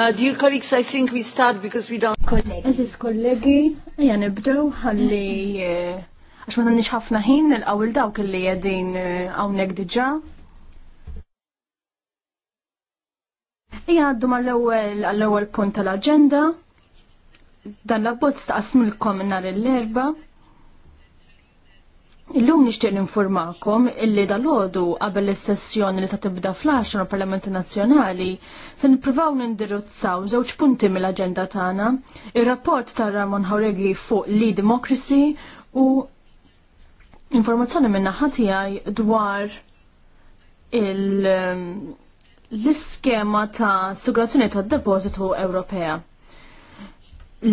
Uh, dear colleagues, I think we start because we don't... Eżis kollegi, ja nibdew għalli eh, għax ma nix ħafna ħin l-għawil dawk li jedin għawnek eh, diġa. Ija għaddu mal-ewel għall-ewel punt tal-agenda. Dan l-abbozz taqsmilkom nar l-erba' Illum nixtieq ninformakom illi dal qabel is-sessjoni li se tibda fl-10 Parlamenti Nazzjonali se nippruvaw nindirizzaw żewġ punti mill-aġenda tagħna, ir-rapport ta' Ramon Hawregi fuq li democracy u informazzjoni minna ħatijaj dwar um, l-iskema ta' Sigurazzjoni tad depożitu Ewropea.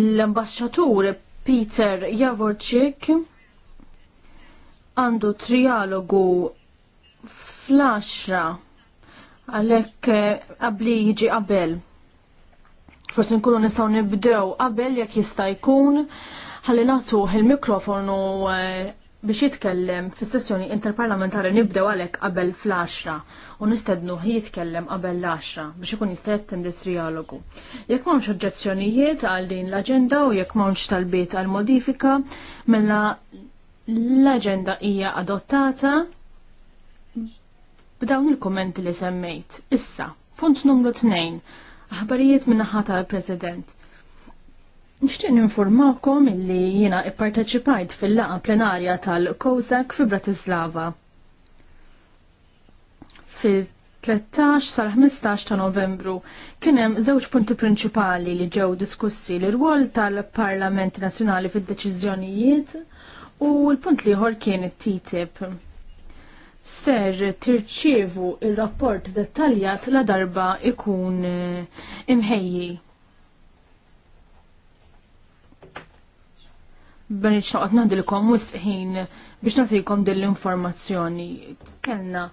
L-ambasċatur Peter Javorczyk għandu trialogu fl għalek għabli eh, jiġi qabel. Forse nkunu nistaw nibdew qabel jekk jista' jkun ħalli nagħtu il-mikrofonu eh, biex jitkellem fis sessjoni interparlamentari nibdew għalek qabel fl għaxra u nistednu jitkellem qabel l-10 biex ikun jista' jattendi trialogu. Jekk m'hawnx oġġezzjonijiet għal din l-aġenda u jekk m'hawnx talbiet għal modifika mela L-agenda hija adottata b'dawn il-kommenti li semmejt. Issa, punt numru 2, aħbarijiet minnaħa tal-President. Nixtieq ninformawkom illi jiena ipparteċipajt fil-laqa plenarja tal-Kozak fi Bratislava. Fil-13 sal-15 ta' Novembru kien hemm żewġ punti prinċipali li ġew diskussi l rwol tal-Parlament Nazzjonali fid-deċiżjonijiet U l-punt liħor kien it-TTIP. Ser tirċievu il-rapport dettaljat la darba ikun eh, imħejji. Ben iċċaqat naħdilkom wisħin biex natikom dell-informazzjoni. Kellna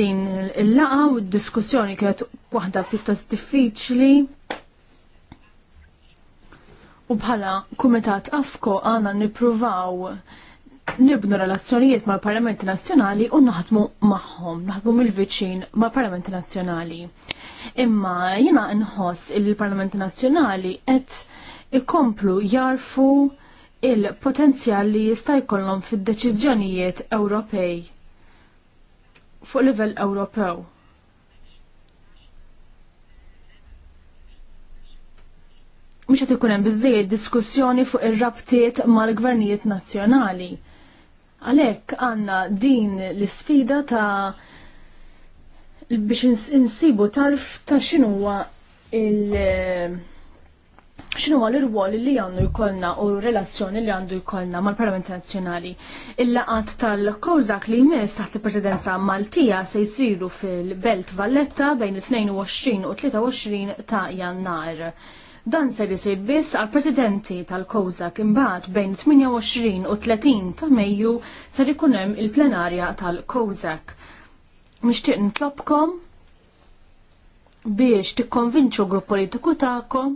din il-laqa u d-diskussjoni kienet waħda pjuttost diffiċli. U bħala kumitat afko għana nipruvaw nibnu relazzjonijiet mal parlamenti Nazzjonali u naħdmu magħhom, naħdmu mill-viċin mal parlamenti Nazzjonali. Imma jina nħoss il-Parlamenti Nazzjonali qed ikomplu jarfu il-potenzjal li jista' jkollhom fid-deċiżjonijiet Ewropej fuq livell Ewropew. mhux qed ikun hemm diskussjoni fuq ir-rabtiet mal-gvernijiet nazzjonali. Għalhekk għandna din l-isfida ta' biex insibu tarf ta' xinuwa il- xinuwa l rwol li għandu jkollna u relazzjoni li għandu jkollna mal-Parlament Nazzjonali. Il-laqat tal-Kozak li jmiss taħt il-Presidenza Maltija se jsiru fil-Belt Valletta bejn 22 u 23 ta' jannar. Dan se jisir biss għal presidenti tal-Kozak imbagħad bejn 28 u 30 ta' Mejju ser ikun hemm il-plenarja tal-Kozak. Nixtieq nitlobkom biex tikkonvinċu grupp politiku tagħkom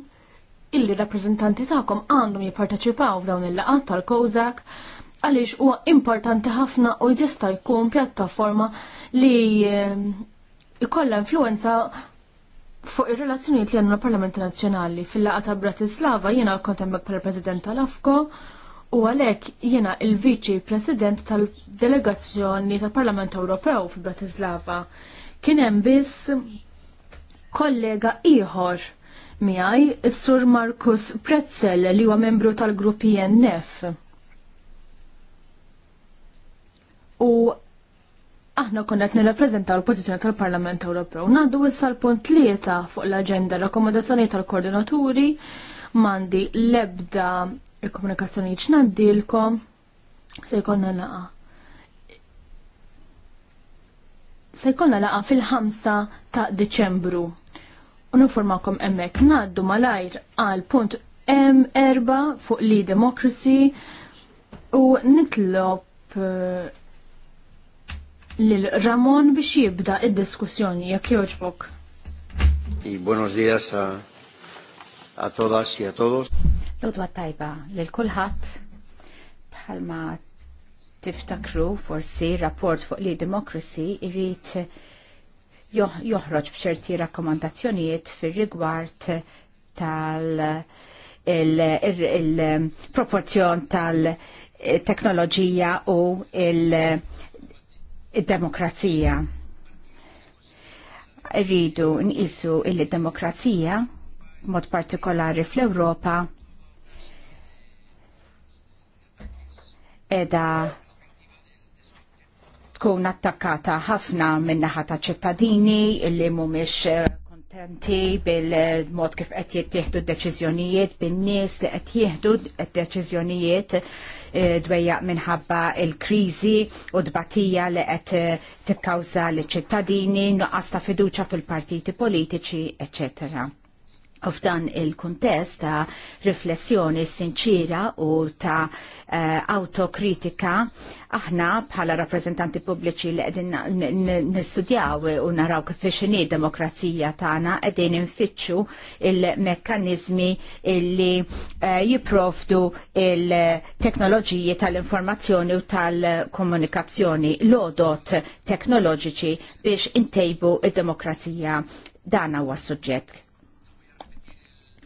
illi rappreżentanti tagħkom għandhom jipparteċipaw f'dawn il laqgħat tal-Kozak għaliex huwa importanti ħafna u jista' jkun pjattaforma li eh, ikolla influenza Fuq ir-relazzjonijiet li għandna Parlamenti Nazzjonali fil-laqa ta' Bratislava jiena kont hemmhekk bħala President tal-Afko u għalhekk jiena il-Viċi President tal-Delegazzjoni tal-Parlament Ewropew fil-Bratislava. Kien hemm biss kollega ieħor miegħi is-Sur Markus Pretzel li huwa membru tal-Grupp INF. U Aħna konna qed nirrappreżentaw l-pożizzjoni tal-Parlament Ewropew. Ngħaddu issa l-punt tlieta fuq l-aġenda rakkomandazzjoni tal-koordinaturi mandi l-ebda il-komunikazzjoni ċnaddilkom se jkollna laqa. Se jkollna laqa fil-5 ta' Deċembru. Uniformakom emmek naddu malajr għal punt M4 fuq li democracy u nitlob eh, lil Ramon biex jibda id-diskussjoni jekk jogħġbok. I buenos dias a, a todas y a todos. Lodwa tajba lil kulħadd bħalma tiftakru forsi rapport fuq li democracy irrit joħroġ bċerti rakkomandazzjonijiet fir-rigward tal il-proporzjon tal-teknoloġija eh, u il- id-demokrazija. Rridu nqisu il-demokrazija mod partikolari fl-Ewropa edha tkun attakkata ħafna min-naħa ta' ċittadini illi mhumiex eh, kontenti bil-mod kif qed jittieħdu d-deċiżjonijiet bin-nies li qed jieħdu d-deċiżjonijiet dwejja minħabba il-kriżi u dbatija li qed eh, tikkawża l-ċittadini, nuqqas ta' fiduċa fil-partiti politiċi, eccetera f'dan il-kuntest ta' riflessjoni sinċira u ta' uh, autokritika, aħna bħala rappresentanti pubbliċi li qegħdin nistudjaw u naraw kif xini demokrazija tagħna qegħdin infittxu il-mekkaniżmi illi uh, jipprovdu il-teknoloġiji tal-informazzjoni u tal-komunikazzjoni l-odot teknoloġiċi biex intejbu il demokrazija dana huwa suġġett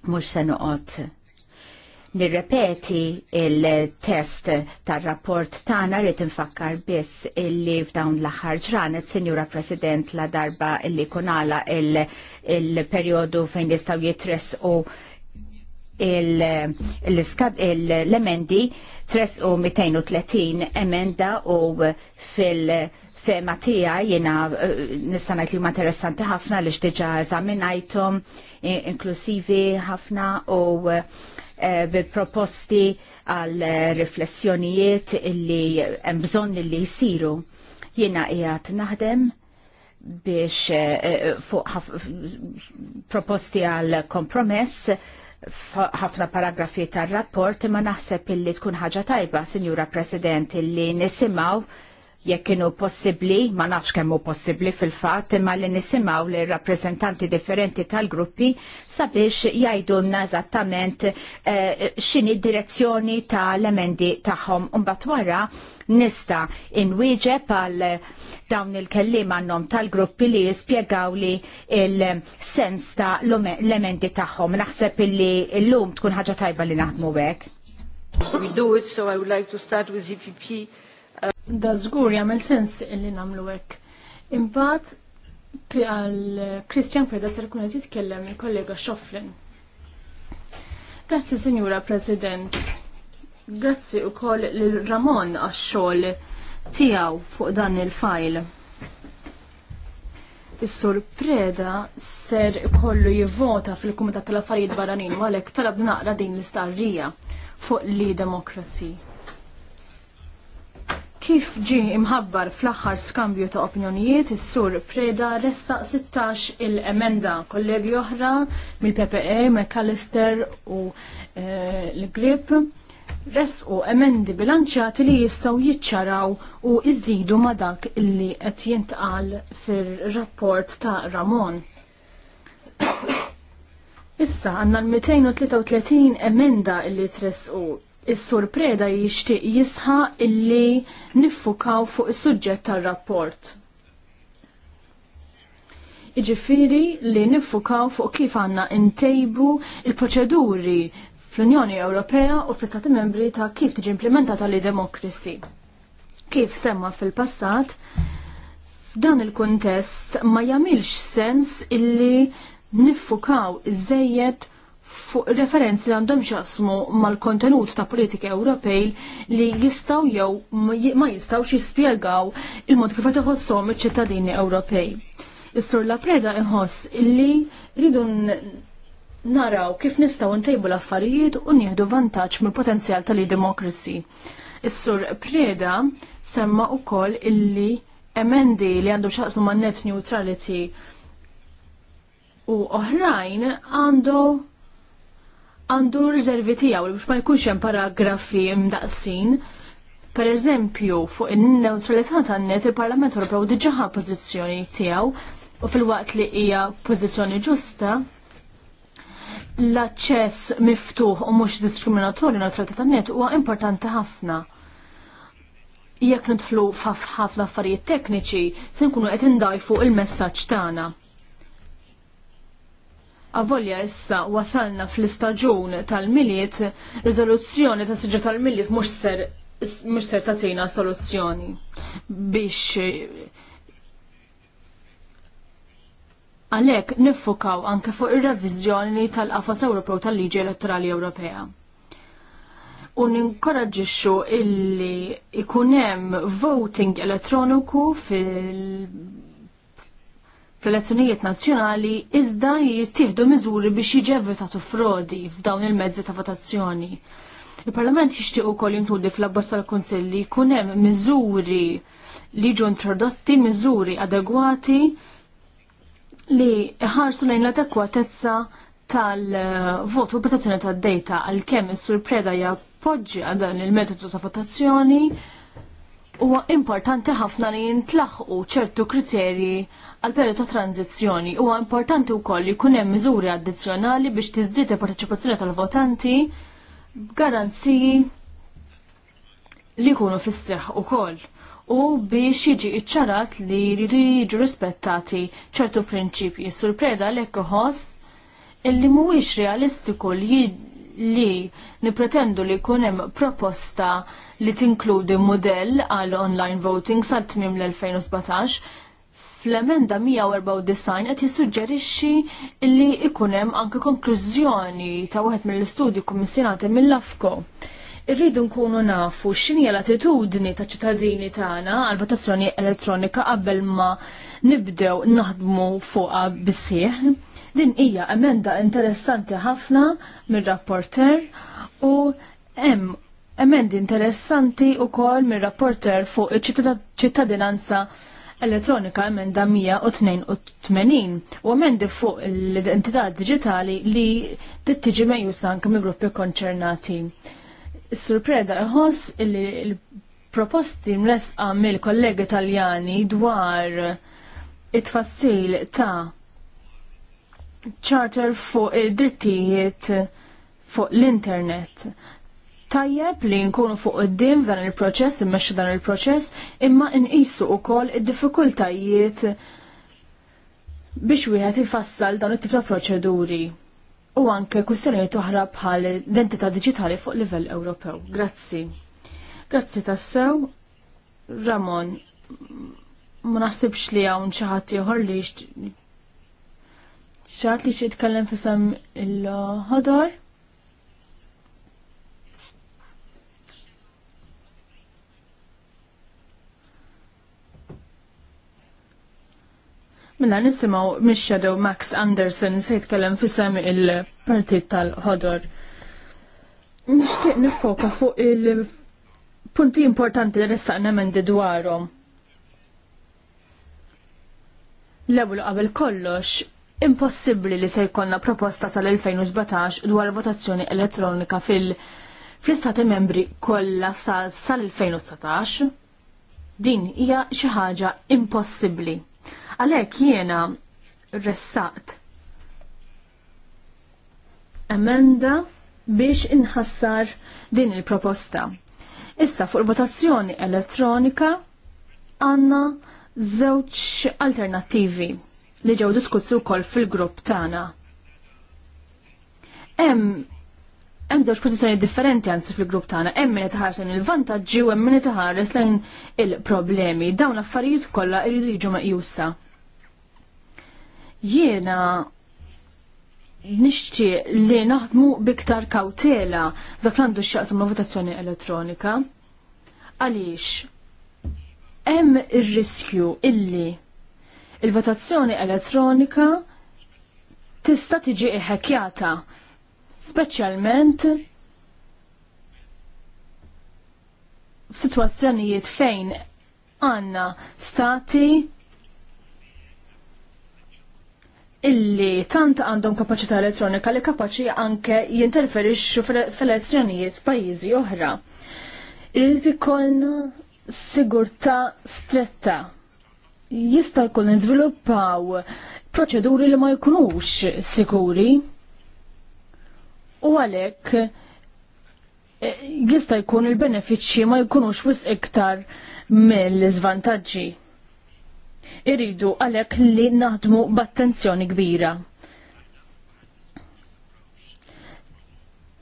mhux se noqgħod nirrepeti il-test tal-rapport tana rrit nfakkar biss illi f'dawn l-aħħar ġranet, Sinjura President, la darba illi kunala il-periodu il fejn jistaw jitress u l-emendi tress u 230 emenda u fil- tema tija jena eh, nistanajt li ma interessanti ħafna li xtiġa zaminajtum inklusivi ħafna u eh, bil-proposti għal eh, riflessjonijiet illi mbżon li jisiru jena jgħat naħdem biex fuq proposti għal kompromess ħafna paragrafi tar rapport imma naħseb illi tkun ħaġa tajba, Sinjura President, illi nisimaw jekk kienu possibbli, ma nafx kemm hu possibbli fil-fatt, imma li nisimgħu li rappreżentanti differenti tal-gruppi sabiex jgħidulna eżattament eh, x'inhi direzzjoni tal-emendi tagħhom mbagħad wara nista' inwieġeb għal dawn il-kelliem għandhom tal-gruppi li jispiegaw li il-sens ta' l-emendi tagħhom. Naħseb illi llum tkun ħaġa tajba li naħdmu hekk. We do it, so I would like to start with EPP. Da żgur jagħmel sens li nagħmlu hekk. Imbagħad għal Christian Preda ser kun qed jitkellem il-kollega Xoflin. Grazzi Sinjura President. Grazzi wkoll lil Ramon għax-xogħol tiegħu fuq dan il-fajl. Is-sur Preda ser kollu jivvota fil-Kumitat tal-Affarijiet Barranin u għalhekk talab naqra din l-istarrija fuq li demokrasi. Kif ġi imħabbar fl-axħar skambju ta' opinjonijiet, is-sur Preda ressa 16 il-emenda kollegi oħra mill-PPE, McAllister u eh, l-Grip resqu emendi bilanċati li jistaw jiċċaraw u iżidu ma dak illi qed jintqal fir-rapport ta' Ramon. Issa għanna l-233 emenda illi tresqu Is-sur Preda jixtieq jisħa illi niffukaw fuq is-suġġett tar-rapport. Iġifiri li niffukaw fuq kif għanna intejbu il-proċeduri fl-Unjoni Ewropea u fl-Stati Membri ta' kif tiġi implementata li demokrasi. Kif semma fil-passat, f'dan il-kuntest ma jamilx sens illi niffukaw iż fuq referenzi għandhom xasmu mal-kontenut ta' politika Ewropej li jistaw jew ma jistaw jispjegaw il-mod kif qed iħossom iċ-ċittadini Ewropej. Is-sur la preda iħoss li rridu naraw kif nistaw ntejbu l-affarijiet u nieħdu vantaġġ mill-potenzjal tal-demokrasi. Is-sur preda semma ukoll illi emendi li għandu xaqsmu ma' net neutrality u oħrajn għandu għandu riservi tiegħu biex ma jkunx hemm paragrafi mdaqsin. Per eżempju, fuq in-neutralità tan-net il-Parlament Ewropew diġà pożizzjoni tiegħu u fil-waqt li hija pożizzjoni ġusta, l-aċċess miftuħ u mhux diskriminatorju neutralità tan-net huwa importanti ħafna jekk nidħlu f'ħafna affarijiet tekniċi se nkunu qed indajfu il-messaġġ tagħna. Avolja issa wasalna fl-istaġun tal-miliet, rizoluzzjoni ta' siġġa tal-miliet mux ser mux ser soluzzjoni biex għalek nifukaw anke fuq ir-revizjoni tal-qafas Ewropew tal-Liġi Elettorali Ewropea. U ninkoraġixxu illi ikun hemm voting elettroniku fil fl-elezzjonijiet nazzjonali iżda jittieħdu miżuri biex jiġevitatu frodi f'dawn il-mezzi ta' votazzjoni. Il-Parlament jixtieq ukoll jinkludi fl-abbozz tal-Kunsill li jkun hemm miżuri li ġu introdotti miżuri adegwati li ħarsu lejn l-adekwatezza tal-vot u protezzjoni tad-data għal kemm is-surpreda jappoġġi għal dan il-metodu ta' votazzjoni huwa importanti ħafna li jintlaħqu ċertu kriterji għal periodu ta' tranzizzjoni. Huwa importanti wkoll li jkun hemm miżuri addizzjonali biex tiżdied il-parteċipazzjoni tal-votanti b'garanziji li jkunu fis-seħħ ukoll u biex jiġi iċċarat li jridu jiġu rispettati ċertu prinċipji. Surpreda l-ekkoħos illi mhuwiex realistiku li li nipretendu li jkun hemm proposta li tinkludi model għal online voting sal tmiem l-2017 fl-emenda 194 qed jissuġġerixxi li ikunem hemm anke konklużjoni ta' waħed mill istudju kummissjonati mill-AFCO. Irridu nkunu nafu x'inhi l-attitudni ta' ċittadini tagħna għal votazzjoni elettronika qabel ma nibdew naħdmu fuqha bisih Din hija emenda interessanti ħafna mir-rapporter u hemm emendi interessanti wkoll mir-rapporter fuq iċ-ċittadinanza elettronika emenda 182 u emendi fuq l-identità digitali li tittiġi mejjusa anke mill gruppi konċernati. Surpreda iħoss li l-proposti mresqa mill-kollegi Taljani dwar it-tfassil ta' charter fuq id-drittijiet fuq l-internet. Tajjeb li nkunu fuq id-dim dan il-proċess, immexxu dan il-proċess, imma nqisu wkoll id-diffikultajiet biex wieħed ifassal dawn it-tip ta' proċeduri u anke kwistjonijiet oħra bħal identità diġitali fuq livell Ewropew. Grazzi. Grazzi tassew. Ramon, ma naħsibx li hawn xi ħadd ieħor li ċat li xie jitkellem fissam il-ħodor. Mela nisimaw mis-shadow Max Anderson se jitkellem fissam il-partit tal-ħodor. Nishtiq nifoka fuq il-punti importanti li restaqna mendi dwarom. L-ewwel qabel kollox impossibbli li se jkollna proposta tal-2017 dwar votazzjoni elettronika fil- fl-istati membri kollha sal-2019. Din hija xi ħaġa impossibbli. Għalhekk jiena ressaqt emenda biex inħassar din il-proposta. Issa fuq votazzjoni elettronika għanna żewġ alternattivi li ġew diskussi wkoll fil-grupp tagħna. Hemm em żewġ pozizjoni differenti anzi fil-grupp tagħna, hemm min itaħarsen il-vantaġġi u hemm min itaħares lejn il-problemi. Dawn l-affarijiet kollha jridu jiġu meqjusa. Jiena nixtieq li naħdmu biktar kawtela dak għandu x-xaqsam votazzjoni elettronika. Għaliex, hemm ir-riskju illi Il-votazzjoni elettronika tista' tiġi iħekjata, speċjalment f'sitwazzjonijiet fejn għanna stati illi tant għandhom kapaċità elettronika li kapaċi anke jinterferixxu f'elezzjonijiet pajjiżi oħra. Irid ikollna sigurtà stretta jista' jkun iżviluppaw proċeduri li ma jkunux sikuri u għalhekk e, jista' jkun il-benefiċċji ma jkunux wis iktar mill-iżvantaġġi. Iridu għalhekk li naħdmu b'attenzjoni kbira.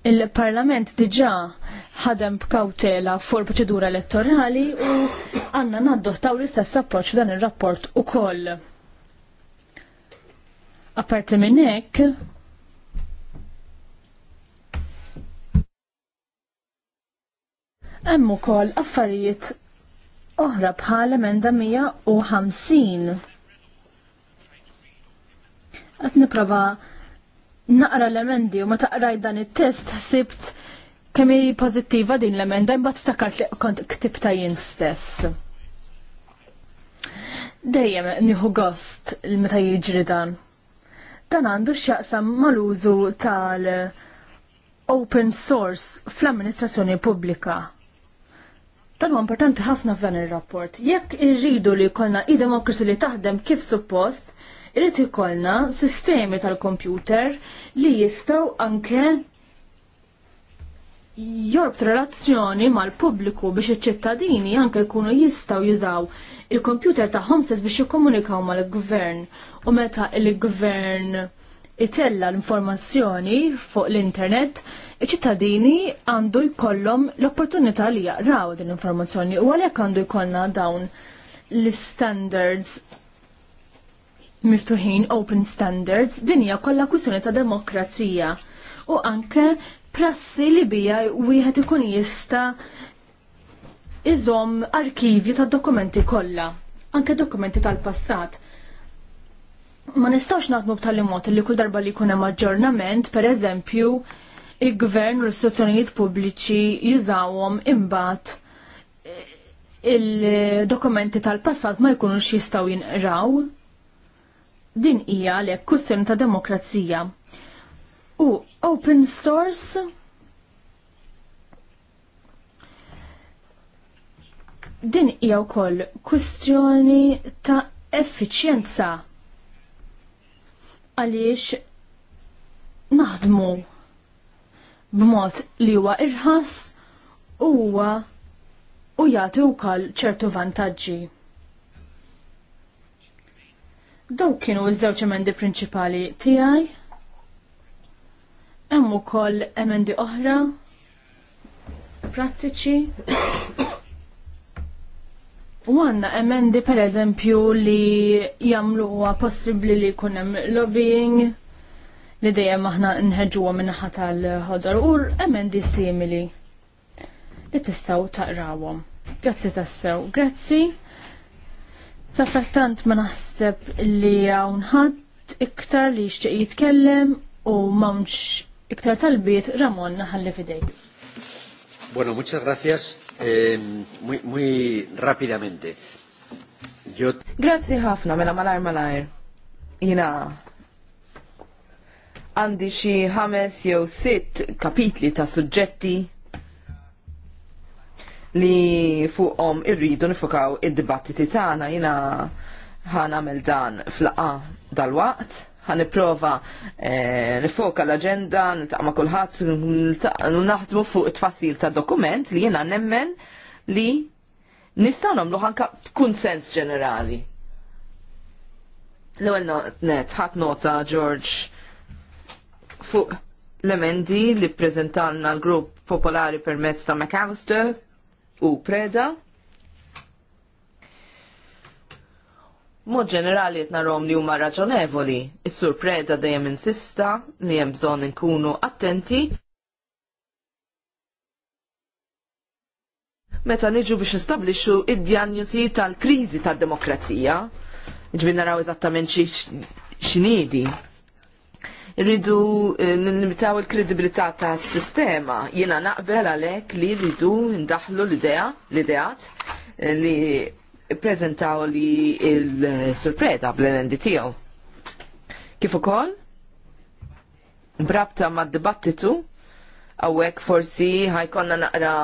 il-Parlament diġa ħadem b'kawtela fuq proċedura elettorali u għanna naddottaw l-istess approċċ f'dan ir-rapport ukoll. Apparti minn hekk, hemm ukoll affarijiet oħra bħal emenda 150. Qed nipprova naqra l-emendi u ma taqraj dan it-test sibt kemm hi pożittiva din l-emenda imbagħad ftakar li kont ktibta jien stess. Dejjem nieħu gost meta jiġri dan. Dan għandu x'jaqsam mal-użu tal open source fl-amministrazzjoni pubblika. Dan huwa importanti ħafna f'dan ir-rapport. Jekk irridu li jkollna i-demokrasi li taħdem kif suppost, Irrid ikollna sistemi tal-kompjuter li jistgħu anke jorbt relazzjoni mal-pubbliku biex iċ-ċittadini anke jkunu jistaw jużaw il-kompjuter tagħhom stess biex jikkomunikaw mal-gvern u meta il-gvern itella l-informazzjoni fuq l-internet, iċ-ċittadini għandu jkollhom l-opportunità li jaqraw din l-informazzjoni u għalhekk għandu jkollna dawn l-standards miftuħin, open standards, din hija kollha kwistjoni ta' demokrazija u anke prassi li bija wieħed ikun jista' iżom arkivju ta' dokumenti kollha, anke dokumenti tal-passat ma nistax naħdmu b'tali mod li kull darba li jkun hemm aġġornament, pereżempju, il-gvern u l-istituzzjonijiet pubbliċi jużawhom imbagħad eh, il-dokumenti tal-passat ma jkunux jistgħu jinqraw din hija għalhekk kustjoni ta' demokrazija. U open source din hija wkoll kustjoni ta' effiċjenza għaliex naħdmu b'mod li huwa irħas u huwa u jagħti wkoll ċertu vantaġġi. Daw kienu iż-żewġ emendi prinċipali tiegħi. Hemm ukoll emendi oħra prattiċi. U għanna emendi per eżempju li jagħmluha possibbli li jkun hemm lobbying li dejjem aħna min-naħa tal ħodor u emendi simili li tistgħu taqrawhom. Grazzi tassew, grazzi. Safrattant ma naħseb li hawn ħadd iktar li jixtieq jitkellem u m'hawnx iktar talbiet Ramon naħalli f'idej. Bueno, muchas gracias. Eh, muy, muy rápidamente. Yo... Grazie ħafna, mela malajr malajr. Jina, għandi xi ħames jew sitt kapitli ta' suġġetti li fuqhom irridu nifukaw id-dibattiti tagħna jiena ħan għamil dan fl laqgħa dal-waqt ħan niprofa eh, nifoka l-agenda, nitaqma kulħadd naħdmu fuq it tfasil ta' dokument li jiena nemmen li nistgħu nagħmlu ħanka konsens ġenerali. l ewwel net, ħadd nota George fuq l-emendi li ppreżentalna l-grupp popolari permezz ta' McAllister, u preda. Mod ġenerali jtna rom li huma raġonevoli, is-sur preda dejjem insista li hemm bżonn inkunu attenti. Meta niġu biex nistablixxu id-djanjosi tal-kriżi tad-demokrazija, ġbin naraw eżattament xi x'nidi rridu eh, nimitaw il-kredibilità ta' sistema jiena naqbel għalhekk li rridu ndaħlu l-idea, l-ideat eh, li prezentaw li il-surpreta bl-emendi tiegħu. Kif ukoll? Brabta mad-dibattitu għawek forsi ħajkonna naqra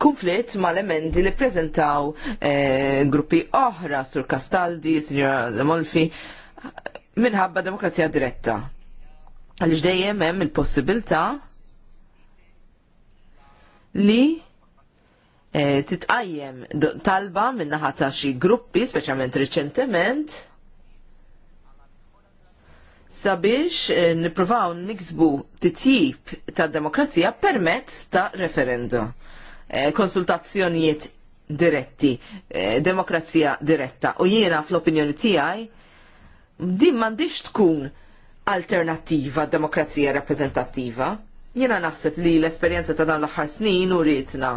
konflitt ma l-emendi li prezentaw eh, gruppi oħra sur Castaldi, Signora Lamolfi minħabba demokrazija diretta. Għaliex dejjem hemm il-possibilità li e, titqajjem talba minnaħa ta' xi gruppi, speċjalment riċentement, sabiex eh, nippruvaw niksbu titjib ta' demokrazija permezz ta' referendum. E, konsultazzjonijiet diretti, demokrazija diretta. U jiena fl-opinjoni tiegħi din m'għandix tkun alternattiva demokrazija rappreżentattiva. Jiena naħseb li l-esperjenza ta' dan l-aħħar snin u rietna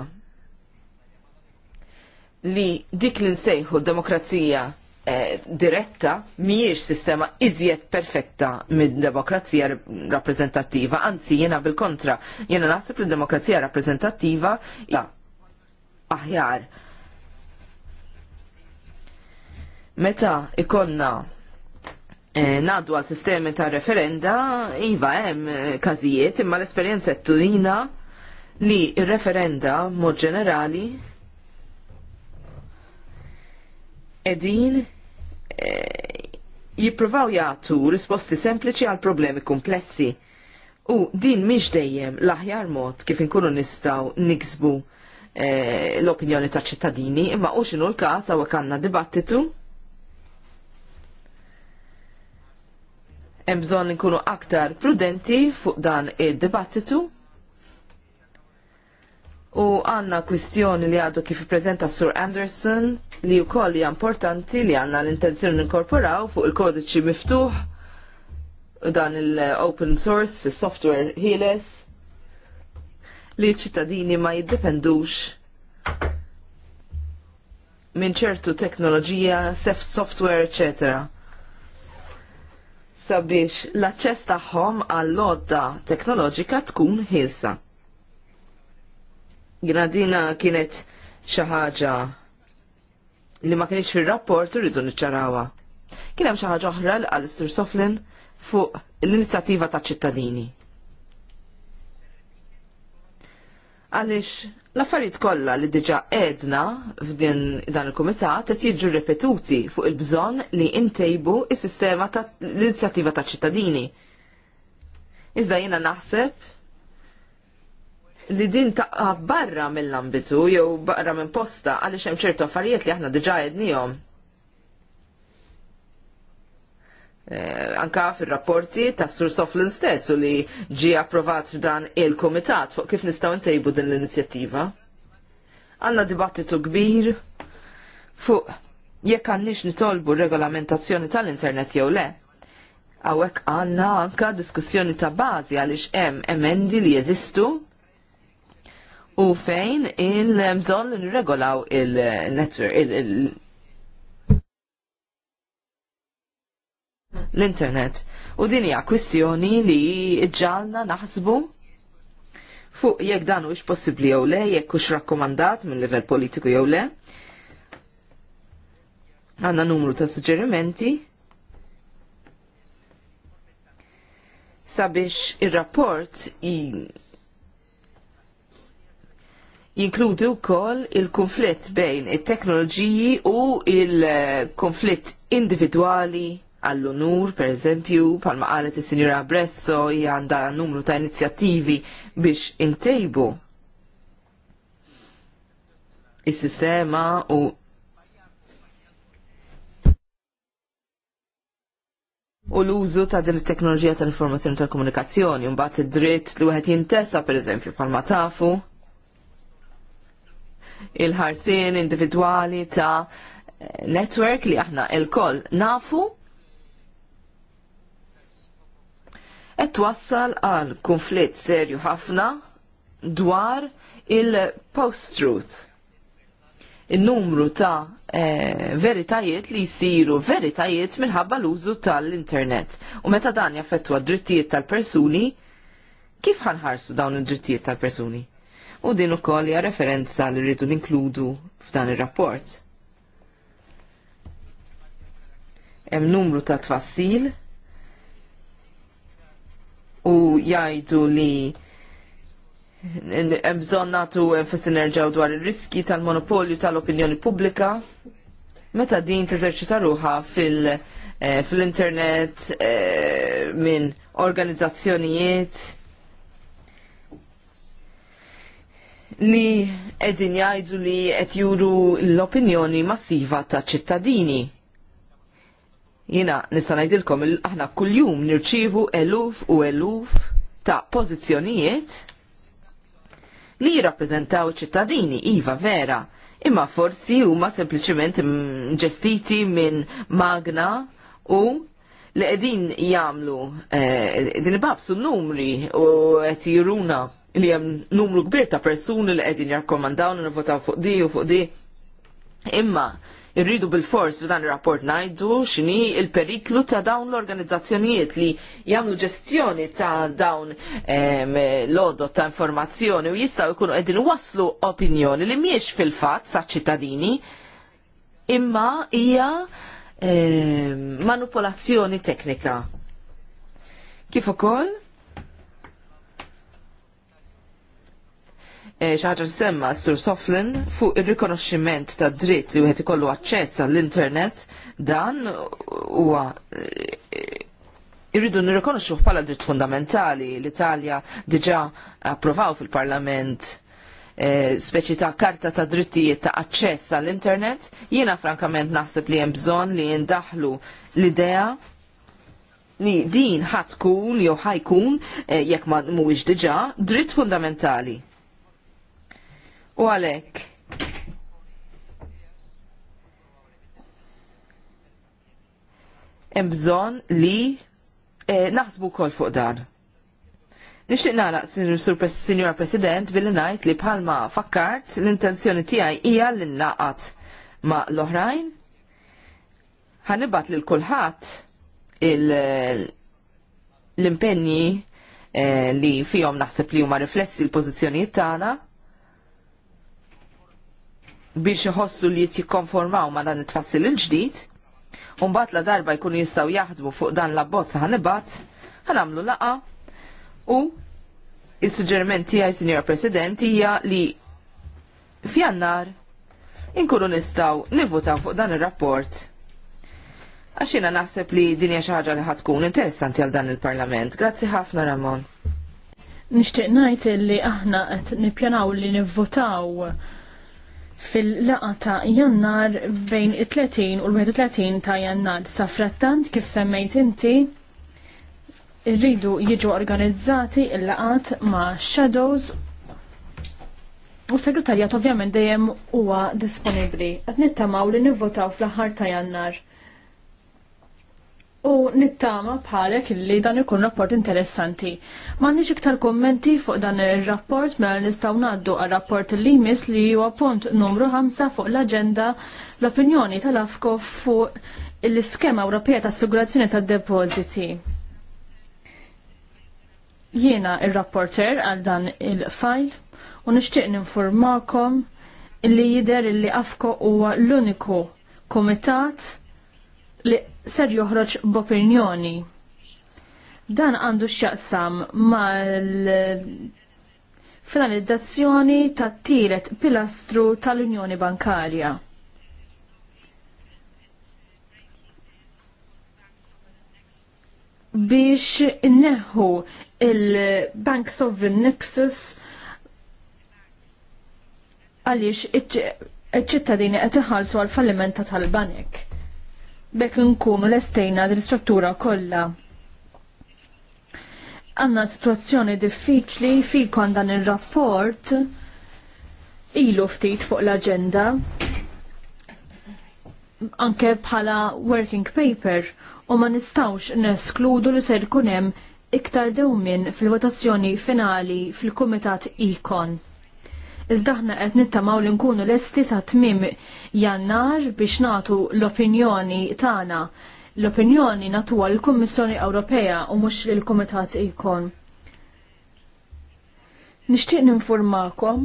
li dik li nsejħu demokrazija eh, diretta mhijiex sistema iżjed perfetta minn demokrazija rappreżentattiva, anzi jiena bil-kontra, jiena naħseb li demokrazija rappreżentattiva ja, aħjar. Meta ikonna Eh, naddu għal sistemi ta' referenda, iva hemm eh, każijiet, imma l-esperjenza turina li referenda mod ġenerali edin e, jippruvaw jagħtu risposti sempliċi għal problemi komplessi. U din mhix dejjem l-aħjar mod kif inkunu nistgħu niksbu l-opinjoni ta' ċittadini, imma u x'inhu l-każ għawek għandna dibattitu Hemm bżonn li nkunu aktar prudenti fuq dan id-dibattitu. U għanna kwistjoni li għadu kif prezenta Sur Anderson li u koll importanti li għanna l-intenzjoni ninkorporaw fuq il-kodiċi miftuħ dan il-open source, il-software ħiles li ċittadini ma jiddependux minn ċertu teknoloġija, software, eccetera sabiex l-aċċess tagħhom għall-lodda teknoloġika tkun ħilsa. Gradina kienet xi ħaġa li ma kienx fir-rapport irridu niċċarawha. Kien hemm xi ħaġa oħra qal Sur Soflin fuq l-inizjattiva ta' ċittadini. Għaliex L-affarijiet kollha li diġà għedna f'din dan il-kumitat qed jiġu ripetuti fuq il-bżonn li ntejbu is-sistema ta' l-inizjattiva ta' ċittadini. Iżda jiena naħseb li din ta' barra mill-ambitu jew barra minn posta għaliex hemm ċertu affarijiet li aħna diġà għednihom Eh, anka fil-rapporti ta' Sur Soflin stess u li ġi approvat f'dan il-komitat fuq kif nistaw ntejbu din l-inizjattiva. Għanna dibattitu kbir fuq jekk għannix nitolbu regolamentazzjoni tal-internet jew le. Għawek għanna anka diskussjoni ta' bazi għalix hemm emendi li jeżistu u fejn il-mżon nirregolaw il-network, il-internet. il il, il L-internet. U din hija kwistjoni li ġalna naħsbu fuq jekk dan hux possibbli jew le, jekk hux rakkomandat mill livell politiku jew le. Għandna numru ta' suġġerimenti sabiex ir-rapport jinkludi wkoll il-konflitt bejn it-teknoloġiji u il-konflitt individwali għall-unur, per eżempju, palma qalet il-Sinjura Bresso hija għandha numru ta' inizjattivi biex intejbu is-sistema u u l-użu ta' din it-teknoloġija tal-informazzjoni tal-komunikazzjoni, mbagħad id-dritt li wieħed jintesa pereżempju bħalma tafu il-ħarsien individwali ta' network li aħna il-koll nafu qed wassal għal konflitt serju ħafna dwar il-post-truth. Il-numru ta' eh, veritajiet li jisiru veritajiet minħabba l-użu tal-internet. U meta dan jaffettwa drittijiet tal-persuni, kif ħanħarsu dawn id-drittijiet tal-persuni? U din ukoll hija referenza li rridu ninkludu f'dan ir-rapport. Hemm numru ta' tfassil u jgħidu li bżon natu enfasi nerġaw dwar ir-riski tal-monopolju tal-opinjoni pubblika meta din teżerċita ruħa fil- eh, fl-internet eh, minn organizzazzjonijiet li edin jajdu li qed juru l-opinjoni massiva ta' ċittadini. Jina nista' ngħidilkom aħna kuljum nirċievu eluf u eluf ta' pożizzjonijiet li jirrappreżentaw ċittadini iva vera, imma forsi huma sempliciment ġestiti minn magna u li qegħdin jagħmlu eh, din ibabsu numri u qed jiruna li hemm numru kbir ta' persuni li qegħdin jarkomandaw nivvotaw fuq di u fuq di. Imma irridu bil-fors f'dan ir-rapport ngħidu x'inhi il-periklu ta' dawn l-organizzazzjonijiet li jagħmlu ġestjoni ta' dawn l-odot ta' informazzjoni u jistgħu jkunu qegħdin waslu opinjoni li mhijiex fil-fatt ta' ċittadini imma hija manipolazzjoni teknika. Kif ukoll? Eh, xaħġa semma Sur Soflin fuq il-rikonoxximent ta' dritt li wieħed ikollu aċċess għall-internet dan huwa eh, irridu nirrikonoxxuh bħala dritt fundamentali l-Italja diġà approvaw fil-Parlament eh, speċi ta' karta ta' drittijiet ta' aċċess għall-internet, jiena frankament naħseb li hemm bżonn li jindaħlu l-idea li din ħatkun jew ħajkun jekk ma mhuwiex diġa', dritt fundamentali U għalhekk. Hemm bżonn li eh, naħsbu wkoll fuq dan. Nixtieq nagħlaq Sinjor President billi ngħid li bħalma fakkart l-intenzjoni tiegħi hija li nlaqat ma' l-oħrajn. Ħanibat lil kulħadd l-impenji eh, li fihom naħseb li huma riflessi l-pożizzjonijiet tagħna biex iħossu li jitjikonformaw ma dan it-tfassil il-ġdid, unbat la darba jkunu jistaw jaħdmu fuq dan la bozza ħanibat, ħanamlu laqa u il-suġġeriment tiegħi Signor President hija li f'jannar inkunu nistaw nivvutaw fuq dan ir-rapport. Għaxina naħseb li dinja xaħġa li ħatkun interessanti għal dan il-Parlament. Grazzi ħafna, Ramon. Nishtiq najt li aħna qed nippjanaw li nivvotaw fil-laqa ta' jannar bejn it-30 u l-31 ta' jannar. Sa' frattant kif semmejt inti irridu jiġu organizzati il-laqat ma' Shadows u segretarjat ovvjament dejjem huwa disponibbli. Qed nittamaw li nivvotaw fl-aħħar ta' jannar u nittama bħalek li dan ikun rapport interessanti. M'għandniex iktar kommenti fuq dan ir-rapport mela nistgħu ngħaddu għal rapport li jmiss li huwa punt numru 5 fuq l-aġenda l-opinjoni tal-afko fuq l-iskema Ewropea ta' assigurazzjoni tad-depożiti. Jiena il rapporter għal dan il-fajl u nixtieq ninformakom li jidher li afko huwa l-uniku komitat li ser joħroġ b'opinjoni. Dan għandu x'jaqsam mal finalizzazzjoni tat tiret pilastru tal-Unjoni Bankarja. biex inneħħu il-Bank Sovereign Nexus għaliex iċ-ċittadini qed iħallsu għal fallimenta tal-banek bekk nkunu lestejna l istruttura kollha. Għanna situazzjoni diffiċli fikon dan il-rapport ilu ftit fuq l-agenda anke bħala working paper u ma nistawx neskludu li ser kunem iktar dewmin fil-votazzjoni finali fil-Kumitat Ikon. Iżdaħna qed nittamaw li nkunu lesti sa tmim jannar biex nagħtu l-opinjoni tagħna. L-opinjoni natuha l-Kummissjoni Ewropea u mhux il kumitat ikon. Nixtieq ninformakom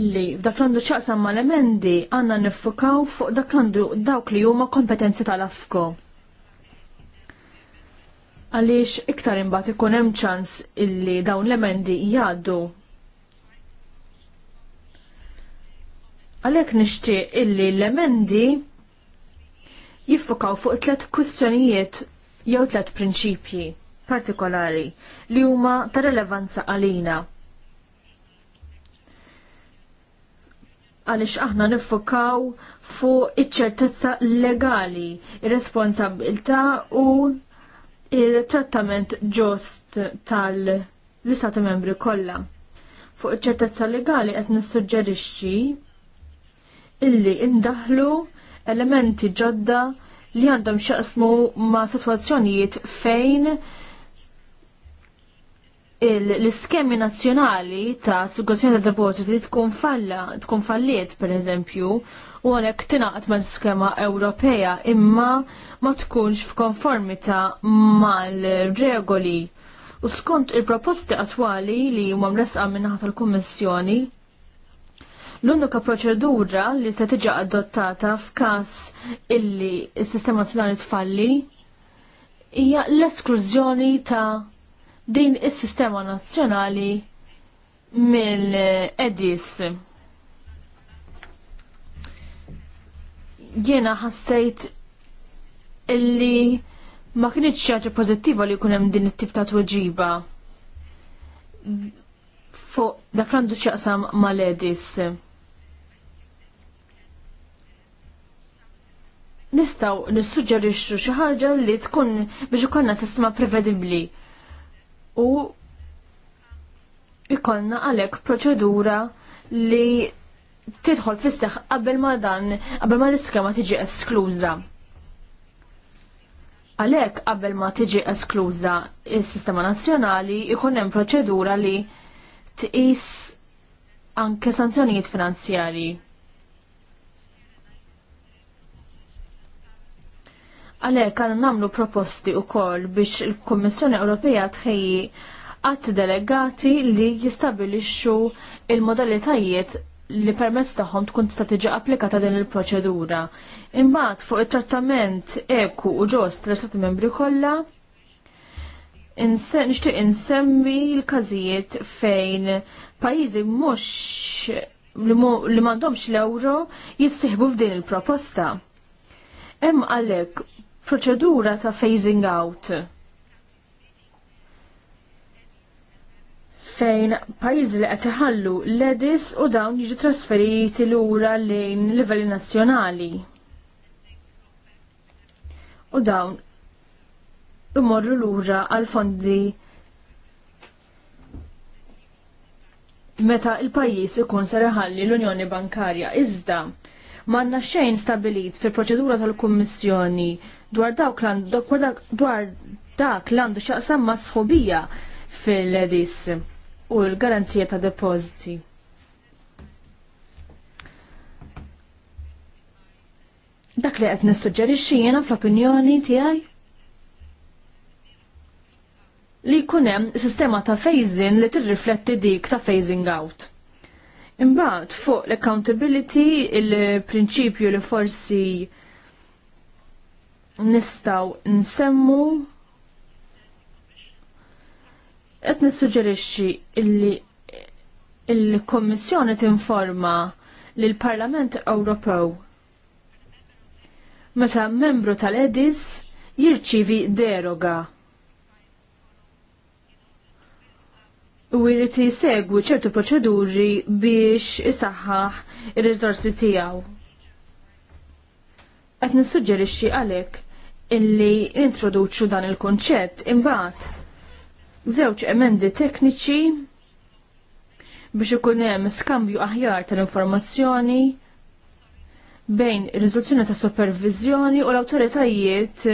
illi f'dak l-għandu ċaqsam mal-emendi għanna nifukaw fuq dak l-għandu dawk li huma kompetenzi tal-afko. Għaliex iktar imbagħad ikun hemm ċans illi dawn l-emendi jgħaddu. Għalhekk nixtieq illi l-emendi jiffokaw fuq tliet kwistjonijiet jew tliet prinċipji partikolari li huma ta' rilevanza għalina. għalix aħna nifokaw fuq iċ-ċertezza legali, ir-responsabilità u il-trattament ġost tal-istati membri kollha. Fuq iċ-ċertezza legali qed nissuġġerixxi illi indaħlu elementi ġodda li għandhom xaqsmu ma' situazzjonijiet fejn l-iskemi nazzjonali ta' assigurazzjoni ta' depositi tkun falla, tkun falliet per eżempju, u għalhekk tingħaqad mal-skema Ewropea imma ma tkunx f'konformità mal-regoli. U skont il-proposti attwali li huma mresqa minnaħa tal-Kummissjoni, l-unika proċedura li se tiġi adottata f'każ illi s-sistema nazzjonali tfalli hija l-esklużjoni ta' din is-sistema nazzjonali mill-EDIS. jiena ħassejt illi ma kienx ħaġa pożittiva li jkun hemm din it-tip ta' tweġiba fuq dak għandu x'jaqsam mal-edis. Nistaw nissuġġerixxu xi ħaġa li tkun biex ikollna sistema prevedibbli u ikollna għalhekk proċedura li tidħol fisseħ qabel ma dan, qabel ma l-iskema tiġi eskluża. Għalhekk qabel ma tiġi eskluża s sistema nazzjonali ikun hemm proċedura li tqis anke sanzjonijiet finanzjarji. Għalhekk għandna nagħmlu proposti wkoll biex il-Kummissjoni Ewropea tħejji għat delegati li jistabilixxu il-modalitajiet li permezz tagħhom tkun tista' tiġi applikata din il-proċedura. Imbagħad fuq it-trattament eku u ġost l-Istati Membri kollha, nixtieq insemmi l-każijiet fejn pajjiżi mhux li m'għandhomx l-ewro jissieħbu f'din il-proposta. Hemm għalhekk proċedura ta' phasing out fejn pajjiżi li qed iħallu l-edis u dawn jiġu trasferiti lura lejn livelli nazzjonali. U dawn imorru lura għal fondi meta il-pajjiż ikun ser iħalli l-Unjoni Bankarja iżda manna xejn stabilit fil-proċedura tal-Kummissjoni dwar dawk dwar dak l-għandu xaqsam ma' fil ledis u l-garanzija ta' depoziti. Dak li qed nissuġġerixxi jiena fl-opinjoni tiegħi li jkun hemm sistema ta' phasing li tirrifletti dik ta' phasing out. Imbagħad fuq l-accountability il-prinċipju li forsi nistaw nsemmu qed nissuġġerixxi il-Kommissjoni tinforma l parlament Ewropew meta membru tal-EDIS jirċivi deroga u jrid jisegwi ċertu proċeduri biex isaħħaħ ir-riżorsi tiegħu. Qed nissuġġerixxi għalhekk illi introduċu dan il-konċett imbagħad żewġ emendi tekniċi biex ikun hemm skambju aħjar tal-informazzjoni bejn ir ta' supervizjoni u l-awtoritajiet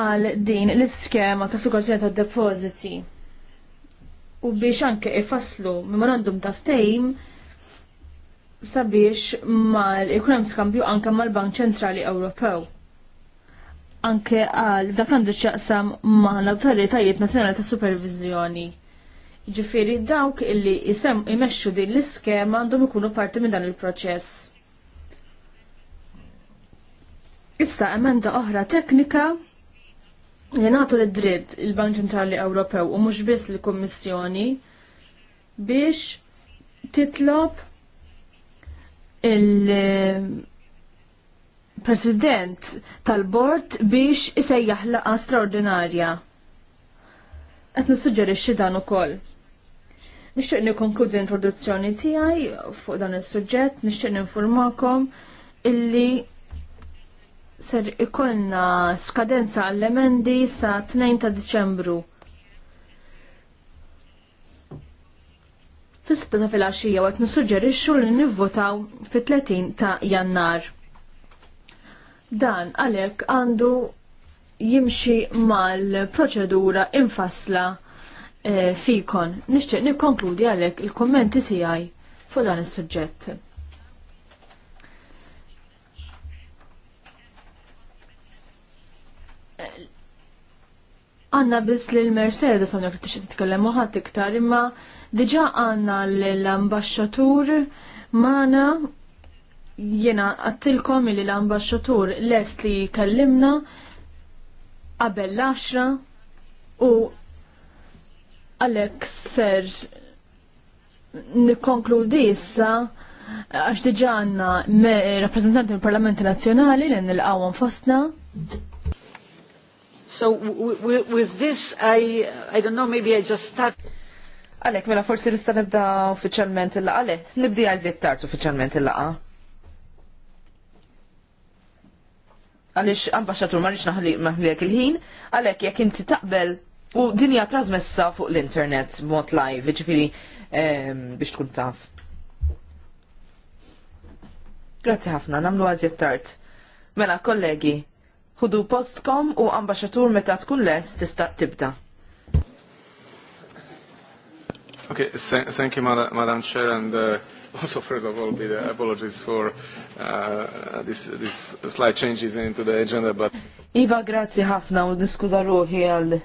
għal din l-iskema ta' sigurtjoni ta' depositi U biex anke ifasslu memorandum ta' ftejm sabiex mal ikun hemm skambju anke mal-Bank Ċentrali Ewropew anke għal dak għandu x'jaqsam ma l-awtoritajiet nazjonali ta' supervizjoni. Ġifiri dawk illi jisem imexxu din l-iskema għandhom ikunu parti minn dan il-proċess. Issa emenda oħra teknika li nagħtu l dritt il-Bank Ċentrali Ewropew u mhux biss l-Kummissjoni biex titlob il- president tal-bord biex isejjaħ laqa straordinarja. Qed nissuġġerixxi dan ukoll. Nixtieq nikkonkludi l-introduzzjoni tiegħi fuq dan is-suġġett, nixtieq ninfurmakom illi ser ikollna skadenza għall-emendi sa 2 ta' Diċembru. fis-sitta ta' filgħaxija qed nissuġġerixxu li nivvotaw fit-30 ta' Jannar. Dan għalhekk għandu jimxi mal-proċedura infassla e, fikon. Nixtieq nikkonkludi għalhekk il-kummenti tiegħi fuq dan is-suġġett. Għanna bis li l-Mercedes għanna kritiċi titkellem uħat iktar imma diġa għanna l-ambasċatur mana Jena għattilkom li l ambasġatur lest li kellimna qabel l-10 u għalek ser nikonkludi issa għax diġanna me rappresentanti mill parlamenti Nazjonali li nil-qawon fostna. So with this I, I don't know, maybe I just start. Għalek, mela forsi nista nibda uffiċjalment il-laqa, le, nibdi għazit tart uffiċjalment il-laqa. għalix ambasġatur marriċ naħlek il-ħin, għalek jek inti taqbel u dinja trasmessa fuq l-internet mod live, ġifiri biex tkun taf. Grazzi ħafna, namlu għazjet tart. Mela, kollegi, ħudu postkom u ambasġatur meta tkun les tista' tibda. Okay, thank you, Madam Chair, and uh, also first of all be the apologies for uh, this, this slight changes into the agenda. But... Iva, grazie ħafna u niskuza ruħi għal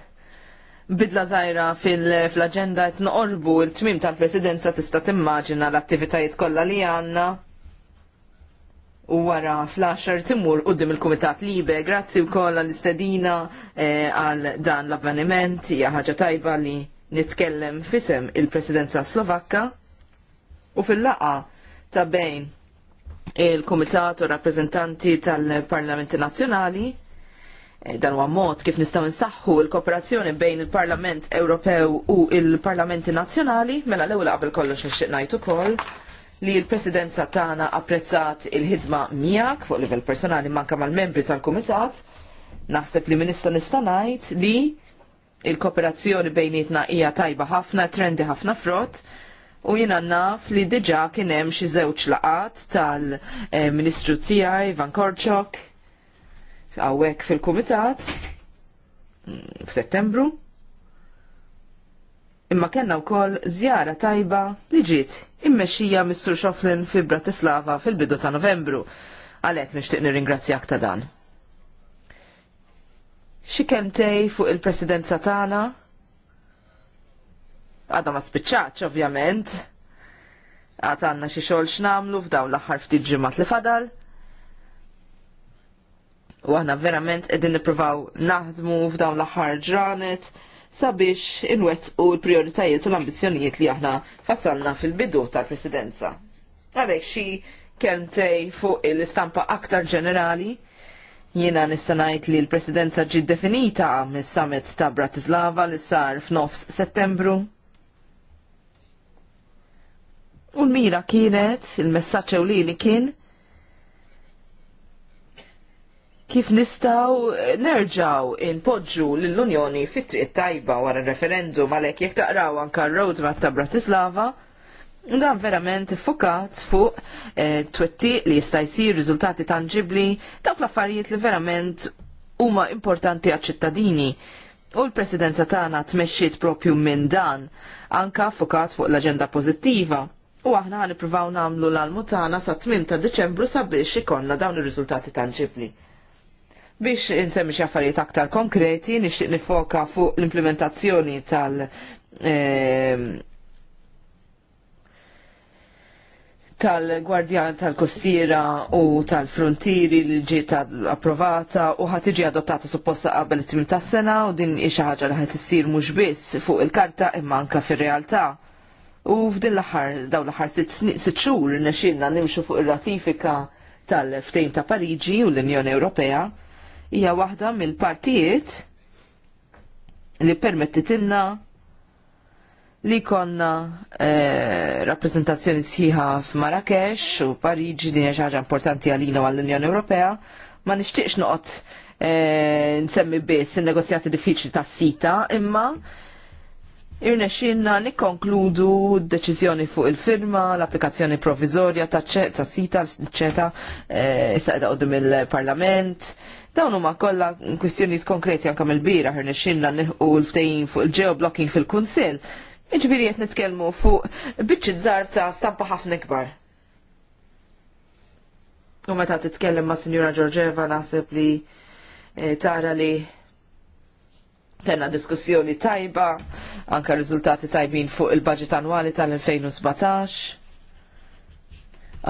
bidla zaħira fil-agenda fil t-noqorbu il-tmim tal-presidenza tista timmaġina l-attivitajiet kollha li għanna u wara fl-10 timur dim il-Kumitat Libe. Grazzi u koll għal-istedina eh, għal eh, dan l-avveniment, hija ħaġa tajba li nitkellem fisem il-presidenza Slovakka. U fil-laqa ta' bejn il-Komitat u rappresentanti tal-Parlamenti Nazzjonali eh, dan huwa mod kif nistgħu nsaħħu l-kooperazzjoni bejn il-Parlament Ewropew u il-Parlamenti Nazzjonali, mela l-ewwel qabel kollox nixtieq ngħid ukoll li l-Presidenza tagħna apprezzat il-ħidma miegħek fuq livell personali manka mal-membri tal-Kumitat. Naħseb li minista nista' ngħid li il-kooperazzjoni bejnietna hija tajba ħafna, trendi ħafna frott u jina naf li diġa kienem xi żewġ laqat tal-Ministru tiegħi Ivan Korczok għawek fil-Kumitat mm, f'Settembru. Imma kellna wkoll żjara tajba li ġiet immexxija mis-Sur Xoflin fi Bratislava fil-bidu ta' Novembru. Għalhekk nixtieq nirringrazzjak ta' dan. Xi tgħid fuq il-presidenza tagħna għadha ma spiċċaċ ovvjament. Għad għandna xi xogħol x'namlu f'dawn l-aħħar ftit ġimgħat li fadal. U aħna verament qegħdin nippruvaw naħdmu f'dawn l-aħħar ġranet sabiex inwet u l-prioritajiet u l-ambizjonijiet li aħna fassalna fil-bidu tal-presidenza. Għalek xi kelmtej fuq il istampa aktar ġenerali, jiena nistanajt li l-presidenza ġi definita mis summit ta' Bratislava li sar f'nofs settembru. U l-mira kienet, il-messaċ ewlieni kien, kif nistaw nerġaw inpoġġu l-Unjoni fit-triq tajba wara referendum għalhekk jekk taqraw anka roadmap ta' Bratislava, dan verament fukat fuq eh, twetti li jista' jsir riżultati tangibbli dawk l-affarijiet li verament huma importanti għaċ-ċittadini. U l-presidenza tagħna tmexxiet propju minn dan, anka fukat fuq l-aġenda pożittiva U aħna għan nipruvaw namlu l-almutana sa' 8 ta' Deċembru sabiex ikonna dawn ir-riżultati tanġibli. Biex insemmi xi affarijiet aktar konkreti, nixtieq nifoka fuq l-implementazzjoni tal- ehm, tal-Gwardjan tal-Kostiera u tal-Frontieri li ġiet approvata u ħad iġi adottata supposta qabel it-tmim tas-sena u din hija xi ħaġa li ħad issir mhux biss fuq il-karta imma anka fir-realtà U f'din l-aħħar, daw l-aħħar sitt xhur nexxilna nimxu fuq ir-ratifika tal ftehim ta' Pariġi u l-Unjoni Ewropea hija waħda mill-partijiet li permettitilna li konna rappreżentazzjoni eh, rappresentazzjoni sħiħa f'Marrakesh u Pariġi din hija ħaġa importanti għalina għall-Unjoni Ewropea ma nixtieqx noqgħod eh, nsemmi biss in-negozjati diffiċli tas-sita imma irnexxinna nikkonkludu deċiżjoni fuq il-firma, l-applikazzjoni provizorja ta' ċeta sita ċeta eh, issa qed u il parlament Dawn huma kollha kwistjonijiet konkreti anke mill-bira irnexxinna u l ftejn fuq il-geoblocking fil-Kunsill. Iġbiri qed nitkellmu fuq bieċi żgħar ta' stampa ħafna ikbar. U meta titkellem ma' Sinjura Giorgeva naħseb li eh, tara li Kenna diskussjoni tajba, anka riżultati tajbin fuq il-budget annwali tal-2017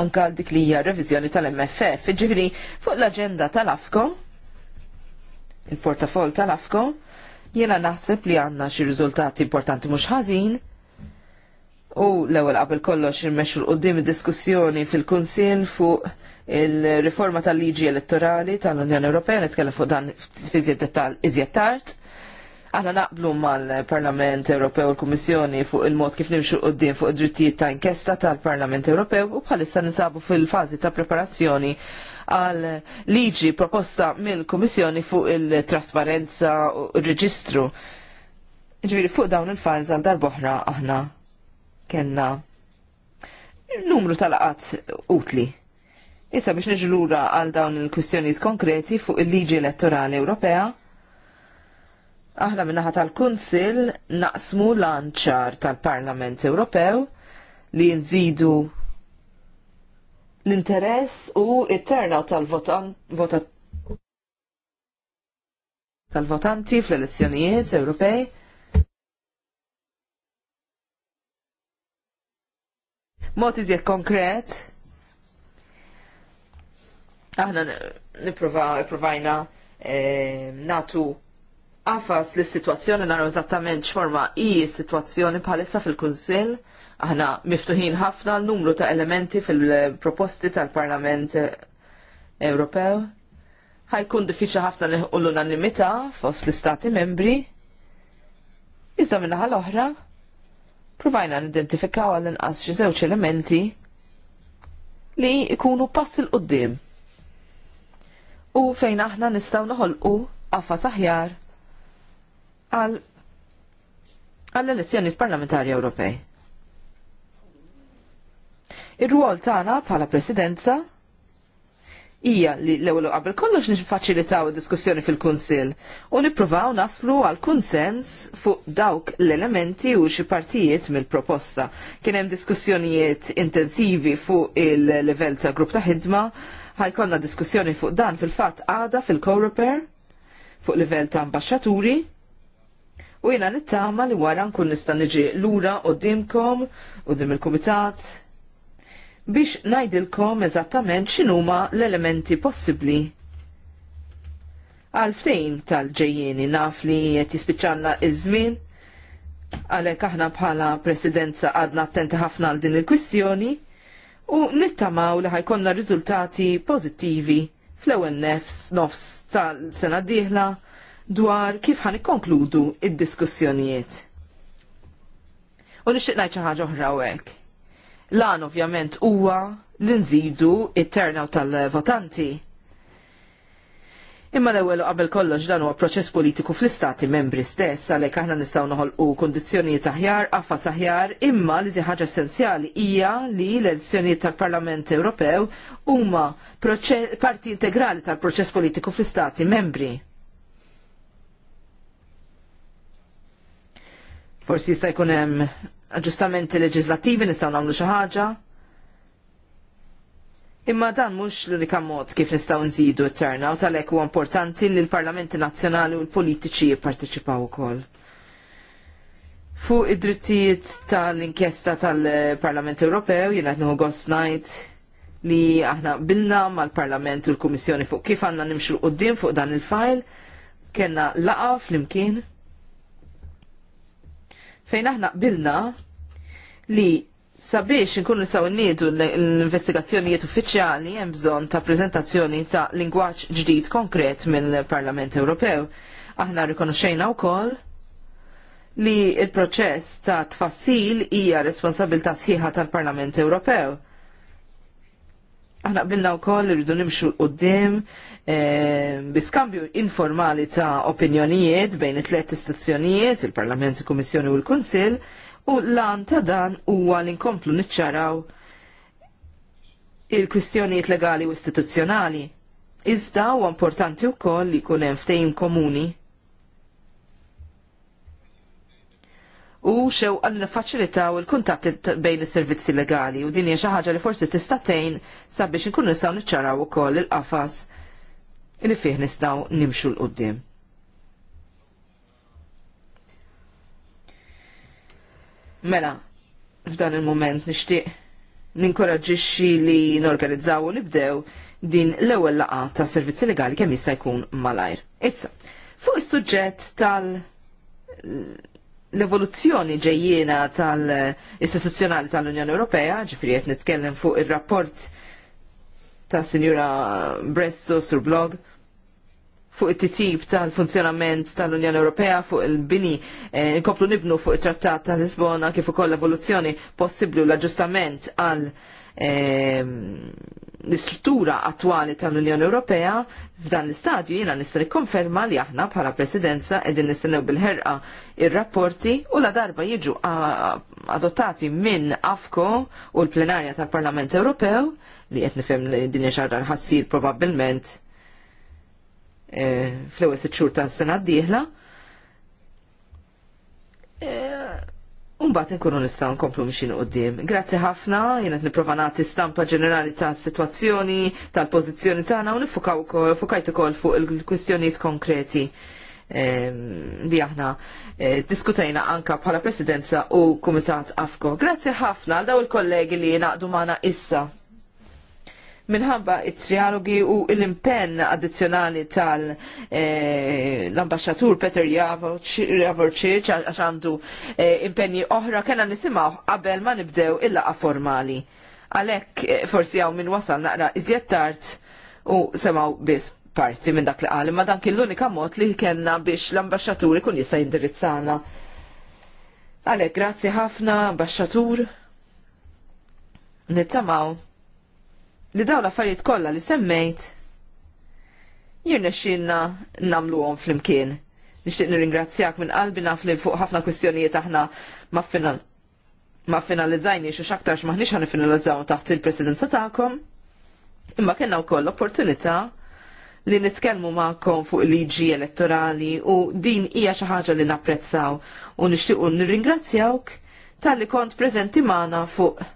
anka dik li hija reviżjoni tal-MFF, ġifiri fuq l-aġenda tal-AFCO, il-portafol tal-AFCO, jiena naħseb li għandna xi riżultati importanti mhux ħażin. U l-ewwel qabel kollox immexxu l qudiem diskussjoni fil-Kunsill fuq il-riforma tal-liġi elettorali tal-Unjoni Ewropea nitkellem fuq dan fiżjed tal iżjed tard. Aħna naqblu mal-Parlament Ewropew u l-Kummissjoni fuq il-mod kif nimxu qoddim fuq id-drittijiet ta' inkesta tal-Parlament Ewropew u bħalissa ninsabu fil-fażi ta' preparazzjoni għal liġi proposta mill-Kummissjoni fuq il-trasparenza u r-reġistru. Ġviri, fuq dawn il-fans għal darboħra aħna kena numru tal-qat utli. Issa biex neġlura għal dawn il-kwistjonijiet konkreti fuq il-liġi elettorali Ewropea, aħna minnaħa tal-Kunsil naqsmu l-anċar tal-Parlament Ewropew li nżidu l-interess u it-turnout terna tal fl-elezzjonijiet Ewropej. Mod iżjed konkret, aħna nipprovajna eh, natu għafas li situazzjoni naraw eżattament x'forma i situazzjoni bħalissa fil-Kunsill. Aħna miftuħin ħafna l-numru ta' elementi fil-proposti tal-Parlament Ewropew. Ħajkun diffiċa ħafna neħu l-unanimità fost l-Istati membri. Iżda minna l-oħra, provajna nidentifikaw għall-inqas xi żewġ elementi li ikunu pass il qoddim U fejn aħna nistgħu noħolqu għafa aħjar għall-elezzjoni parlamentari Ewropej. ir ruol tagħna bħala presidenza hija li l-ewwel qabel kollox nifaċilitaw id-diskussjoni fil-Kunsill u nippruvaw naslu għal kunsens fuq dawk l-elementi u xi partijiet mill-proposta. Kien hemm diskussjonijiet intensivi fuq il-livell ta' grupp ta' ħidma, ħajkonna diskussjoni fuq dan fil-fatt għada fil-Coreper fuq livell ta' ambasċaturi U jena nittama li wara nkun nista' niġi lura u dim il-kumitat biex ngħidilkom eżattament x'inhuma l-elementi possibbli għal ftejn tal ġejjeni naf li qed jispiċċalna iż-żmien għalhekk aħna bħala presidenza għadna attenti ħafna għal din il-kwistjoni u nittamaw li ħajkonna riżultati pożittivi fl-ewwel nefs nofs tal-sena d-dieħla dwar kif ħan ikkonkludu id-diskussjonijiet. U nixtieq ngħid xi ħaġa oħra hekk. Lan ovvjament huwa li nżidu it-turnout tal-votanti. Imma l-ewwel qabel kollox dan huwa proċess politiku fl-istati membri stess għalhekk aħna nistgħu noħolqu kundizzjonijiet aħjar, qafa aħjar, imma li xi ħaġa essenzjali hija li l-elezzjonijiet tal-Parlament Ewropew huma parti integrali tal-proċess politiku fl-istati membri. Forsi jista' jkun hemm aġġustamenti leġislattivi nistgħu nagħmlu xi ħaġa. Imma dan mhux l-unika mod kif nistgħu nżidu t-turnout għalhekk huwa importanti li l-Parlamenti Nazzjonali u l-politiċi jipparteċipaw ukoll. Fuq id-drittijiet tal-inkjesta tal-Parlament Ewropew jiena qed gost ngħid li aħna bilna mal-Parlament u l-Kummissjoni fuq kif għandna nimxu l-qoddim fuq dan il-fajl, kellna laqgħa flimkien fejn aħna qbilna li sabiex nkun nistgħu nniedu l-investigazzjonijiet uffiċjali hemm bżonn ta' preżentazzjoni ta' lingwaġġ ġdid konkret mill-Parlament Ewropew. Aħna rikonoxxejna wkoll li il-proċess ta' tfassil hija responsabilità sħiħa tal-Parlament Ewropew. Aħna qbilna wkoll li rridu nimxu qudiem Ehm, biskambju informali ta' opinjonijiet bejn it-tlet istituzzjonijiet, il-Parlament, il-Kummissjoni u l-Kunsill, u l-an ta' dan huwa li nkomplu niċċaraw il-kwistjonijiet legali u istituzzjonali. Iżda huwa importanti wkoll li jkun hemm komuni u xew għal nifaċilitaw il-kuntatti bejn is-servizzi legali u din hija xi ħaġa li forsi tista' tgħin sabiex inkunu nistgħu niċċaraw ukoll il-qafas li fih nistaw nimxu l-qoddim. Mela, f'dan il-moment nishtiq ninkoraġġixxi li norganizzaw u nibdew din l-ewwel laqgħa ta' servizzi legali kemm jista' jkun malajr. Issa, fuq is-suġġett tal- l-evoluzzjoni ġejjiena tal-istituzzjonali tal-Unjoni Ewropea, ġifieri qed nitkellem fuq ir-rapport ta' Sinjura Bresso sur blog fuq it-titib tal-funzjonament tal-Unjoni Ewropea fuq il-bini eh, nkomplu nibnu fuq it-trattat tal-Lisbona kif ukoll l-evoluzzjoni possibbli u l-aġġustament għal ehm, l-istruttura attwali tal-Unjoni Ewropea f'dan l-istadju jiena nista' nikkonferma li aħna bħala Presidenza qegħdin nistennew bil-ħerqa ir-rapporti u la darba jiġu adottati minn AFCO u l-plenarja tal-Parlament Ewropew li qed nifhem din xarra ħassir probabbilment eh, fl-ewwel sitt xhur ta' sena d-dieħla. Eh, Umbagħad inkunu nistgħu nkomplu mixin qudiem. Grazzi ħafna, jiena qed nipprova nagħti stampa ġenerali ta' sitwazzjoni, tal-pożizzjoni tagħna u nifukaw fukajt ukoll fuq il-kwistjonijiet konkreti eh, li aħna diskutajna anka bħala presidenza u kumitat AFKO. Grazzi ħafna għal daw il-kollegi li naqdu magħna issa minħabba it-trialogi u l-impenn addizjonali tal-ambasċatur eh, Peter Javorċiċ għax għandu eh, impenni oħra kena nisimaw qabel ma nibdew il formali. Għalek eh, forsi għaw minn wasal naqra iżjed tard u semaw bis parti minn dak li għal, ma dan kien l-unika mod li kena biex l-ambasċatur ikun jista' jindirizzana. Għalek, grazzi ħafna, ambasċatur. Nittamaw li dawn l-affarijiet kollha li semmejt jirna xinna għom fl-imkien. Nixtieq nirringrazzjak minn qalbi naf li fuq ħafna kwistjonijiet aħna ma' finalizzajni xi xaktarx maħniex ħan finalizzaw taħt il-presidenza tagħkom. Imma kellna wkoll opportunità li nitkellmu magħkom fuq liġi elettorali u din hija xi ħaġa li napprezzaw u nixtiequ nirringrazzjawk tal-li kont preżenti magħna fuq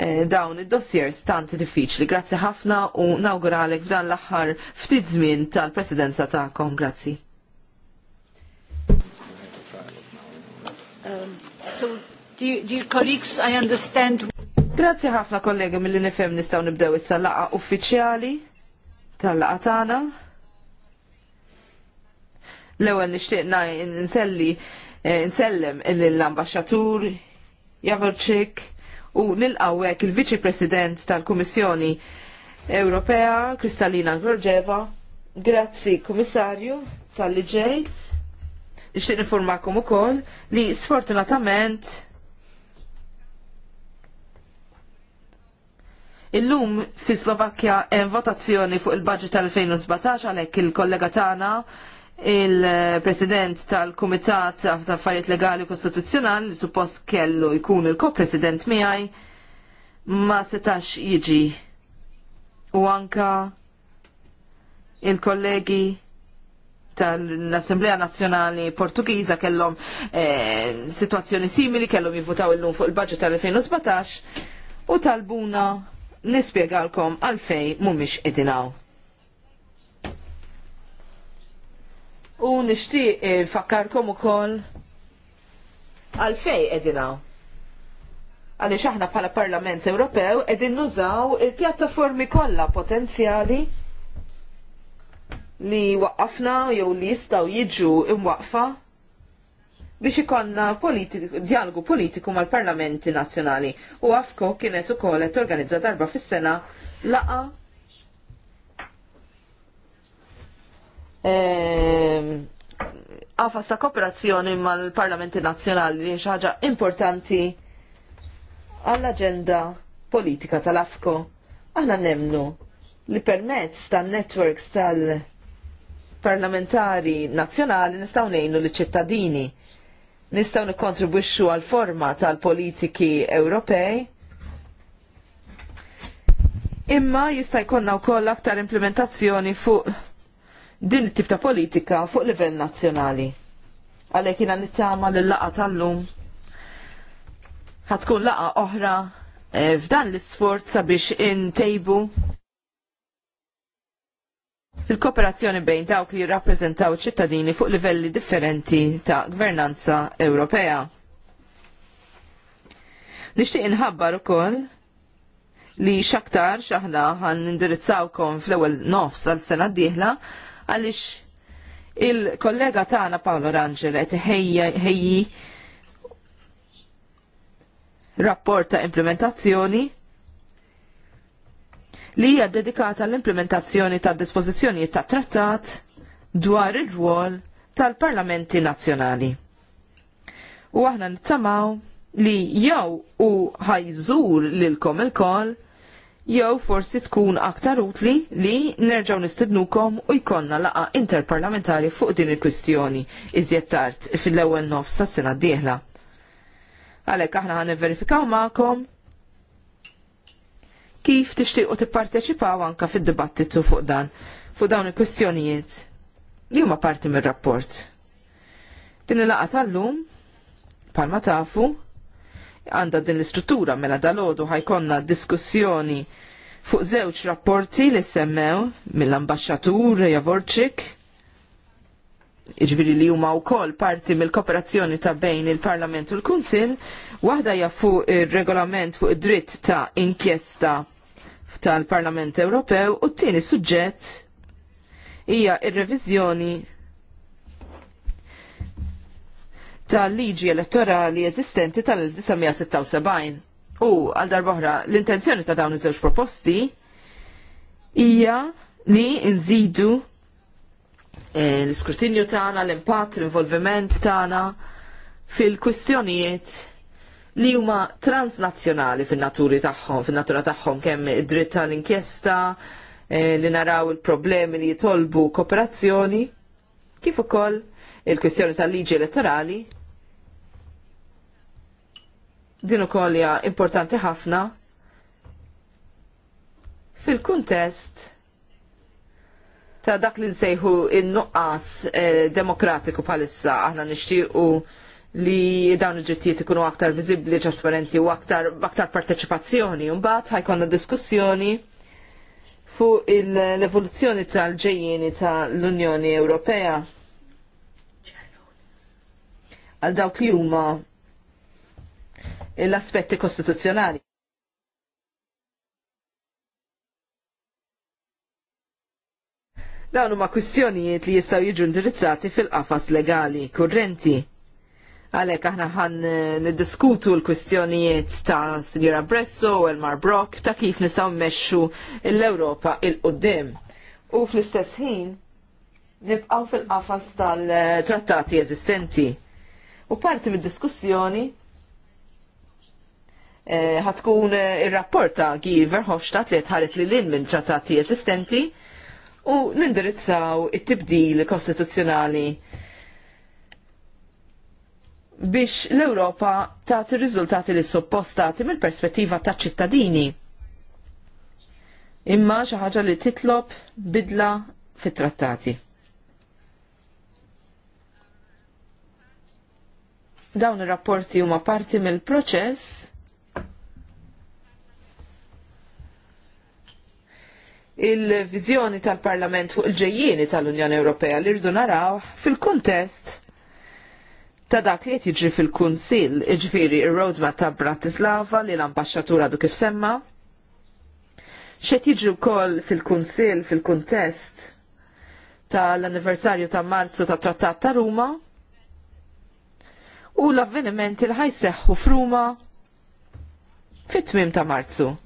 Eh, dawn id-dossiers tant diffiċli. Grazzi ħafna u nawguralek f'dan l-aħħar ftit żmien tal-presidenza tagħkom. Grazzi. Um, Grazzi ħafna kollegi mill-li nifhem nistgħu nibdew issa laqa uffiċjali tal-laqa tagħna. L-ewwel nixtieq nselli eh, nsellem lill-ambaxxatur Javorċik u nilqawek il-Viċi President tal-Kummissjoni Ewropea, Kristalina Grogeva, Grazzi, Kummissarju, tal liġejt Nixtieq Ixtiq informakom ukoll li sfortunatament Illum fi Slovakkja hemm votazzjoni fuq il-budget tal-2017 għalhekk il-kollega tagħna il-president tal-Kumitat ta' Affarijiet Legali Kostituzzjonali li suppost kellu jkun il-ko-president miegħi ma setax jiġi u anka il-kollegi tal-Assemblea Nazzjonali Portugiża kellhom eh, situazzjoni simili, kellhom jivvutaw illum fuq il-budget tal-2017 u talbuna nispjegalkom għalfej mhumiex edinaw. U nixtieq u eh, ukoll għal qegħdin hawn. Għaliex aħna bħala Parlament Ewropew qegħdin nużaw il-pjattaformi kollha potenzjali li waqqafna jew li jistgħu jiġu imwaqfa biex ikonna politi dialogu politiku mal-parlamenti nazzjonali u għafko kienet u kolet organizza darba fis-sena laqa Ehm, għafas ta' kooperazzjoni mal-Parlamenti Nazzjonali li ħaġa importanti għall-agenda politika tal-Afko. Aħna nemnu li permezz tan networks tal-parlamentari nazzjonali nistaw nejnu li ċittadini nistaw nikontribwixxu għal forma tal-politiki Ewropej. Imma jista' jkollna wkoll aktar implementazzjoni fuq din it-tip ta' politika fuq livell nazzjonali. Għalhekk jiena nittama lill-laqgħa tal-lum ħatkun laqa oħra eh, f'dan l-isforz sabiex intejbu il-kooperazzjoni bejn dawk li jirrappreżentaw ċittadini fuq livelli differenti ta' gvernanza Ewropea. Nixtieq inħabbar ukoll li xaktar xaħna ħan indirizzawkom fl-ewwel nofs tal sena d-dieħla għaliex il-kollega Tana Paolo Rangel qed ħejji rapport ta' implementazzjoni li hija dedikata l-implementazzjoni ta' dispożizzjonijiet ta' trattat dwar ir-rwol tal-parlamenti nazzjonali. U aħna nittamaw li jew u ħajżur lilkom il-koll jew forsi tkun aktar utli li nerġaw nistidnukom u jkonna laqa interparlamentari fuq din il-kwistjoni iżjed tard fil-ewwel nofs tas-sena d-dieħla. Għalhekk aħna ħan verifikaw magħkom kif tixtiequ tipparteċipaw anka fid-dibattitu fuq dan fuq dawn il-kwistjonijiet li huma parti mir-rapport. Din il-laqa tal-lum, palma tafu, għandha din l-istruttura mela dalodu ħajkonna diskussjoni fuq żewġ rapporti li semmew mill-ambasċatur Javorċik iġviri li huma wkoll parti mill-kooperazzjoni ta' bejn il-Parlament u l-Kunsil, waħda hija fuq ir-regolament fuq id-dritt ta' inkjesta tal-Parlament Ewropew u t-tieni suġġett hija ir-reviżjoni tal-liġi elettorali eżistenti tal-1976. U għal darboħra l-intenzjoni ta' dawn iż-żewġ proposti hija li nżidu eh, l-iskrutinju tagħna, l-impatt, l-involviment tagħna fil-kwistjonijiet li huma transnazzjonali fin-naturi tagħhom, fin-natura tagħhom kemm id-dritt tal-inkjesta, eh, li naraw il-problemi li jitolbu kooperazzjoni, kif ukoll il-kwistjoni tal-liġi elettorali din ukoll hija importanti ħafna fil-kuntest ta' dak li nsejħu in-nuqqas eh, demokratiku bħalissa aħna nixtiequ li dawn il-ġittijiet ikunu aktar viżibbli, trasparenti u aktar, aktar parteċipazzjoni. Mbagħad ħajkonna diskussjoni fuq l-evoluzzjoni tal-ġejjieni tal-Unjoni Ewropea. Għal dawk li huma l-aspetti kostituzzjonali. Dawn huma kwistjonijiet li jistgħu jiġu indirizzati fil-qafas legali kurrenti. Għalhekk aħna ħan eh, niddiskutu l-kwistjonijiet ta' Sinjora Bresso u Elmar Brock ta' kif nistgħu mmexxu l-Ewropa il qoddim U fl-istess ħin nibqgħu fil-qafas tal-trattati eh, eżistenti. U parti mid-diskussjoni Eh, ħatkun eh, ir-rapport ta' Giver Hofstadt li tħares li l-in minn trattati esistenti u nindirizzaw it-tibdil kostituzzjonali biex l-Ewropa tagħti riżultati li suppostati mill-perspettiva ta' ċittadini. Imma xi ħaġa li titlob bidla fit-trattati. Dawn ir-rapporti huma parti mill-proċess il-vizjoni tal-Parlament fuq il-ġejjieni tal-Unjoni Ewropea li rridu naraw fil-kuntest ta' dak li qed jiġri fil-Kunsill, iġifieri r roadmap ta' Bratislava li l-ambaxxatura du kif semma. x'e jiġri wkoll fil-Kunsill fil-kuntest tal-anniversarju ta' Marzu ta' Trattat ta' Ruma u l-avvenimenti li ħajseħħu f'Ruma fit-tmim ta' Marzu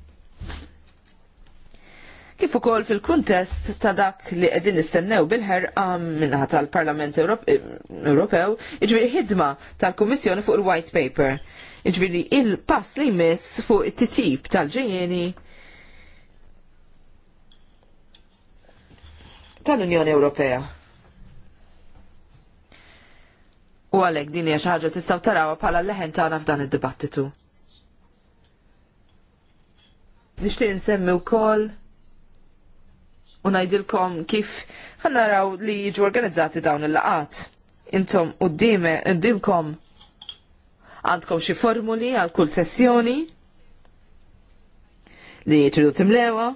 kif ukoll fil-kuntest ta' dak li qegħdin nistennew bil-ħerqa minnaħa tal-Parlament eh, Ewropew, iġbiri ħidma tal-Kummissjoni fuq il-White Paper. Iġbiri il-pass li jmiss fuq it-titib tal-ġejjeni tal-Unjoni Ewropea. U għalek din hija xi ħaġa tistgħu tarawha bħala leħen tagħna f'dan id-dibattitu. Nixtieq nsemmi wkoll u ngħidilkom kif ħanaraw li jiġu organizzati dawn il-laqat. Intom u d-dimkom għandkom xi formuli għal kull sessjoni li jiġu timlewa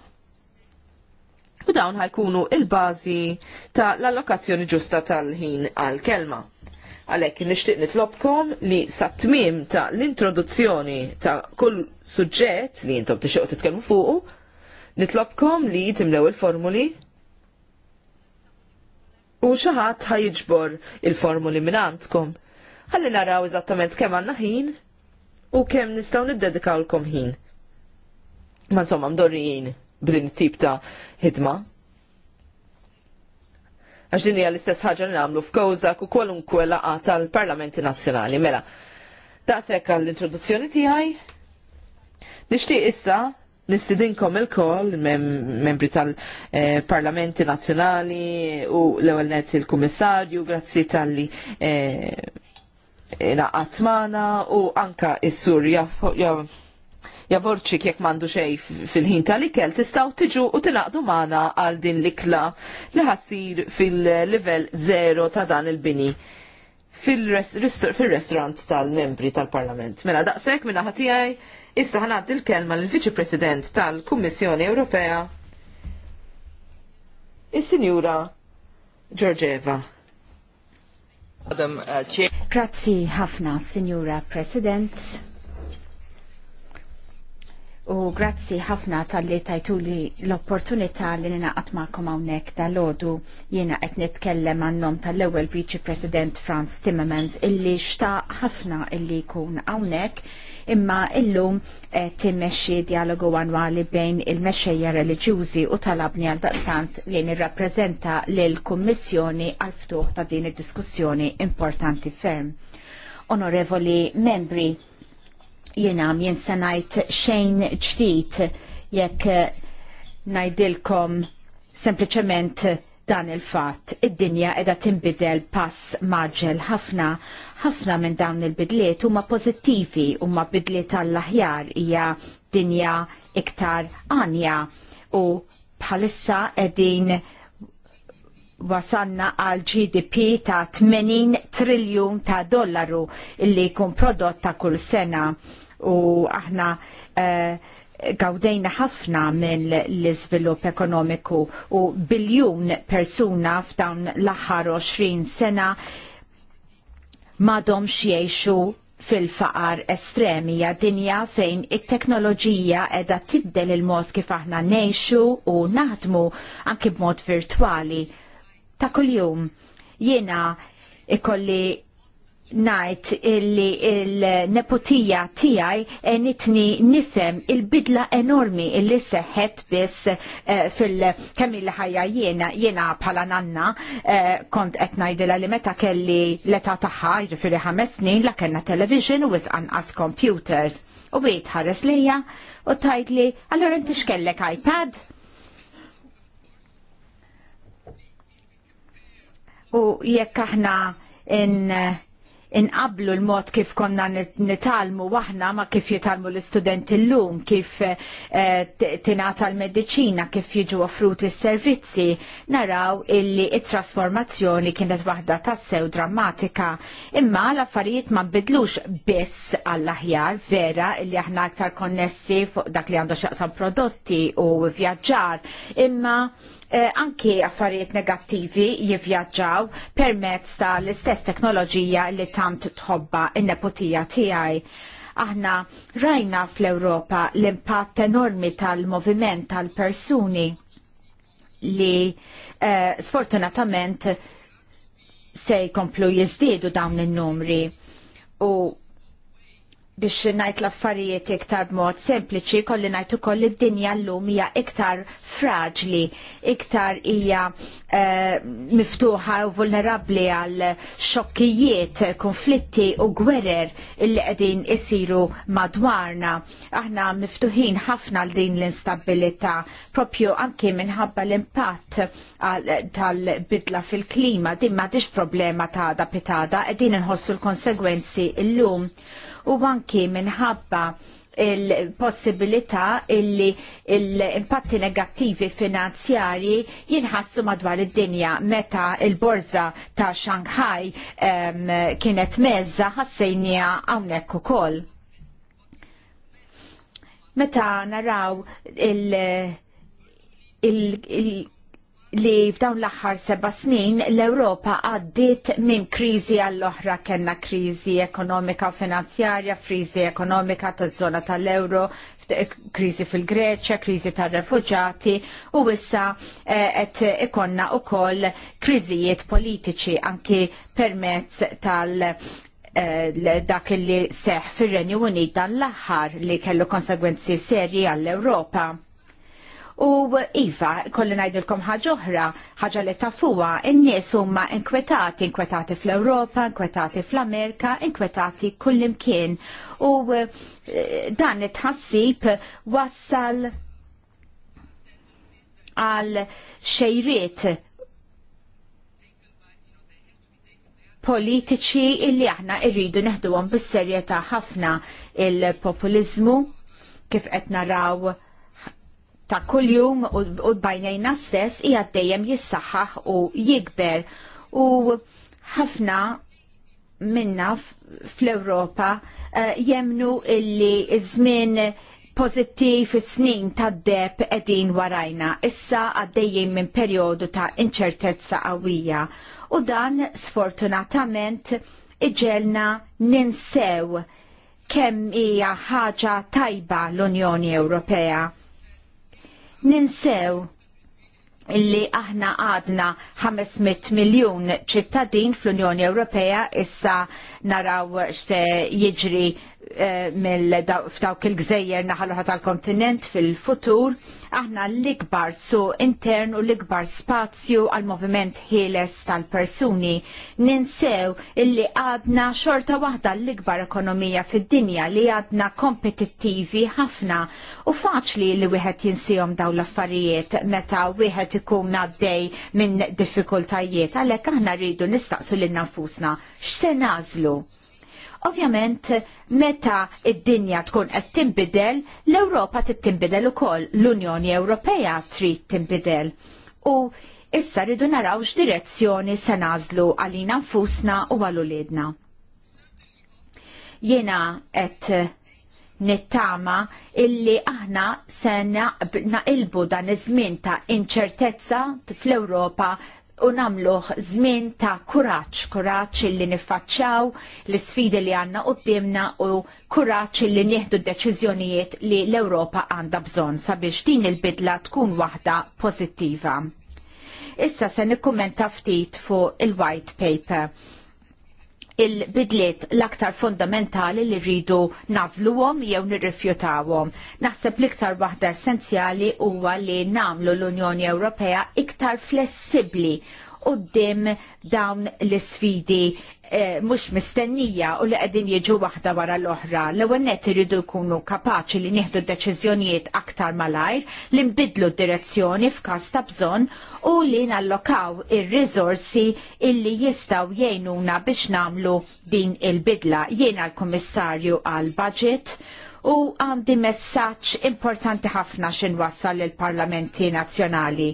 u dawn ħajkunu il-bazi ta' l-allokazzjoni ġusta tal-ħin għal-kelma. Għalek, nishtiq nitlobkom li sa' tmim ta' l-introduzzjoni ta' kull suġġett li jintom t-xeq t-tkelmu fuqu, Nitlobkom li jitimlew il-formuli u xaħat ħajġbor il-formuli minn għandkom. Ħalli naraw eżattament kemm għandna ħin u kemm nistgħu kom ħin. Ma insomma mdorrijin b'din tip ta' ħidma. Għax din hija l-istess ħaġa li nagħmlu f'kawża u kwalunkwe laqgħa tal-Parlamenti Nazzjonali. Mela, daqshekk għall-introduzzjoni tiegħi. Nixtieq issa nistidinkom il-kol, mem membri tal-parlamenti eh, nazjonali u l-ewel net il-kommissarju, grazzi tal-li eh, u anka il sur javorċik jekk mandu xej fil-ħin tal-ikel tistaw tiġu u tinaqdu mana għal din l-ikla li ħassir fil-level 0 ta' dan il-bini fil-restaurant tal-membri tal-parlament. Mela daqsek minna ħatijaj Issa ħanad il-kelma l-Viċi President tal-Kummissjoni Ewropea, is-Sinjura Georgieva. Uh, Grazzi ħafna, Sinjura President. U grazzi ħafna tal-li tajtuli l-opportunità li ninaqat ma'kom hawnhekk dal-għodu jiena qed nitkellem għannom tal-ewwel Viċi President Franz Timmermans illi xta ħafna illi jkun hawnhekk imma illum timmexxi dialogu annwali bejn il-mexxejja reliġjużi u tal-abni għal daqstant li nirrappreżenta l kummissjoni għal ftuħ ta' din id-diskussjoni importanti ferm. Onorevoli membri, jena mjen sanajt xejn ġdijt jekk eh, najdilkom sempliciment dan il-fat, id-dinja edha timbidel pass maġel ħafna, ħafna minn dawn il-bidliet huma pożittivi huma bidliet għall-aħjar hija dinja iktar għanja u bħalissa edin wasanna għal GDP ta' 80 triljun ta' dollaru illi jkun prodott ta' kull sena u aħna eh, gawdejna ħafna minn l-izvilup ekonomiku u biljun persuna f'dawn l-aħħar 20 sena madhom xiexu fil-faqar estremi ja dinja fejn it-teknoloġija edha tibdel il-mod kif aħna nejxu u naħdmu anki b'mod virtwali ta' kuljum. Jiena ikolli najt illi il-nepotija tijaj enitni nifem il-bidla enormi illi seħet biss eh, fil-kemm il-ħajja jena, jena bħala nanna eh, kont etnaj dila li meta kelli l taħħa jrifiri ħames snin la kena television u as computers. U bejt ħares lija u tajt li għallur inti xkellek iPad? U jekk aħna in uh, inqablu l-mod kif konna nitalmu waħna ma kif jitalmu l-istudenti l-lum, kif eh, tinata l-medicina, kif jiġu offrut il servizzi naraw illi it-trasformazzjoni kienet waħda tassew drammatika. Imma l-affarijiet ma bidlux biss għall-aħjar vera illi aħna aktar konnessi fuq dak li għandu xaqsam prodotti u vjaġġar, imma eh, anki affarijiet negattivi jivvjaġġaw permezz tal-istess teknoloġija li tant tħobba in-nepotija tiegħi aħna rajna fl ewropa l-impatt enormi tal-moviment tal-persuni li eh, sfortunatament se jkomplu jizdidu dawn in numri u biex najt l-affarijiet iktar mod sempliċi kolli najt ukoll d dinja llum hija iktar fraġli, iktar hija eh, miftuħa u vulnerabbli għal xokkijiet, konflitti u gwerer illi qegħdin isiru madwarna. Aħna miftuħin ħafna l din l-instabilità propju anke minħabba l-impatt tal-bidla fil-klima din m'għadix problema ta' da pitada qegħdin inħossu l-konsegwenzi llum. lum u anki minħabba il-possibilità illi l-impatti negattivi finanzjarji jinħassu madwar id-dinja meta il-borza ta' Shanghai um, kienet mezza ħassejnija hawnhekk ukoll. Meta naraw il- il, il li f'dawn l-aħħar seba' snin l-Ewropa għaddiet minn kriżi għall-oħra kellna kriżi ekonomika u finanzjarja, kriżi ekonomika taż-żona tal-euro, kriżi fil-Greċja, kriżi tar-refuġati u issa eh, qed ikonna wkoll kriżijiet politiċi anki permezz tal- eh, dak li seħ fir-Renju Unit dan l-aħħar li kellu konsegwenzi serji għall-Ewropa U Iva, kolli najdilkom ħaġa oħra, ħaġa li tafuwa, n-nies huma inkwetati, inkwetati fl-Ewropa, inkwetati fl-Amerika, inkwetati kullimkien. U eh, dan it-ħassib wassal għal xejriet politiċi illi aħna irridu neħduhom bis-serjetà ħafna il-populizmu kif qed naraw ta' kuljum u bajnejna stess hija għaddejjem jissaħħaħ u jikber u ħafna minna fl-Ewropa eh, jemnu illi żmien pozittiv snin ta' deb edin warajna. Issa għaddejjin minn perjodu ta' inċertezza qawwija u dan sfortunatament iġelna ninsew kemm hija ħaġa tajba l-Unjoni Ewropea ninsew illi aħna għadna 500 miljon ċittadin fl-Unjoni Ewropea issa naraw x'se jiġri Eh, f'dawk il-gżejjer naħaluħa tal-kontinent fil-futur, aħna l-ikbar su intern u l-ikbar spazju għal moviment ħieles tal-persuni. Ninsew illi għadna xorta waħda l-ikbar ekonomija fid-dinja li għadna kompetittivi ħafna u faċli li wieħed jinsihom daw l-affarijiet meta wieħed ikun għaddej minn diffikultajiet għalhekk aħna rridu nistaqsu lil nafusna x'se nażlu Ovvjament, meta id-dinja tkun qed tinbidel, l-Ewropa trid tinbidel ukoll, l-Unjoni Ewropea trid tinbidel. U issa rridu naraw x'direzzjoni se nażlu għalina nfusna u għal uliedna. Jiena qed nittama illi aħna se naqilbu dan iż-żmien ta' inċertezza fl-Ewropa u namluħ żmien ta' kuraġġ, kuraġġ li niffaċċaw l sfide li għandna qudiemna u kuraġġ li nieħdu d-deċiżjonijiet li l-Ewropa għandha bżonn sabiex din il-bidla tkun waħda pożittiva. Issa se nikkumenta ftit fuq il-white paper il-bidliet l-aktar fundamentali li rridu nażluhom jew nirrifjutawhom. Naħseb l-iktar waħda essenzjali huwa li nagħmlu l-Unjoni Ewropea iktar flessibbli qoddim dawn l-sfidi mux eh, mhux mistennija u li qegħdin jiġu waħda wara l-oħra. L-ewwel nett iridu jkunu kapaċi li nieħdu deċiżjonijiet aktar malajr li nbidlu d-direzzjoni f'każ ta' bżonn u li nallokaw ir rizorsi illi jistgħu jgħinuna biex nagħmlu din il-bidla. Jiena l-Kummissarju għal-Budget u għandi messaġġ importanti ħafna x'inwassal lill-Parlamenti Nazzjonali.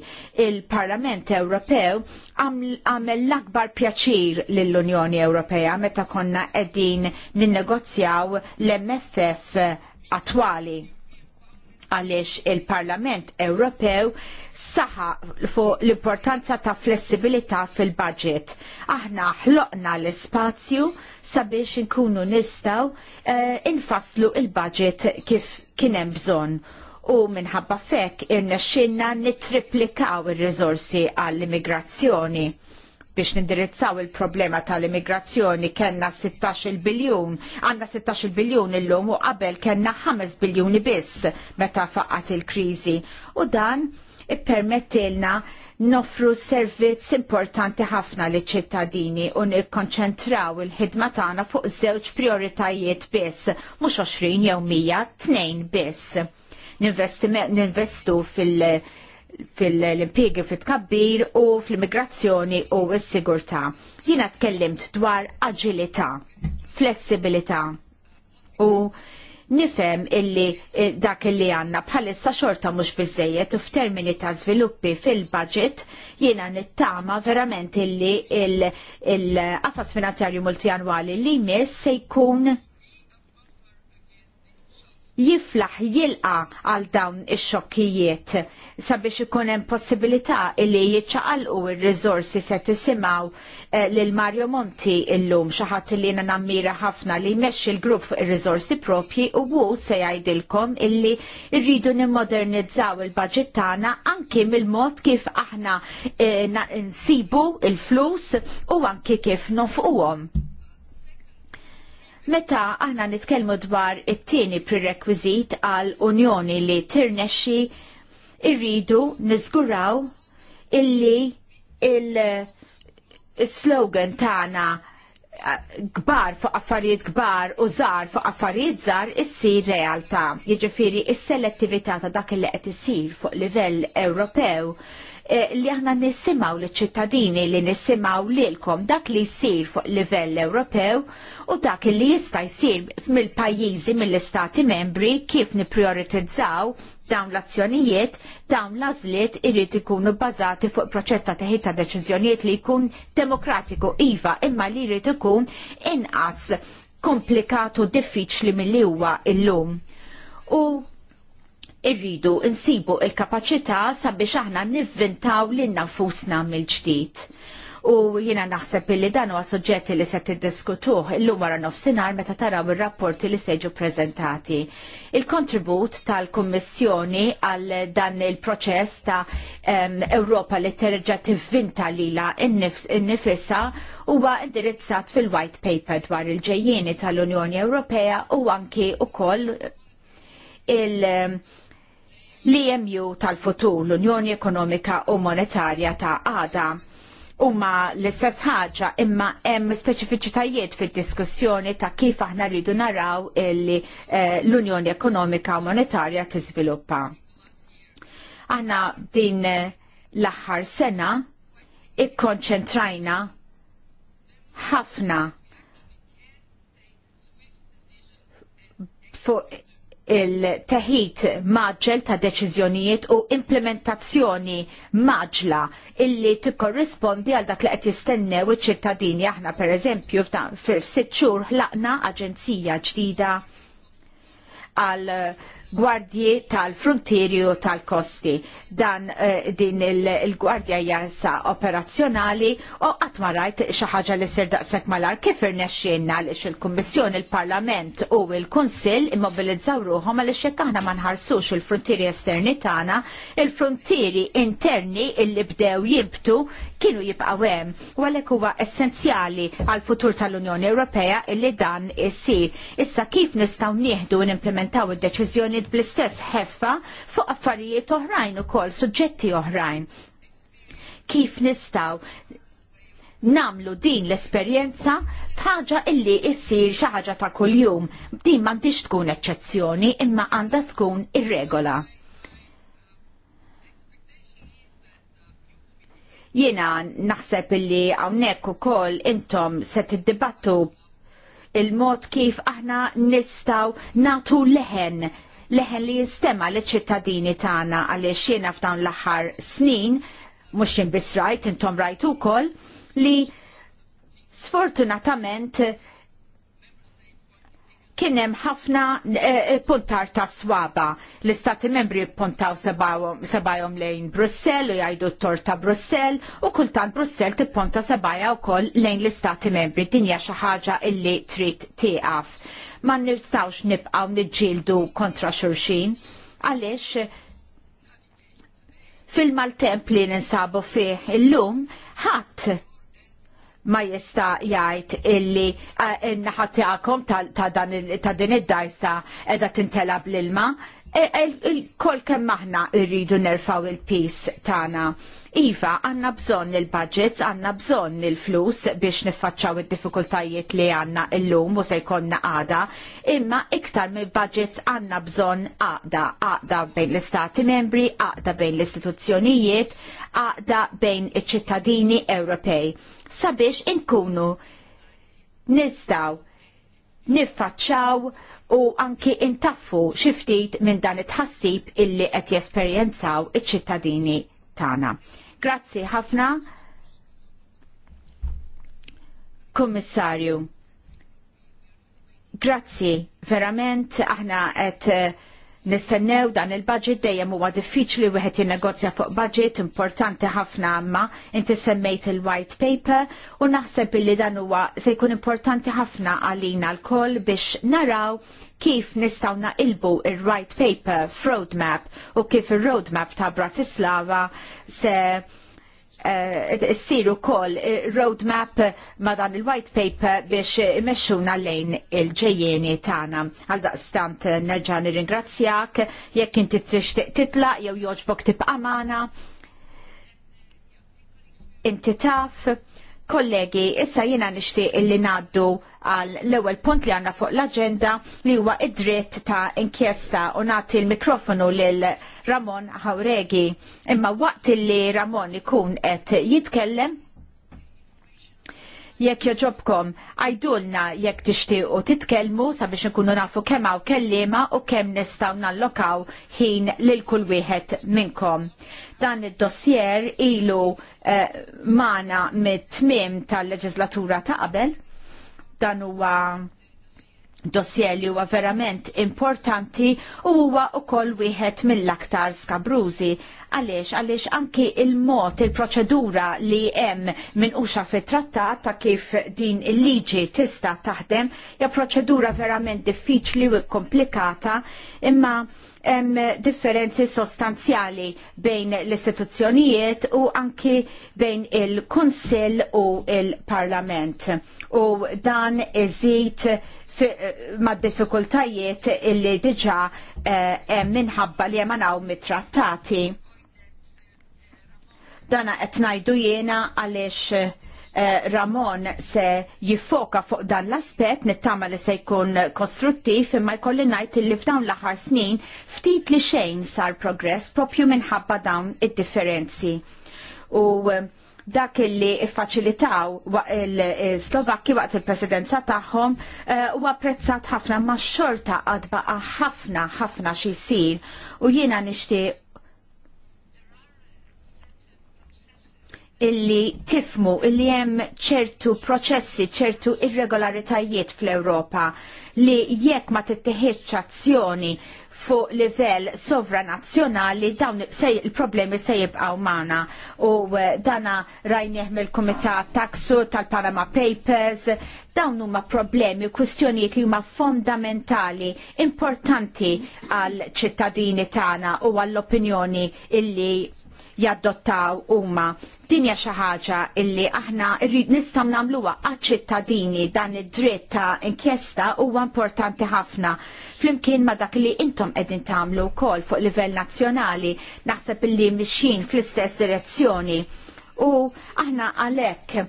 Il-Parlament Ewropew għamel l-akbar pjaċir lill-Unjoni Ewropea meta konna qegħdin ninnegozjaw l-MFF attwali għaliex il-Parlament Ewropew saħa fuq l-importanza ta' flessibilità fil-budget. Aħna ħloqna l-spazju sabiex inkunu nistaw uh, eh, infaslu il-budget kif kienem bżon u minħabba fekk irnexxinna nittriplikaw ir-riżorsi għall-immigrazzjoni biex nindirizzaw il-problema tal-immigrazzjoni kellna 16 biljun, għandna 16 biljun il-lum u qabel kellna 5 biljuni biss meta faqqat il-kriżi. U dan ippermettilna noffru servizz importanti ħafna li ċittadini u nikkonċentraw il-ħidma tagħna fuq żewġ prioritajiet biss, mhux 20 jew 100, tnejn biss. Ninvestu fil- fil-impiegi fit-kabbir u fl-immigrazzjoni u s-sigurtà. Jiena tkellimt dwar aġilità, flessibilità u nifem illi eh, dak illi għanna bħalissa xorta mux bizzejiet u f'termini ta' sviluppi fil-budget jiena nittama verament illi il-qafas finanzjarju multijanwali li jmiss se jkun jiflaħ jilqa għal dawn ix-xokkijiet sabiex ikun hemm possibilità li jiċċaqalqu ir-riżorsi se tisimgħu eh, lil Mario Monti illum xi ħadd li jiena nammira ħafna li jmexxi l-grupp fuq ir-riżorsi propji u hu se jgħidilkom illi rridu nimmodernizzaw il-baġit tagħna anke mill-mod kif aħna eh, nsibu il-flus u anke kif nofquhom. Meta aħna nitkellmu dwar it-tieni prerequisit għal Unjoni li tirnexxi irridu niżguraw illi il-slogan tagħna gbar eh, fuq affarijiet gbar u żar fuq affarijiet żar issir realtà. Jiġifieri s-selettività ta' dak li qed isir fuq livell Ewropew Eh, li aħna nisimgħu liċ ċittadini li nisimgħu lilkom dak li jsir fuq livell Ewropew u dak li jista' jsir mill-pajjiżi mill-istati membri kif nipprioritizzaw dawn l-azzjonijiet, dawn l-azliet irrid ikunu bbażati fuq proċess ta' teħid ta' deċiżjonijiet li jkun demokratiku iva, imma li jrid ikun inqas komplikatu diffiċli mill-li huwa illum. U irridu insibu il-kapacità sabiex aħna nivvintaw lil nafusna mill-ġdid. U jiena naħseb illi dan huwa suġġetti li se tiddiskutuh illum wara nofsinhar meta taraw ir-rapporti li seġu jiġu preżentati. Il-kontribut tal-Kummissjoni għal dan il-proċess ta' Ewropa li terġa' tivvinta lilha innifisha huwa indirizzat fil-White Paper dwar il-ġejjieni tal-Unjoni Ewropea u anki ukoll il- l-EMU tal-futur, l-Unjoni Ekonomika u Monetarja ta' għada. Umma l-istess ħaġa imma hemm speċifiċitajiet fid-diskussjoni ta' kif aħna rridu naraw illi eh, l-Unjoni Ekonomika u Monetarja tiżviluppa. Aħna din eh, l-aħħar sena ikkonċentrajna ħafna fuq il-teħid maġġel ta' deċiżjonijiet u implementazzjoni maġla illi tikkorrispondi għal dak li qed jistennew iċ-ċittadini aħna pereżempju f'sitt xhur ħlaqna aġenzija ġdida għal gwardji tal-frontieri u tal-kosti. Dan uh, din il-gwardja il jasa operazzjonali u għatmarajt xaħġa li sir daqsek malar kif irnexxienna li il-Kummissjoni, il-Parlament u il-Kunsill immobilizzaw ruħom għal xekk aħna ma nħarsux il-frontieri esterni tagħna, il-frontieri interni illi bdew jibtu kienu jibqgħu hemm u għalhekk huwa essenzjali għal futur tal-Unjoni Ewropea illi dan isir. Issa kif nistgħu nieħdu u nimplementaw id-deċiżjoni id bl-istess ħeffa fuq affarijiet oħrajn ukoll, suġġetti oħrajn. Kif nistaw namlu din l-esperjenza ħaġa illi issir xi ħaġa ta' kuljum. Din m'għandix tkun eċċezzjoni imma għandha tkun irregola. Jena Jiena naħseb illi hawnhekk ukoll intom se tiddibattu il-mod kif aħna nistaw natu leħen leħen li jistema li ċittadini tagħna għaliex xiena f'dawn l-aħħar snin, mhux inbis rajt, intom rajt ukoll, li sfortunatament kien hemm ħafna eh, puntar ta' swaba. L-istati membri puntaw sebajhom lejn Brussell u jgħidu t-tor ta' Brussell u kultant Brussell tipponta u wkoll lejn l-istati membri. Din hija xi ħaġa illi trid tieqaf ma nistawx nibqaw niġġieldu kontra xurxin għaliex fil-maltemp li ninsabu fih illum ħadd ma jista jgħid illi eh, n ta' din id-dajsa edha tintela bl-ilma E, e, il-kol kemm aħna rridu nerfaw il-pis tagħna. Iva, għandna bżonn il-budgets, għandna bżonn il-flus biex niffaċċaw id-diffikultajiet li għandna lum u se jkollna għada, imma iktar mill budgets għandna bżonn għada, għada bejn l-istati membri, għada bejn l-istituzzjonijiet, għada bejn iċ-ċittadini Ewropej. Sabiex inkunu nistaw niffaċċaw u anki intaffu xiftit minn dan it-ħassib illi qed jesperjenzaw iċ-ċittadini tagħna. Grazzi ħafna. Kummissarju, grazzi verament aħna qed eh, Nistennew dan il-budget dejjem huwa diffiċli wieħed jinnegozja fuq budget importanti ħafna għamma, inti semmejt il-white paper u naħseb billi dan huwa se jkun importanti ħafna għalina l-koll biex naraw kif nistgħu naqilbu il-white paper f'roadmap u kif ir roadmap ta' Bratislava se Eh, s-siru kol eh, roadmap ma dan il-white paper biex imexxuna lejn il-ġejjeni tagħna. Għal daqstant eh, nerġa' nirringrazzjak jekk inti tixtieq titla jew jogħġbok tibqa' magħna. Inti taf Kollegi, issa jiena nixtieq illi ngħaddu għal l-ewwel punt li għandna fuq l-aġenda li huwa id-dritt ta' inkjesta u nagħti l-mikrofonu lil Ramon Hawregi. Imma waqt li Ramon ikun qed jitkellem jekk joġobkom għajdulna jekk tixtiequ titkellmu sabiex nkunu nafu kemm hawn kellima u kemm nistgħu nallokaw ħin lil kull wieħed minnkom. Dan id-dossier ilu uh, mana mit-tmiem tal-leġislatura ta' qabel. Dan huwa dossier li huwa verament importanti u huwa ukoll wieħed mill-aktar skabrużi. Għaliex, għaliex anki il-mod, il-proċedura li hemm minn uxa fit trattat ta' kif din il-liġi tista' taħdem, hija proċedura verament diffiċli u komplikata, imma hemm differenzi sostanzjali bejn l-istituzzjonijiet u anki bejn il-Kunsill u il-Parlament. U dan iżid mad diffikultajiet illi diġa eh, hemm minħabba li jemanaw mit mitrattati. Dana qed ngħidu jiena għaliex eh, Ramon se jiffoka fuq dan l-aspet nittama li se jkun kostruttiv imma jkolli ngħid li f'dawn l-aħħar snin ftit li xejn sar progress propju minħabba dawn id-differenzi. U eh, dak illi iffaċilitaw il-Slovakki waqt il-presidenza tagħhom eh, u apprezzat ħafna ma' xorta għadba ħafna ħafna xisir u jiena nixtieq illi tifmu illi hemm ċertu proċessi, ċertu irregolaritajiet fl-Ewropa li jekk ma tittieħidx azzjoni fuq livell sovranazzjonali dawn il-problemi se jibqgħu magħna u eh, dana rajnieh mill-Kumitat Taksu tal-Panama Papers dawn huma problemi u kwistjonijiet li huma fondamentali importanti għal ċittadini tagħna u għall-opinjoni illi jaddottaw huma. Dinja xi ħaġa illi aħna rrid nistgħu nagħmluha għaċ-ċittadini dan id-dritt ta' inkjesta huwa importanti ħafna. Flimkien ma' dak li intom qegħdin tagħmlu wkoll fuq livell nazzjonali naħseb illi mixin fl-istess direzzjoni. U aħna għalhekk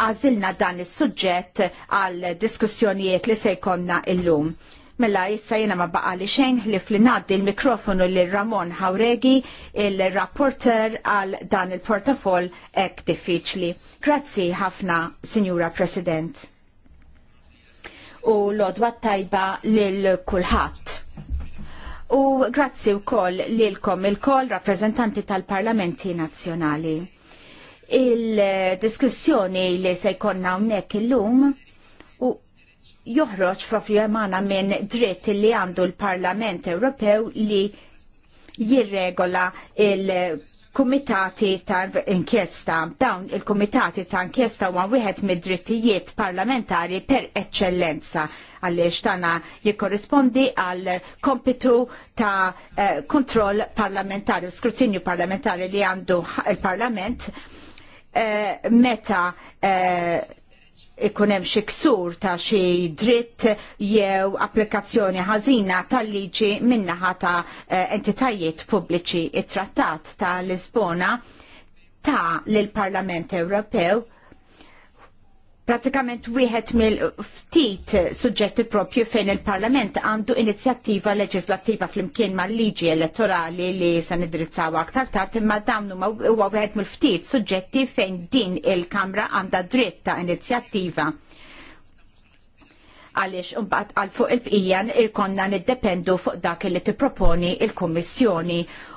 għażilna dan is-suġġett għal diskussjonijiet li se jkollna illum. Mela issa jena ma baqa li xejn li flinaddi l-mikrofonu li Ramon Hawregi, il-rapporter għal dan il-portafol ek diffiċli. Grazzi ħafna, Signora President. U l-odwa tajba lil-kulħat. U grazzi u koll lilkom il-koll rappresentanti tal-parlamenti nazjonali. Il-diskussjoni li se jkonna unnek il-lum joħroġ f'rofjemana minn dritt li għandu l-Parlament Ewropew li jirregola il-Kumitati ta' inkjesta. Dawn il-Kumitati ta' inkjesta huwa wieħed mid-drittijiet parlamentari per eccellenza għaliex tana jikkorrispondi għal kompitu ta' eh, kontroll parlamentari, skrutinju parlamentari li għandu il-Parlament eh, meta eh, ikun hemm xi ksur ta' xi dritt jew applikazzjoni ħażina tal-liġi min-naħa ta' eh, entitajiet pubbliċi it-Trattat ta' Lisbona ta' lill parlament Ewropew pratikament wieħed mill-ftit suġġetti propju fejn il-Parlament għandu inizjattiva leġislattiva flimkien mal-liġi elettorali li se nidrizzaw aktar tard imma dawn huma huwa wieħed mill-ftit suġġetti fejn din il-Kamra għandha dritt ta' inizjattiva għaliex imbagħad għal fuq il il irkonna niddependu fuq dak li tipproponi il-Kummissjoni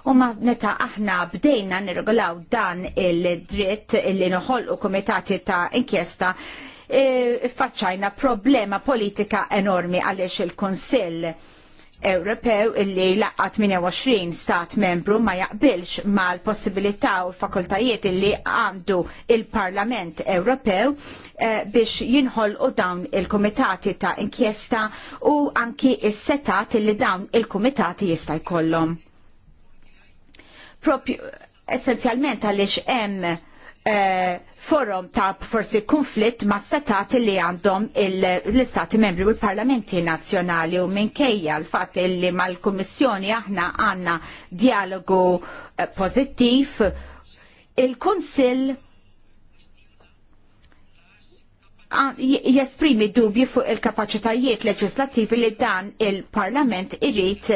u ma meta aħna bdejna nirregolaw dan il-dritt li noħolqu kumitati ta' inkjesta e, faċċajna problema politika enormi għaliex il-Kunsill Ewropew illi laqat 28 stat membru ma jaqbilx mal possibilità u l-fakultajiet illi għandu il-Parlament Ewropew eh, biex jinħol u dawn il-komitati ta' inkjesta u anki is-setat illi dawn il-komitati jista' jkollhom. Propju essenzjalment għaliex hemm Eh, forum ta' forsi konflitt ma' setat li għandhom l-istati membri u l-parlamenti nazjonali u minkejja l-fat li ma' l komissjoni aħna għanna dialogu eh, pozittiv il-Konsil jesprimi dubji fuq il-kapacitajiet leġislativi li dan il-Parlament irrit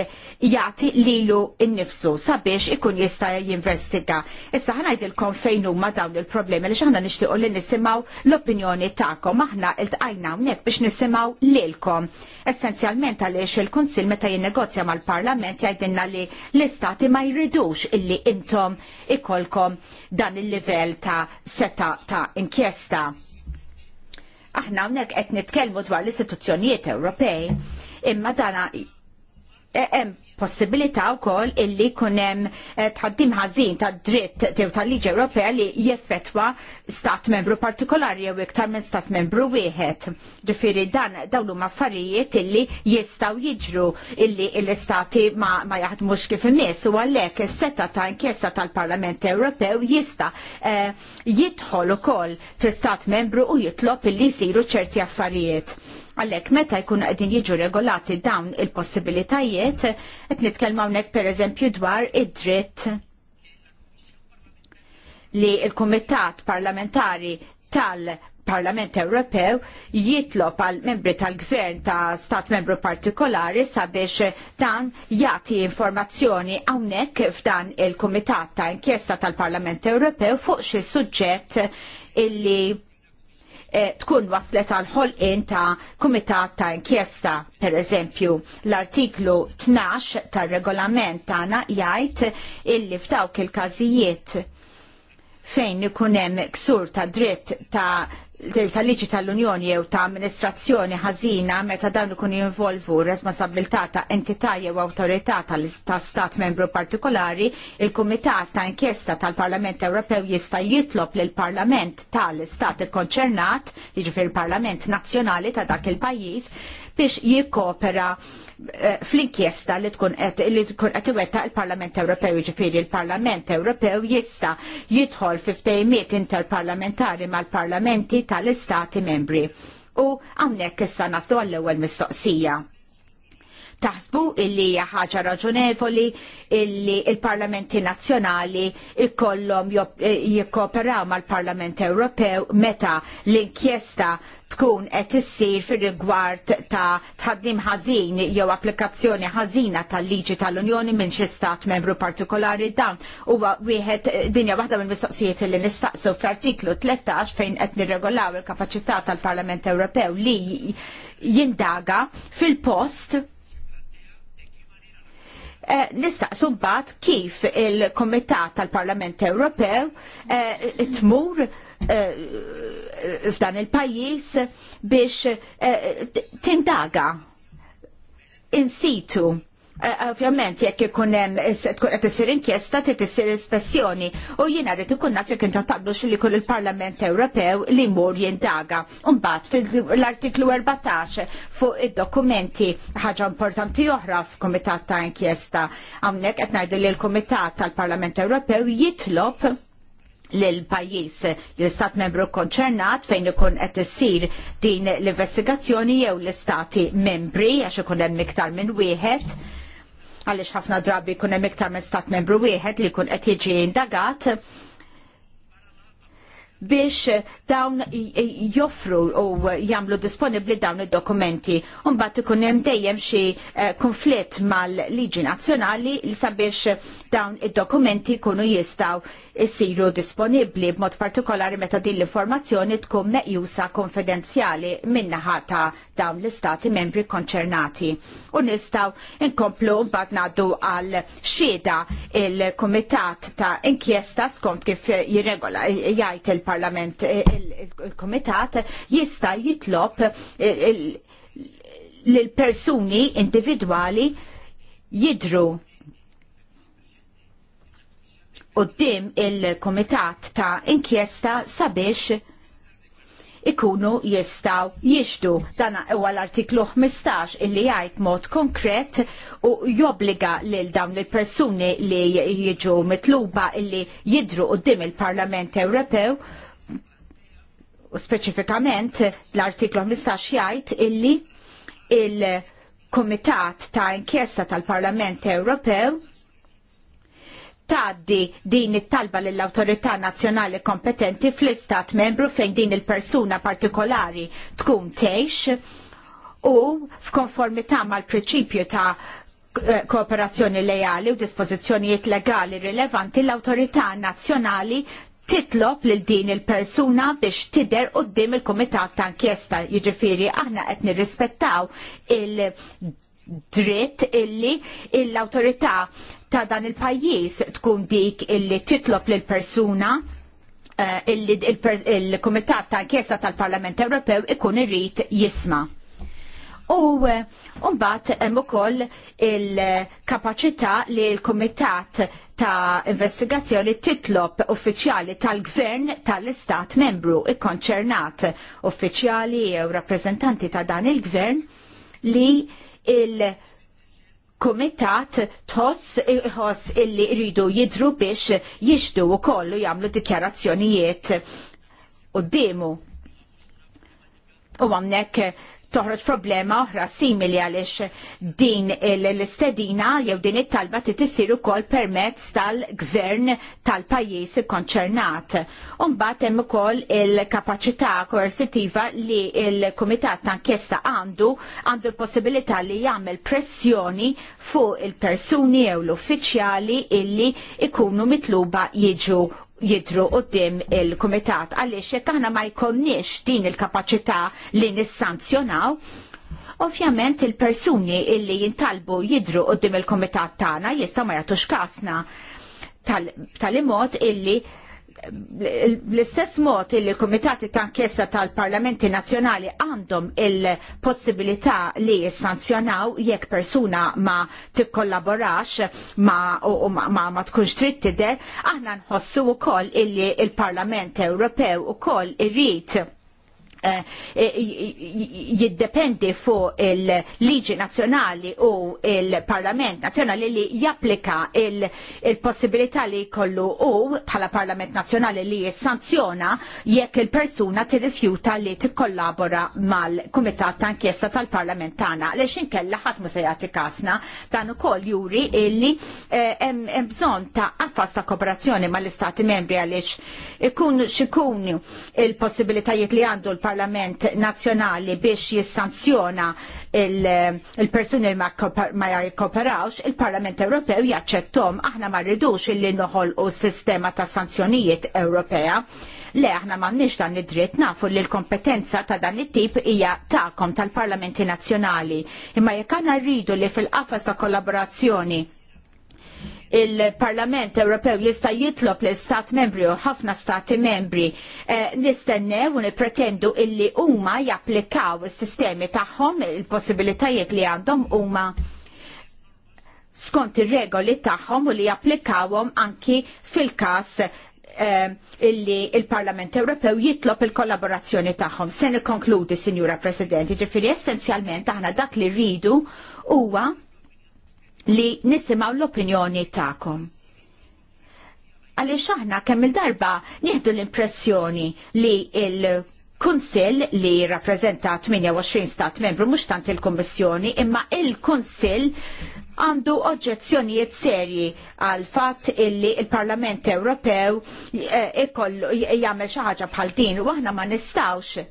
jati lilu nnifsu sabiex ikun jista jinvestiga. Issa ħanajdilkom fejn huma dawn il-problemi li xaħna nixtiequ li nisimgħu l-opinjoni tagħkom aħna iltqajna hawnhekk biex nisimgħu lilkom. Essenzjalment għaliex il-Kunsill meta jinnegozja mal-Parlament jgħidilna li l-istati ma jridux illi intom ikolkom dan il-livell ta' seta ta' inkjesta Aħna hawnhekk qed nitkellmu dwar l-istituzzjonijiet Ewropej, imma dana e, possibilità wkoll illi jkun hemm eh, tħaddim ħażin tad dritt tew tal-liġi Ewropea li jeffettwa stat membru partikolari jew iktar minn stat membru wieħed. Ġifiri dan dawn huma affarijiet illi jistgħu jiġru illi l-istati ma, ma jaħdmux kif imiss u għalhekk is-seta ta' inkjesta tal-Parlament Ewropew jista' jitħol eh, jidħol ukoll fl-istat membru u jitlob illi jsiru ċerti affarijiet Għalhekk meta jkunu qegħdin jiġu regolati dawn il-possibilitajiet, qed nitkellmu hawnhekk pereżempju dwar id-dritt li l-Kumitat Parlamentari tal Parlament Ewropew jitlob għal membri tal-gvern ta' stat membru partikolari sabiex dan jati informazzjoni hawnhekk f'dan il-Kumitat ta' inkjesta tal-Parlament Ewropew fuq xi suġġett illi Eh, tkun waslet għal ħolqien ta' kumitat ta' inkjesta. Per eżempju, l-artiklu 12 tar regolament tagħna jgħid illi f'dawk il-każijiet fejn ikun hemm ksur ta' dritt ta' tal-liġi tal-Unjoni jew ta' amministrazzjoni ħażina meta dan ikun jinvolvu responsabilità ta' entità jew awtorità ta' stat membru partikolari, il-Kumitat ta' inkjesta tal-Parlament Ewropew jista' jitlob lil parlament tal-istat ikkonċernat, jiġifier il-Parlament Nazzjonali ta' dak il-pajjiż, biex jikopera eh, fl-inkjesta li tkun qed li tkun qed iwettaq il-Parlament Ewropew, jiġifieri il-Parlament Ewropew jista' jidħol fi ftehimiet interparlamentari mal-parlamenti tal-istati membri. U għamnek issa naslu għall-ewwel mistoqsija taħsbu illi hija ħaġa raġunevoli illi il-parlamenti nazzjonali ikollhom eh, jikkooperaw mal-Parlament Ewropew meta l-inkjesta tkun qed issir fir-rigward ta' tħaddim ħażin jew applikazzjoni ħażina tal-liġi tal-Unjoni minn xi stat membru partikolari dan huwa wieħed eh, dinja waħda mill-mistoqsijiet li nistaqsu fl-artiklu 13 fejn qed nirregolaw il-kapaċità tal-Parlament Ewropew li jindaga fil-post Eh, nistaqsu mbagħad kif il-Kumitat tal-Parlament Ewropew eh, tmur eh, f'dan il-pajjiż biex tindaga in situ Eh, ovvjament, jekk ikun hemm qed isir inkjesta trid issir ispessjoni u jiena rrid ikun naf jekk intom taqblux li kull il-Parlament Ewropew li mur jindaga. Mbagħad fil-artiklu 14 fuq id-dokumenti ħaġa importanti oħra f'kumitat ta' inkjesta. Hawnhekk qed ngħidu li l-Kumitat tal-Parlament Ewropew jitlob l-pajis l-istat membru konċernat fejn ikun qed issir din l-investigazzjoni jew l-istati membri għax ikun hemm iktar minn wieħed għaliex ħafna drabi jkun hemm iktar minn stat membru wieħed li jkun qed jiġi indagat biex dawn joffru u jamlu disponibli dawn id-dokumenti. Umbat ikun hemm dejjem xi eh, konflitt mal-liġi nazzjonali li sabiex dawn id-dokumenti jkunu jistgħu jsiru disponibbli b'mod partikolari meta din l-informazzjoni tkun meqjusa konfidenzjali min-naħa ta' dawn l-istati membri konċernati. U nistgħu inkomplu mbagħad ngħaddu għal xieda il-Kumitat ta' inkjesta skont kif jiregola jgħid il il-Parlament eh, il-Komitat jista' jitlob eh, l persuni individwali jidru qoddim il-Komitat ta' inkjesta sabiex ikunu jistaw jixdu. Dana huwa l-artiklu 15 illi jgħid mod konkret u jobbliga lil dawn il-persuni li jiġu mitluba illi jidru qudiem il-Parlament Ewropew u speċifikament l-artiklu 15 jgħid illi il-Komitat ta' inkjesta tal-Parlament Ewropew tgħaddi din it-talba lill awtorità nazzjonali kompetenti fl-istat membru fejn din il-persuna partikolari tkun tgħix u f'konformità mal-prinċipju ta' eh, kooperazzjoni lejali u dispożizzjonijiet legali rilevanti l-autorità nazzjonali titlob lil din il-persuna biex tider quddiem il-Komitat ta' inkjesta jiġifieri aħna qed nirrispettaw il- dritt illi l-autorità ta' dan il-pajjiż tkun dik illi titlob lil persuna eh, il-Kumitat ta' Inkjesta tal-Parlament Ewropew ikun irrid jisma. U eh, mbagħad hemm ukoll il-kapaċità li l-Kumitat ta' investigazzjoni titlob uffiċjali tal-Gvern tal-Istat membru ikkonċernat uffiċjali jew rappreżentanti ta' dan il-Gvern li il- kumitat toss iħoss illi rridu jidru biex jixdu u kollu jamlu dikjarazzjonijiet u d demu U għamnek toħroġ problema oħra simili għaliex din l-istedina jew din it-talba titissir ukoll permezz tal-gvern tal-pajjiż konċernat. Umbat hemm ukoll il-kapaċità koersitiva li l-kumitat ta' inkjesta għandu għandu l-possibilità li jagħmel pressjoni fuq il-persuni jew l-uffiċjali illi ikunu mitluba jiġu jidru dim il-Kumitat għalix jekk aħna ma jkollniex din il-kapaċità li nissanzjonaw, Ovvjament il-persuni illi jintalbu jidru dim il-Kumitat tagħna jista' ma jagħtux kasna tal imot illi bl-istess mod li l-Kumitati ta' inkjesta tal-Parlamenti Nazzjonali għandhom il-possibilità li jissanzjonaw jekk persuna ma tikkollaborax ma, ma, ma, ma tkunx trid tidher, aħna nħossu wkoll koll il-Parlament Ewropew ukoll irrid Eh, eh, jiddependi fuq il-liġi nazzjonali u il-parlament nazzjonali li japplika il-possibilità li jkollu u bħala parlament nazzjonali li jissanzjona jekk il-persuna tirrifjuta li tikkollabora mal-kumitat ta' inkjesta tal-parlament tagħna. Lex inkella ħadd se jagħti kasna dan ukoll juri illi eh, hemm bżonn ta' affas ta' kooperazzjoni mal-istati membri għaliex ikun xikun il-possibilitajiet li għandu l il-Parlament Nazzjonali biex jissanzjona il-persuni il li ma jikkoperawx, il-Parlament Ewropew jaċċettom aħna ma rridux il-li noħolqu s sistema ta' sanzjonijiet Ewropea. Le aħna m'għandniex dan id-dritt nafu li l-kompetenza ta' dan it-tip hija ta'kom tal-Parlamenti Nazzjonali. Imma jekk aħna rridu li fil-qafas ta' kollaborazzjoni il-Parlament Ewropew jista' jitlob l istat membri u ħafna stati membri eh, nistennew u nipretendu illi huma japplikaw is-sistemi tagħhom il-possibilitajiet li għandhom huma skont ir-regoli tagħhom u li japplikawhom anki fil-każ eh, illi il-Parlament Ewropew jitlob il-kollaborazzjoni tagħhom. Se nikkonkludi, Sinjura President, ġifieri essenzjalment aħna dak li rridu huwa li nisimaw l-opinjoni ta'kom. Għalli xaħna kemm il-darba nieħdu l-impressjoni li il- Kunsill li rappresenta 28 stat membru mhux tant il-Kummissjoni imma il-Kunsill għandu oġġezzjonijiet serji għal fatt illi il-Parlament Ewropew eh, jagħmel xi ħaġa bħal din u aħna ma nistgħux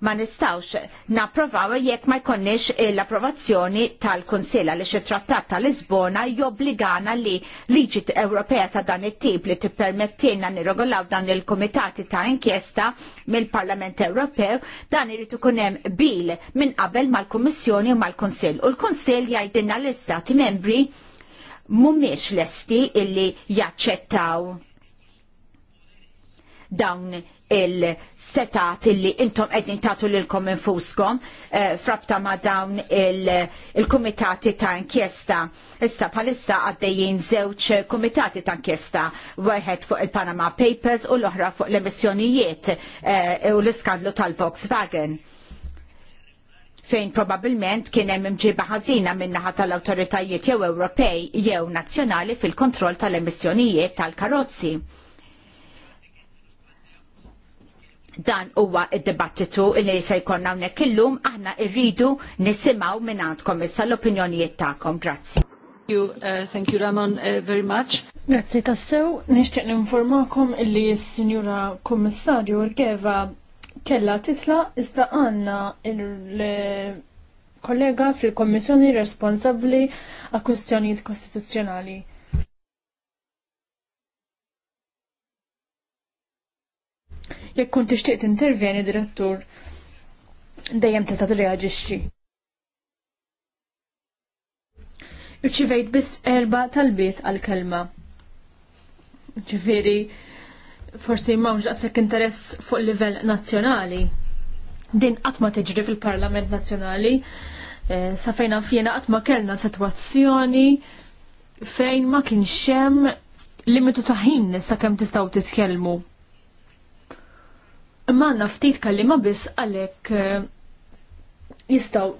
ma nistawx napprovaw jekk ma jkonniex l-approvazzjoni tal-Kunsilla li xi trattat tal-Lisbona jobbligana li liġi Ewropea ta' dan it-tip li tippermettilna nirregolaw dan il-kumitati ta' inkjesta mill-Parlament Ewropew dan irid ikun hemm bil minn qabel mal-Kummissjoni u mal-Kunsill. U l-Kunsill jgħidilna l-Istati membri mhumiex lesti illi jaċċettaw dawn il-setat illi intom qegħdin tagħtu lilkom infuskom eh, frabta ma' dawn il-kumitati ta' inkjesta. Issa bħalissa għaddejjin żewġ kumitati ta' inkjesta, wieħed fuq il-Panama Papers u l-oħra fuq l-emissjonijiet eh, u l-iskandlu tal-Volkswagen fejn probabilment kien hemm imġiba ħażina min-naħa tal-awtoritajiet jew Ewropej jew nazzjonali fil-kontroll tal-emissjonijiet tal-karozzi. tal emissjonijiet tal tal emissjonijiet tal karozzi dan huwa id-dibattitu li se jkollna hawnhekk illum aħna rridu nisimgħu minn għandkom issa l-opinjonijiet tagħkom. Grazzi. Thank you, uh, Ramon, uh, very much. Grazzi tassew, nixtieq ninformakom illi s-Sinjura Kummissarju Urgeva kella titla iżda għandna il-kollega fil-Kommissjoni responsabbli għal kwistjonijiet kostituzzjonali. Jekk kun tixtieq intervjeni direttur dejjem tista' tirreaġixxi. Irċivejt biss erba' talbiet għal-kelma. Ġifieri forsi m'hawnx daqshekk interess fuq livell nazzjonali. Din qatt ma tiġri fil-Parlament Nazzjonali eh, sa fejna fjena ma kellna situazzjoni fejn ma kienx hemm limitu ta' ħin issa kemm tistgħu titkellmu. Manna ftit kallima biss għalek eh, jistaw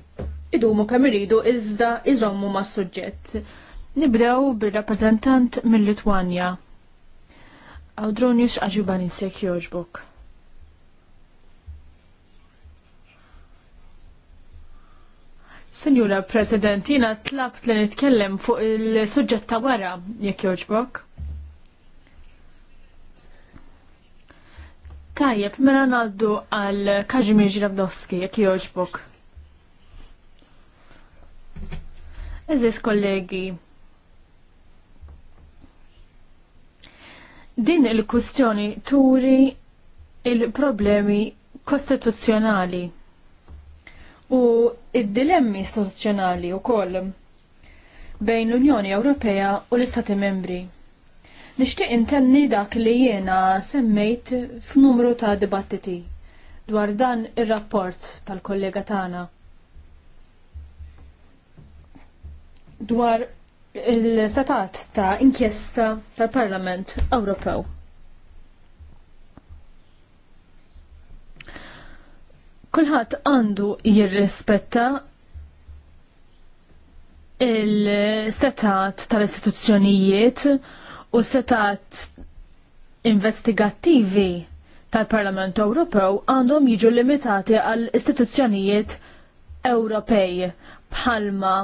idumu kemm iridu iżda iżommu ma' suġġett. Nibdew bir-rappreżentant mill-Litwanja. Awdronix għaxuban insek joġbok. Senjura President, jina tlabt li nitkellem fuq il-sujġet ta' wara, jekk joġbok. Tajjeb, mela naddu għal Kazimierz Rabdowski, jek joġbok. Eżis kollegi, din il-kustjoni turi il-problemi kostituzzjonali u id-dilemmi istituzzjonali u koll bejn l-Unjoni Ewropea u l-Istati Membri. Nixtieq intenni dak li jiena semmejt f'numru ta' dibattiti dwar dan ir-rapport tal-kollega tagħna. Dwar il-setat ta' inkjesta tal-Parlament Ewropew. kulħadd għandu jirrispetta il-setat tal-istituzzjonijiet u setat investigattivi tal-Parlament Ewropew għandhom jiġu limitati għal istituzzjonijiet Ewropej bħalma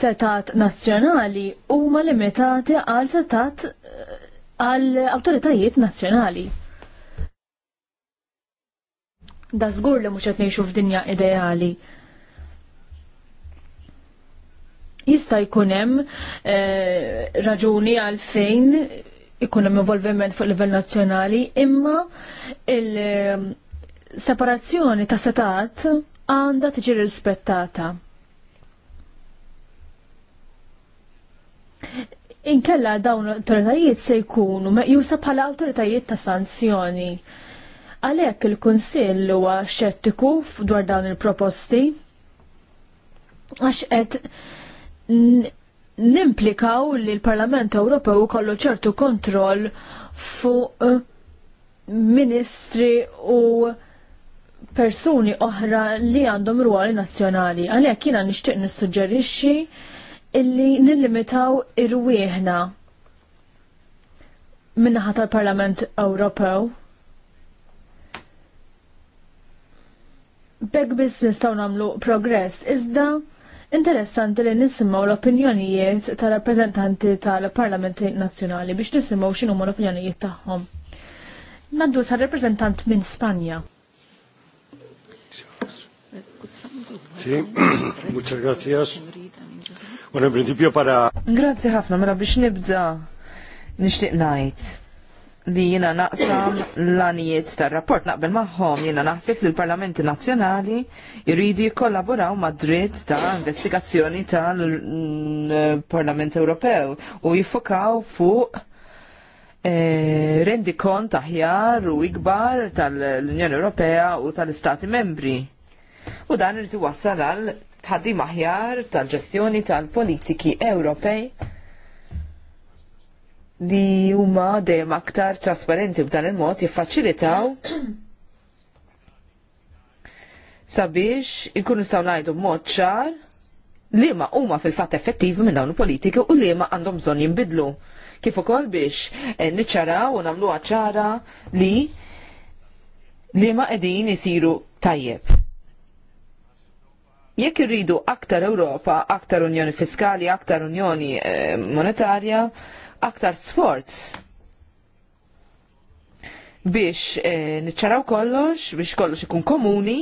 setat nazzjonali huma limitati għal setat eh, għal awtoritajiet nazzjonali. Da zgur li mhux qed ngħixu f'dinja ideali, jista' jkun hemm eh, raġuni għalfejn ikun hemm involviment fuq livell nazzjonali, imma il-separazzjoni eh, ta' setat għandha tiġi rispettata. Inkella dawn l-autoritajiet se jkunu meqjusa bħala autoritajiet ta' sanzjoni. Għalhekk il-Kunsill huwa xettiku dwar dawn il-proposti għax qed nimplikaw li l-Parlament Ewropew kollu ċertu kontroll fuq eh, ministri u persuni oħra li għandhom ruoli nazzjonali. Għalhekk jiena nixtieq nissuġġerixxi illi nillimitaw irwieħna minnaħa tal-Parlament Ewropew. Beg biss nistgħu nagħmlu progress iżda Interessanti li nisimgħu l-opinjonijiet ta' rappreżentanti tal parlament Nazzjonali biex nisimgħu ma l-opinjonijiet tagħhom. Naddu sa' rappresentant minn Spanja. Sì, muchas gracias. Bueno, en principio para... Grazie ħafna, mela biex nibda nixtieq ngħid li jina naqsam l-anijiet tar-rapport naqbel maħħom jina naħseb li l-Parlamenti Nazzjonali jridu jikollaboraw mad dritt ta' investigazzjoni tal-Parlament Ewropew u jifokaw fuq eh, rendi kont aħjar u ikbar tal-Unjoni Ewropea u tal-Istati membri. U dan rridu wassal għal tħaddim aħjar tal-ġestjoni tal-politiki Ewropej li huma dejjem aktar trasparenti b'dan il-mod jiffaċilitaw sabiex ikunu nistgħu ngħidu b'mod ċar li ma huma fil-fatt effettivi minn dawn il-politiki u li ma għandhom bżonn jinbidlu. Kif ukoll biex eh, niċċaraw u nagħmluha ċara li li ma qegħdin isiru tajjeb. Jekk irridu aktar Ewropa, aktar Unjoni Fiskali, aktar Unjoni eh, Monetarja, aktar sforz biex eh, niċċaraw kollox, biex kollox ikun komuni.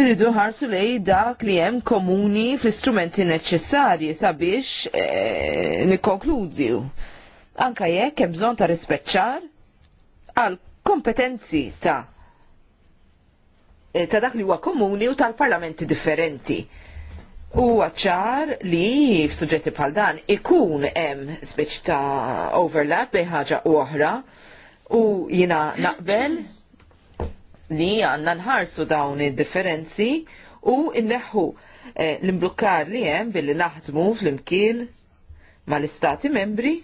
Irridu ħarsu lej dak li hemm komuni fl-istrumenti neċessarji sabiex eh, nikkonkludju. Anka jekk hemm bżonn ta' rispeċċar għal kompetenzi ta' eh, ta' dak li huwa komuni u tal-parlamenti differenti. U ċar li f'suġġetti bħal dan ikun hemm speċ ta' overlap bejn ħaġa u oħra u jina naqbel li għanna nħarsu dawn id-differenzi u inneħu eh, l-imblukkar li hemm billi naħdmu fl-imkien mal-istati membri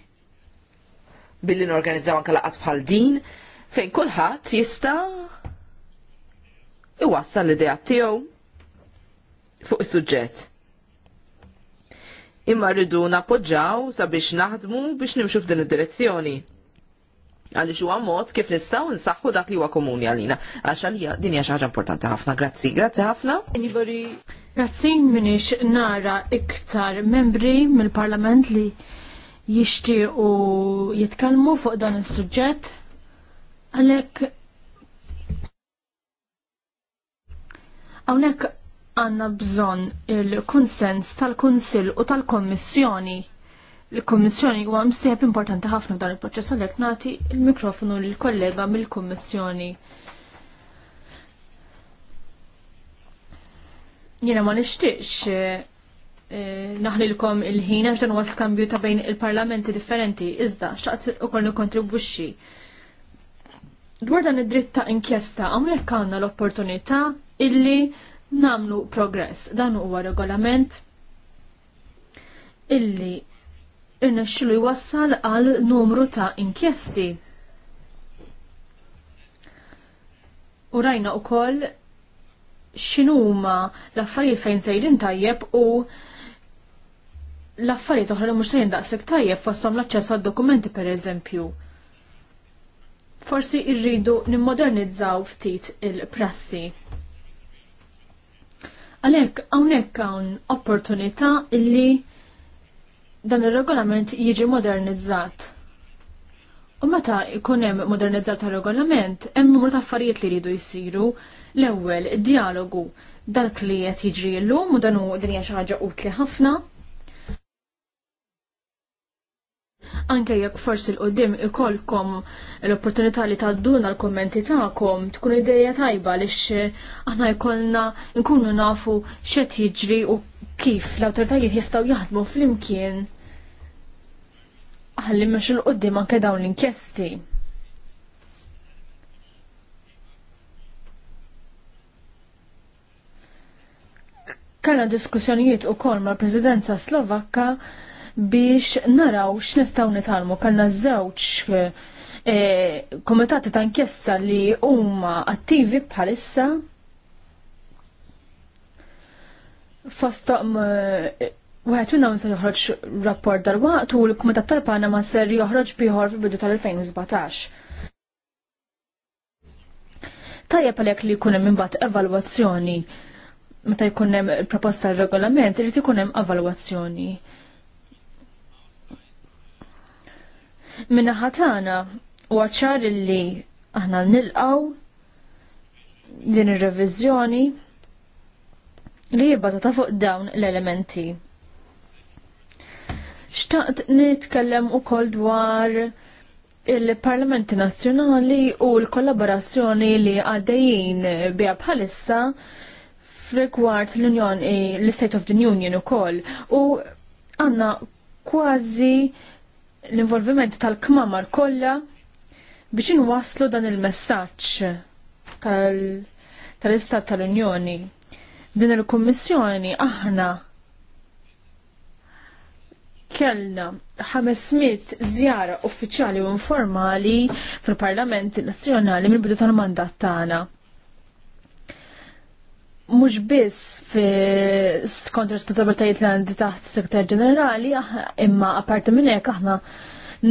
billi norganizzaw anka laqat bħal din fejn kulħadd jista' iwassal l-idea tiegħu fuq is-suġġett imma rridu napoġġaw sabiex naħdmu biex nimxu f'din id-direzzjoni. Għaliex huwa mod kif nistgħu nsaħħu dak li huwa komuni għalina. Għax għalija din hija xi ħaġa importanti ħafna. Grazzi, grazzi ħafna. Anybody... Grazzi minix nara iktar membri mill-Parlament li jixtiequ jitkellmu fuq dan is-suġġett. Għalhekk hawnhekk għanna bżon il-konsens tal kunsill u tal-Kommissjoni. Il-Kommissjoni huwa msieħeb importanti ħafna dan il-proċess għalhekk nagħti il-mikrofonu lill-kollega mill-Kummissjoni. Jiena ma nixtieqx eh, eh, naħlilkom il-ħin għax dan huwa skambju ta' bejn il-parlamenti differenti, iżda xaqt ukoll nikkontribwixxi. Dwar dan id-dritt ta' inkjesta hawnhekk għandna l-opportunità illi namlu progress. Dan huwa regolament illi irnexxilu jwassal għal numru ta' inkjesti. U rajna wkoll x'inhuma l-affarijiet fejn sejrin tajjeb u l-affarijiet oħra li mhux sejrin daqshekk tajjeb fosthom l-aċċess għad-dokumenti pereżempju. Forsi rridu nimmodernizzaw ftit il-prassi. Għalhekk hawnhekk hawn opportunità illi dan ir-regolament jiġi modernizzat. U meta jkun hemm modernizzat tar-regolament, hemm numru ta' affarijiet li jridu jsiru. L-ewwel, id-dialogu dak li qed jiġri llum u dan hu din hija xi ħaġa utli ħafna Anke jekk forsi l-qoddim ikolkom l-opportunità li tadduna l-kommenti tagħkom tkun ideja tajba lix eh, aħna jkollna nkunu nafu x'qed jiġri u kif l-awtoritajiet jistgħu jaħdmu flimkien ħalli mhux l qoddim anke dawn l-inkjesti. Kellna diskussjonijiet ukoll mal-Presidenza Slovakka biex naraw x'nistgħu nitalmu kellna żewġ eh, komitati ta' inkjesta li huma attivi bħalissa fostom Għet eh, minnhom se joħroġ rapport dal u l-Kumitat tal ma ser joħroġ biħor fil bidu tal-2017. Tajjeb għalhekk li jkun hemm imbagħad evalwazzjoni, meta jkun hemm proposta regolament, irid ikun hemm evalwazzjoni. Minna ħatana u għacċar li aħna nilqaw din ir-reviżjoni li jibbata ta' fuq dawn l-elementi. Xtaqt nitkellem u kol dwar il-Parlamenti Nazzjonali u l-kollaborazzjoni li għaddejjin biha bħalissa f'rigward l-Unjoni, l-State of the Union u kol. U għanna kważi l-involviment tal-kmamar kollha biex inwasslu dan il-messaġġ tal-Istat tal istat tal unjoni Din il-Kummissjoni aħna kellna 500 żjara uffiċjali u informali fil-Parlament Nazzjonali mill-bidu tal-mandat tagħna mux biss fi skont responsabiltajiet l għandi taħt sekretar ġenerali, ah, imma apparti minn hekk aħna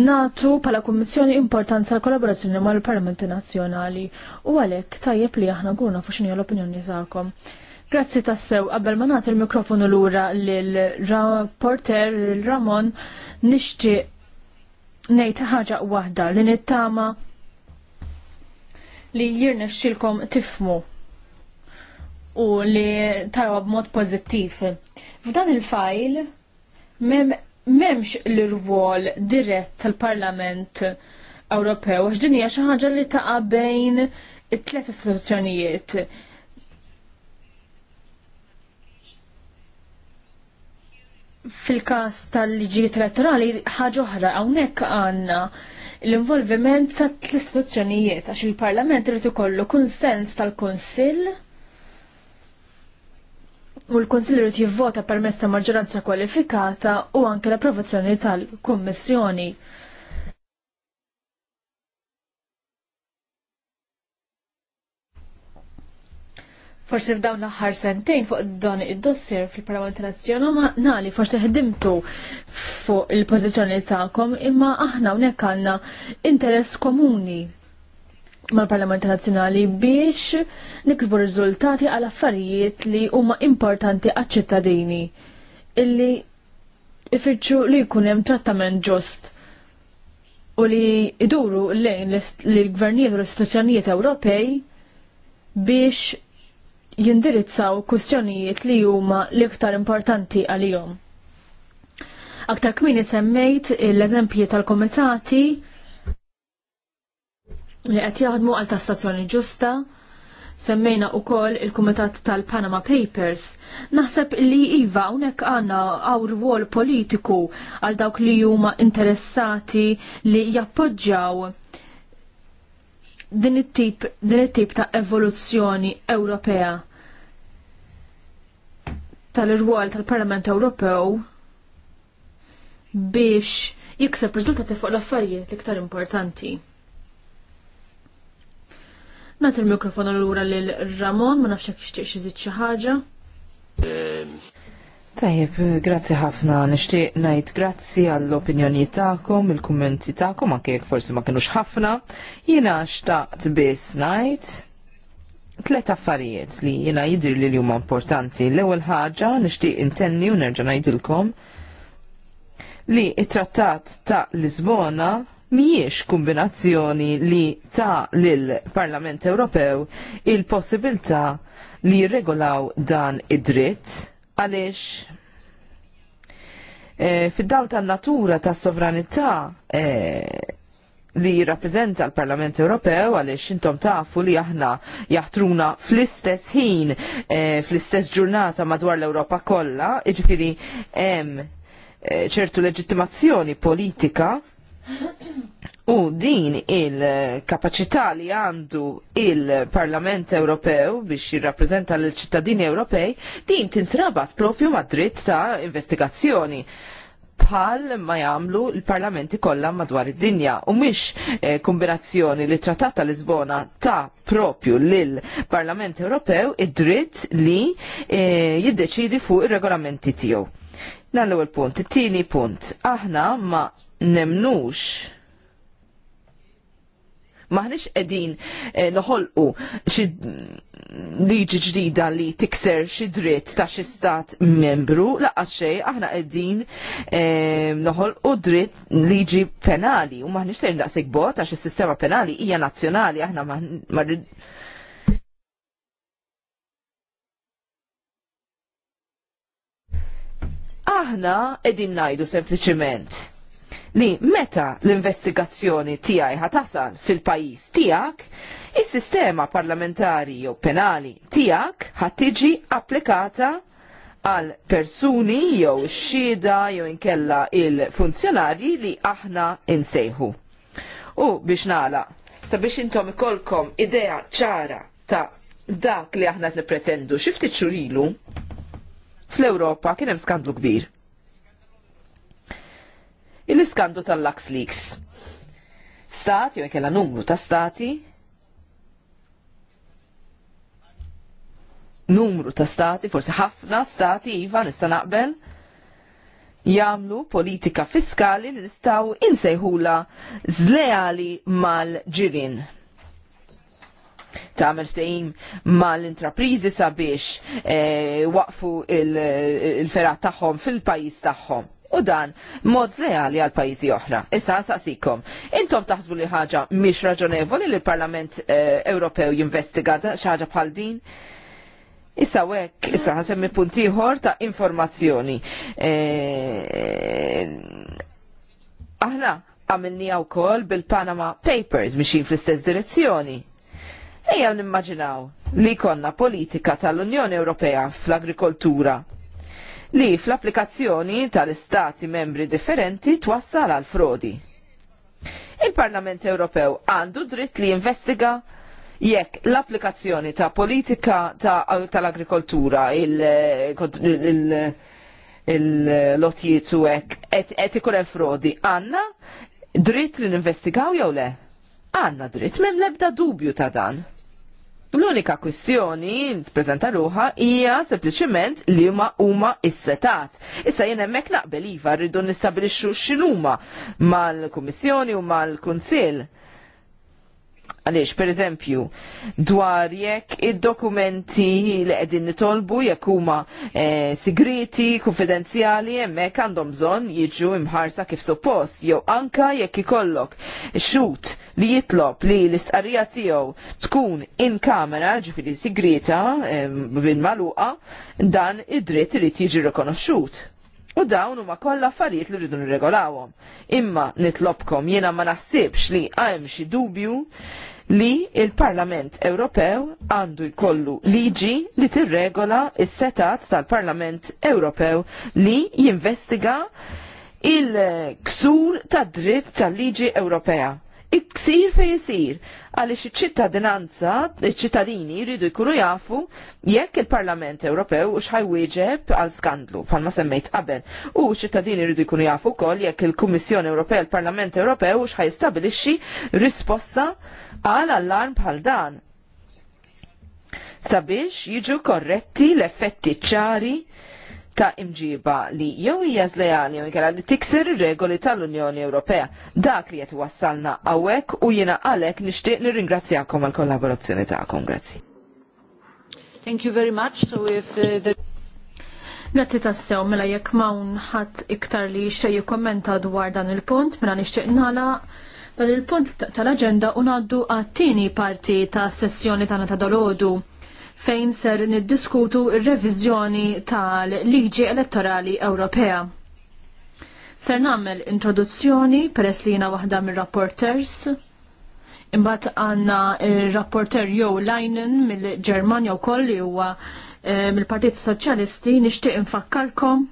natu pala kummissjoni importanza l kollaborazzjoni mal parlamenti nazzjonali u għalhekk tajjeb li aħna nkunu nafu l-opinjoni tagħkom. Grazzi tassew, qabel ma il-mikrofonu l-mikrofonu lura lill-rapporter Ramon nixtieq ngħid ħaġa waħda li nittama li jirnexxilkom tifmu u li taraw b'mod pożittiv. F'dan il-fajl m'hemmx l-rwol dirett tal-Parlament Ewropew għax din hija xi ħaġa li taqa' bejn it-tliet istituzzjonijiet. fil każ tal-liġijiet elettorali ħaġa oħra hawnhekk għandna l-involviment tal istituzzjonijiet għax il-Parlament irid ikollu kunsens tal-Kunsill u l konsilju irid jivvota permezz ta' maġġoranza kwalifikata u anke l-approvazzjoni tal-Kummissjoni. Forsi f'dawn l-aħħar sentejn fuq dan id-dossier fil-Parlament Nazzjonali forsi ħdimtu fuq il-pożizzjoni tagħkom imma aħna hawnhekk għandna interess komuni mal-Parlament Nazzjonali biex niksbu riżultati għal affarijiet li huma importanti għaċ-ċittadini illi ifittxu li jkun hemm trattament ġust u li iduru lejn l-gvernijiet u l-istituzzjonijiet Ewropej biex jindirizzaw kwistjonijiet li huma l-iktar importanti għalihom. Aktar kmini semmejt l-eżempji tal-komitati li qed jaħdmu għal tassazzjoni ġusta, semmejna u koll il-Kumitat tal-Panama Papers. Naħseb li Iva unek għanna għaw rwol politiku għal dawk li huma interessati li jappoġġaw din it-tip it ta' evoluzzjoni Ewropea tal-irwol tal-Parlament Ewropew biex jikseb riżultati fuq l-affarijiet l-iktar importanti. Nat il-mikrofonu l-ura l-Ramon, ma nafxek ixtiq xizit xaħġa. Tajjeb, grazzi ħafna, nishtiq najt grazzi għall-opinjoni ta'kom, il-kommenti ta'kom, anke jek forsi ma kienux ħafna. Jina xtaqt bis najt tlet affarijiet li jina jidir li l-jum importanti. L-ewel ħaġa nishtiq intenni u nerġa najdilkom li it-trattat ta' Lisbona miex kombinazzjoni li ta' l-Parlament Ewropew il-possibilta li regolaw dan id-dritt għaliex e, eh, fid-daw ta' natura ta' sovranità e, li jirrappreżenta l-Parlament Ewropew għaliex intom tafu li aħna jaħtruna fl-istess ħin, e, fl-istess ġurnata madwar l-Ewropa kollha, jiġifieri hemm ċertu leġittimazzjoni politika U din il-kapacità li għandu il-Parlament Ewropew biex jirrappreżenta l-ċittadini Ewropej, din tintrabat propju mad-dritt ta' investigazzjoni bħal ma jagħmlu l-parlamenti kollha madwar id-dinja u mhix eh, kombinazzjoni li trattat tal Lisbona ta' propju lil Parlament Ewropew id-dritt li eh, jiddeċidi fuq ir-regolamenti tiegħu. Dan l-ewwel punt. It-tieni punt. Aħna ma nemnux maħnix edin eh, noħolqu xi liġi ġdida li tikser xi dritt ta' xi stat membru laqgħa xejn aħna qegħdin eh, noħolqu dritt liġi penali u m'aħniex tgħin daqsik bogħod għax is-sistema penali hija nazzjonali aħna ma Aħna qegħdin ngħidu sempliċiment li meta l-investigazzjoni tiegħi ħatasal fil-pajjiż tiegħek, is-sistema parlamentari jew penali tiegħek ħattiġi applikata għal persuni jew xhieda jew inkella il-funzjonarji li aħna insejħu. U biex nala, sabiex intom ikolkom idea ċara ta' dak li aħna nippretendu xi xifti ċurilu, fl-Europa kien hemm skandlu kbir il-iskandu tal-Lux Leaks. Stati jew kella numru ta' stati, numru ta' stati, forsi ħafna stati, iva, nista' naqbel, jamlu politika fiskali li nistaw insejħula zleali mal-ġirin. Ta' mertejim mal-intraprizi sabiex e, waqfu il-ferat il tagħhom fil-pajis tagħhom u dan mod leali għal pajjiżi oħra. Issa saqsikom, intom taħsbu li ħaġa mhix raġonevoli li l-Parlament eh, Ewropew jinvestiga xaġa bħal din? Issa wek, issa ħasemmi puntiħor ta' informazzjoni. Eh, aħna għamilni għaw kol bil-Panama Papers mishin fl-istess direzzjoni. Ejja nimmaġinaw li konna politika tal-Unjoni Ewropea fl-agrikoltura li fl-applikazzjoni tal-istati membri differenti twassal għal frodi. Il-Parlament Ewropew għandu dritt li investiga jekk l-applikazzjoni ta' politika tal-agrikoltura, il lotijiet u hekk qed ikun hemm frodi, għandna dritt li ninvestigaw jew le? Għandna dritt m'hemm l-ebda dubju ta' dan. L-unika kwistjoni prezenta ruħa hija sempliċement li ma huma is-setat. Issa jien hemmhekk naqbel iva rridu nistabilixxu x'inhuma mal-Kummissjoni u mal-Kunsill. mal u mal mal kummissjoni u mal kunsill Għaliex, per eżempju, dwar jekk id-dokumenti li qegħdin nitolbu jekk huma eh, sigriti, konfidenzjali, hemmhekk għandhom bżonn jiġu imħarsa kif suppost, jew anka jekk ikollok xut li jitlob li l-istqarrija tiegħu tkun in kamera, ġifieri sigrita, bil eh, maluqa, dan id-dritt irid jiġi rikonoxxut. U dawn huma kollha affarijiet li rridu nirregolawhom. Imma nitlobkom jiena ma naħsibx li hemm xi dubju li il-Parlament Ewropew għandu jkollu liġi li tirregola is-setat tal-Parlament Ewropew li jinvestiga il-ksur tad dritt tal-liġi Ewropea iksir fej jisir għaliex ċittadinanza ċittadini jridu jkunu jafu jekk il-Parlament Ewropew x'ħaj wieġeb għal skandlu bħalma semmejt qabel. U ċittadini jridu jkunu jafu wkoll jekk il-Kummissjoni Ewropea l-Parlament Ewropew x'ħaj jistabilixxi risposta għal allarm bħal dan sabiex jiġu korretti l-effetti ċari ta' imġiba li jew hija żlejali jew inkella li tikser ir-regoli tal-Unjoni Ewropea. Dak li qed wassalna hawnhekk u jiena għalhekk nixtieq nirringrazzjakom għall kollaborazzjoni tagħkom. Grazzi. Thank you very much. So if uh, the Grazzi tassew mela jekk mawn ħadd iktar li xej jikkommenta dwar dan il-punt mela nixtieq nagħla dan il-punt tal-aġenda u ngħaddu għat-tieni parti ta' sessjoni tagħna ta' dolodu fejn ser niddiskutu ir-reviżjoni tal-liġi elettorali Ewropea. Ser nagħmel introduzzjoni peress li jiena waħda mir-rapporters. Imbagħad għandna r rapporter Jo Leinen mill-Ġermanja wkoll li huwa eh, mill-Partit Soċjalisti nixtieq infakkarkom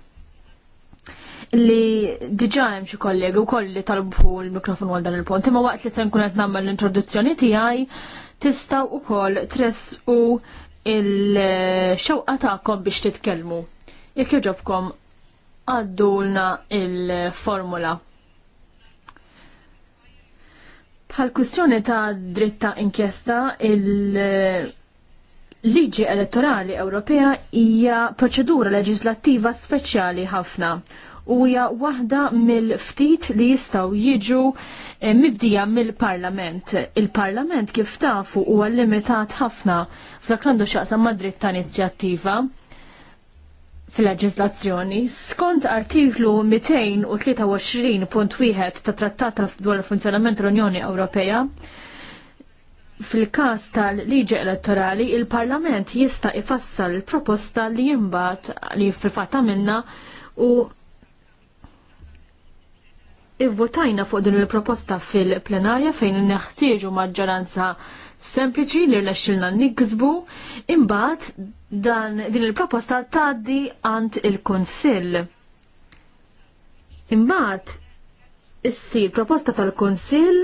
li diġa hemm xi kollegi wkoll li talbu l-mikrofon għal dan il-punt, imma waqt li se nkun qed nagħmel l-introduzzjoni tiegħi tistgħu wkoll tressqu il-xewqa tagħkom biex titkellmu. Jekk joġobkom għaddulna il-formula. Bħal kwistjoni ta' dritta inkjesta il- liġi elettorali Ewropea hija proċedura leġislattiva speċjali ħafna u hija waħda mill-ftit li jistgħu jiġu eh, mibdija mill-Parlament. Il-Parlament kif tafu huwa limitat ħafna f'dak l-għandu xaqsam madrid ta' inizjattiva fil-leġislazzjoni. Skont artiklu 223.1 ta' trattat dwar il-funzjonament l-Unjoni Ewropea, fil-kas tal-liġi elettorali, il-Parlament jista' ifassal il-proposta li jimbat li fil-fatta minna u ivvotajna fuq din il-proposta fil-plenarja fejn neħtieġu maġġoranza sempliċi li rnexxilna nikzbu, imbagħad dan din il-proposta tgħaddi għand il-Kunsill. Imbagħad issir proposta tal-Kunsill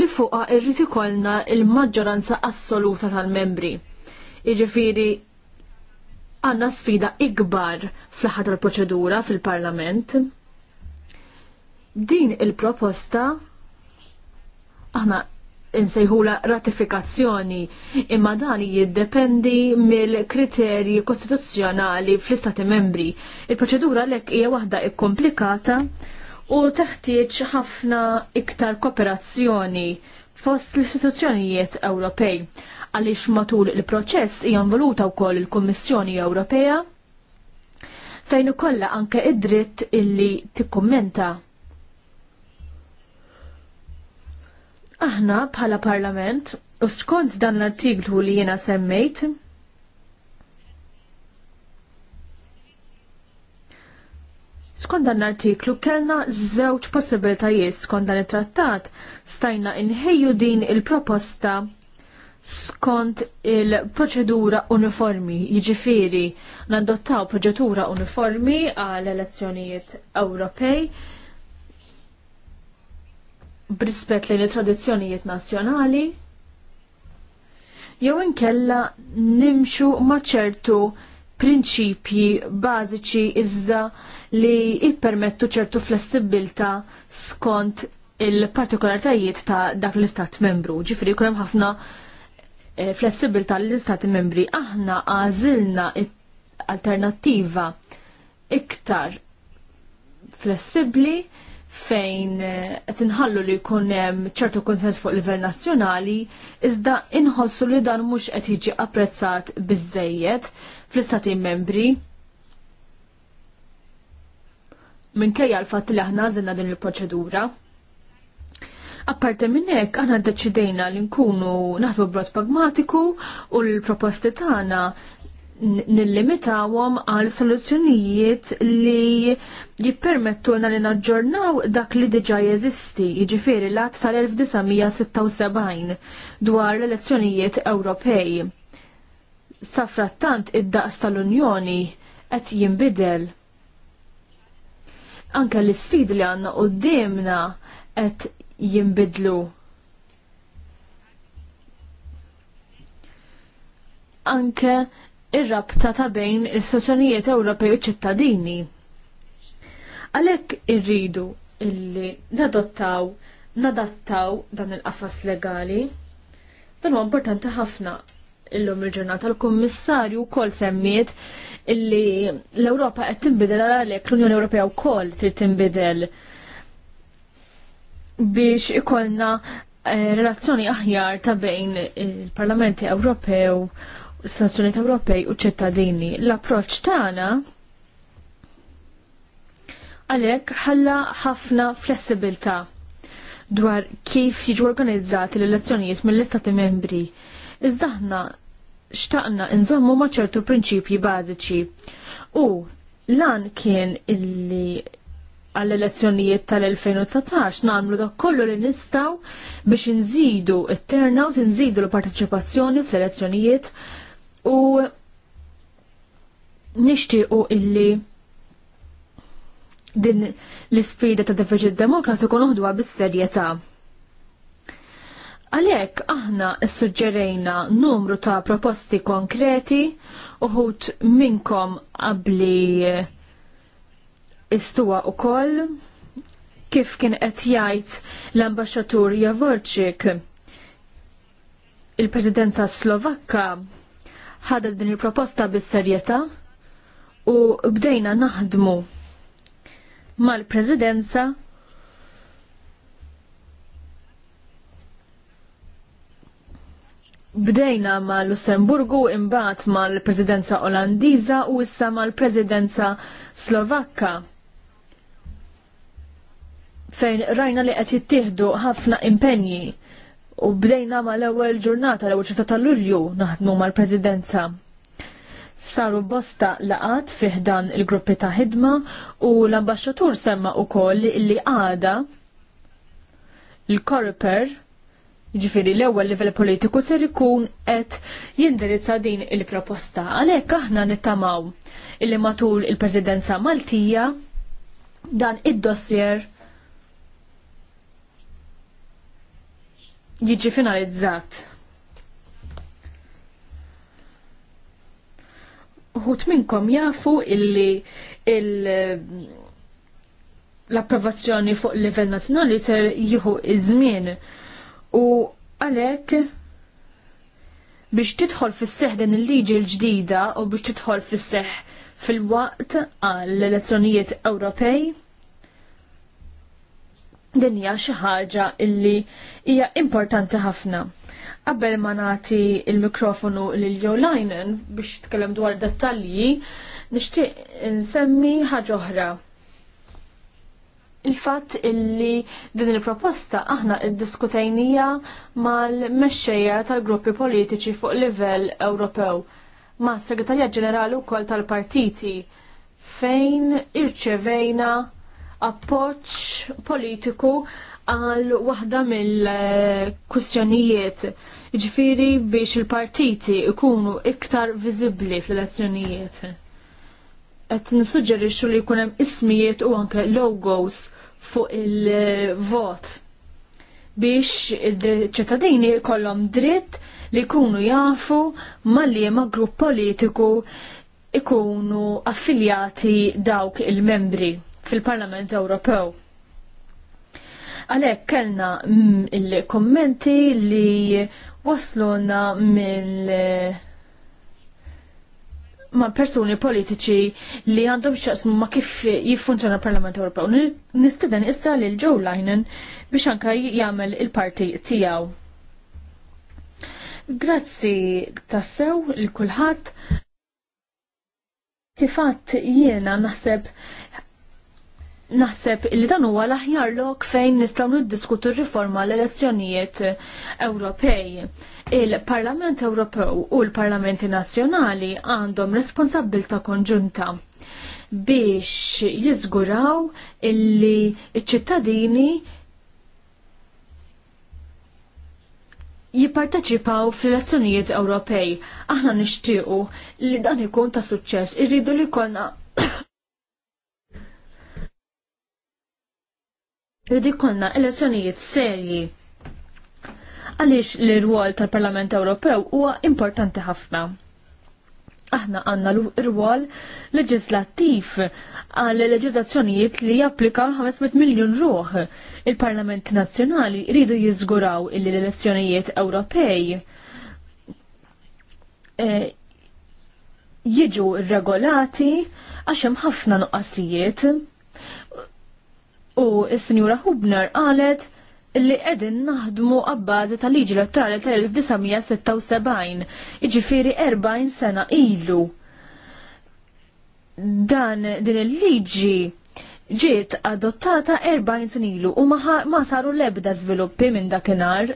li fuqha irrid ikollna il-maġġoranza assoluta tal-membri. Jiġifieri għandna sfida ikbar fl-ħadd tal-proċedura fil-Parlament. fil parlament Din il-proposta aħna insejħula ratifikazzjoni imma dan jiddependi mill-kriterji kostituzzjonali fl-istati membri. Il-proċedura lek hija waħda ikkomplikata u teħtieġ ħafna iktar kooperazzjoni fost l-istituzzjonijiet Ewropej għaliex matul il-proċess hija involuta wkoll il-Kummissjoni Ewropea fejn ikollha anke id-dritt illi tikkummenta Aħna bħala parlament u skont dan l-artiklu li jiena semmejt Skont dan l-artiklu kellna żewġ possibiltajiet skont dan it-trattat stajna inħejju din il-proposta skont il-proċedura uniformi, jiġifieri nadottaw proċedura uniformi għal elezzjonijiet Ewropej brispet lejn it-tradizzjonijiet nazzjonali jew inkella nimxu ma' ċertu prinċipji bażiċi iżda li jippermettu ċertu flessibilta skont il-partikolaritajiet ta' dak l-istat membru. Ġifri kunem ħafna eh, flessibilta l-istati membri. Aħna għazilna alternativa iktar flessibli fejn eh, qed inħallu li jkun hemm ċertu konsens fuq livell nazzjonali, iżda inħossu li dan mhux qed jiġi apprezzat biżejjed fl-istati membri. Minkejja l-fatt li aħna għażilna din il-proċedura. Apparti minn hekk aħna ddeċidejna li nkunu naħdmu brod pragmatiku u l-proposti tagħna nillimitawhom għal soluzzjonijiet li jippermettuna li naġġornaw dak li diġa' jeżisti, jiġifieri l-att tal-1976 dwar l-elezzjonijiet Ewropej. Safrattant id-daqs tal-Unjoni qed jinbidel. Anke l-isfidi li għandna qudiemna qed jinbidlu. Anke ir-rabta ta' bejn istazzjonijiet Ewropej u ċittadini. Għalhekk irridu illi nadottaw nadattaw dan il-qafas legali. Dan huwa importanti ħafna illum il-ġurnata l-Kummissarju wkoll semmiet illi l-Ewropa qed tinbidel għalhekk l-Unjoni Ewropea wkoll trid tinbidel biex ikollna eh, relazzjoni aħjar ta' bejn il-Parlamenti Ewropew l Ewropej u ċittadini. L-approċċ tagħna għalhekk ħalla ħafna flessibilità dwar kif jiġu organizzati l-elezzjonijiet mill-istati membri. Iżda aħna xtaqna nżommu ma' ċertu prinċipji bażiċi. U lan kien illi għall-elezzjonijiet tal-2019 namlu dak kollu li nistaw biex nżidu it-turnout, nżidu l-parteċipazzjoni fl-elezzjonijiet u nixtiequ illi din l-isfida ta' deficit demokratiku noħduha bis-serjetà. Għalhekk aħna suġġerejna numru ta' proposti konkreti uħut minkom qabli istuwa koll kif kien qed jgħid l-ambaxxatur Javorċik il-Presidenza Slovakka ħadet din il-proposta bis-serjetà u bdejna naħdmu mal-Presidenza Bdejna mal-Lussemburgu imbagħad mal-Presidenza Olandiża u issa mal-Presidenza Slovakka fejn rajna li qed jittieħdu ħafna impenji u bdejna ma l-ewwel ġurnata l-ewwel ċerta ta' Lulju naħdmu mal-Presidenza. Saru bosta laqat fiħdan il-gruppi ta' ħidma u l ambasġatur semma u koll li għada l-korper ġifiri l-ewwel livell politiku ser ikun qed jindirizza din il-proposta. Għalhekk aħna nittamaw illi matul il-Presidenza Maltija dan id-dossier il jiġi finalizzat. Uħut minnkom jafu illi l-approvazzjoni fuq livell nazjonali ser jieħu iż-żmien u għalhekk biex tidħol fis-seħ din il-liġi l-ġdida u biex tidħol fis-seħ fil-waqt għall elezzjonijiet Ewropej din hija xi ħaġa illi hija importanti ħafna. Qabel ma nagħti l-mikrofonu lil Jolainen biex tkellem dwar dettalji, nixtieq nsemmi ħaġa oħra. Il-fatt illi din il-proposta aħna iddiskutejnija mal-mexxejja tal-gruppi politiċi fuq livell Ewropew ma' segretarja ġenerali wkoll tal-partiti fejn irċevejna appoċ politiku għal waħda mill-kustjonijiet ġifiri biex il-partiti ikunu iktar vizibli fl-elezzjonijiet. Et nisuġġerixxu li jkun hemm ismijiet u anke logos fuq il-vot biex ċittadini kollom dritt li jkunu jafu ma li ma grupp politiku ikunu affiljati dawk il-membri fil-Parlament Ewropew. Għalhekk kellna mm, il-kommenti li wasluna mill ma' persuni politiċi li għandhom xaqsmu ma' kif jiffunġana parlament Ewropew. Nistiden issa li l-Joe Linen biex anka jagħmel il-parti tiegħu. Grazzi tassew il-kulħadd. Kifat jiena naħseb naħseb li dan huwa l-aħjar lok fejn nistgħu niddiskutu r-riforma l-elezzjonijiet Ewropej. Il-Parlament Ewropew u l-Parlamenti Nazzjonali għandhom responsabilta konġunta biex jiżguraw illi ċ-ċittadini jipparteċipaw fl-elezzjonijiet Ewropej. Aħna nixtiequ li dan ikun ta' suċċess, irridu li jkollna Irrid konna elezzjonijiet serji. Għaliex l-rwol tal-Parlament Ewropew huwa importanti ħafna aħna għanna l-rwol leġislattiv għal leġislazzjonijiet li japplika 500 miljon ruħ. Il-Parlament Nazzjonali rridu jizguraw illi l-elezzjonijiet Ewropej eh, jiġu regolati għax hemm ħafna nuqqasijiet u s-Sinjura Hubner qalet li qegħdin naħdmu għabbażi tal-liġi elettorali tal-1976, iġifiri 40 sena ilu. Dan din il-liġi ġiet adottata 40 sena ilu u ma saru l-ebda żviluppi minn dakinhar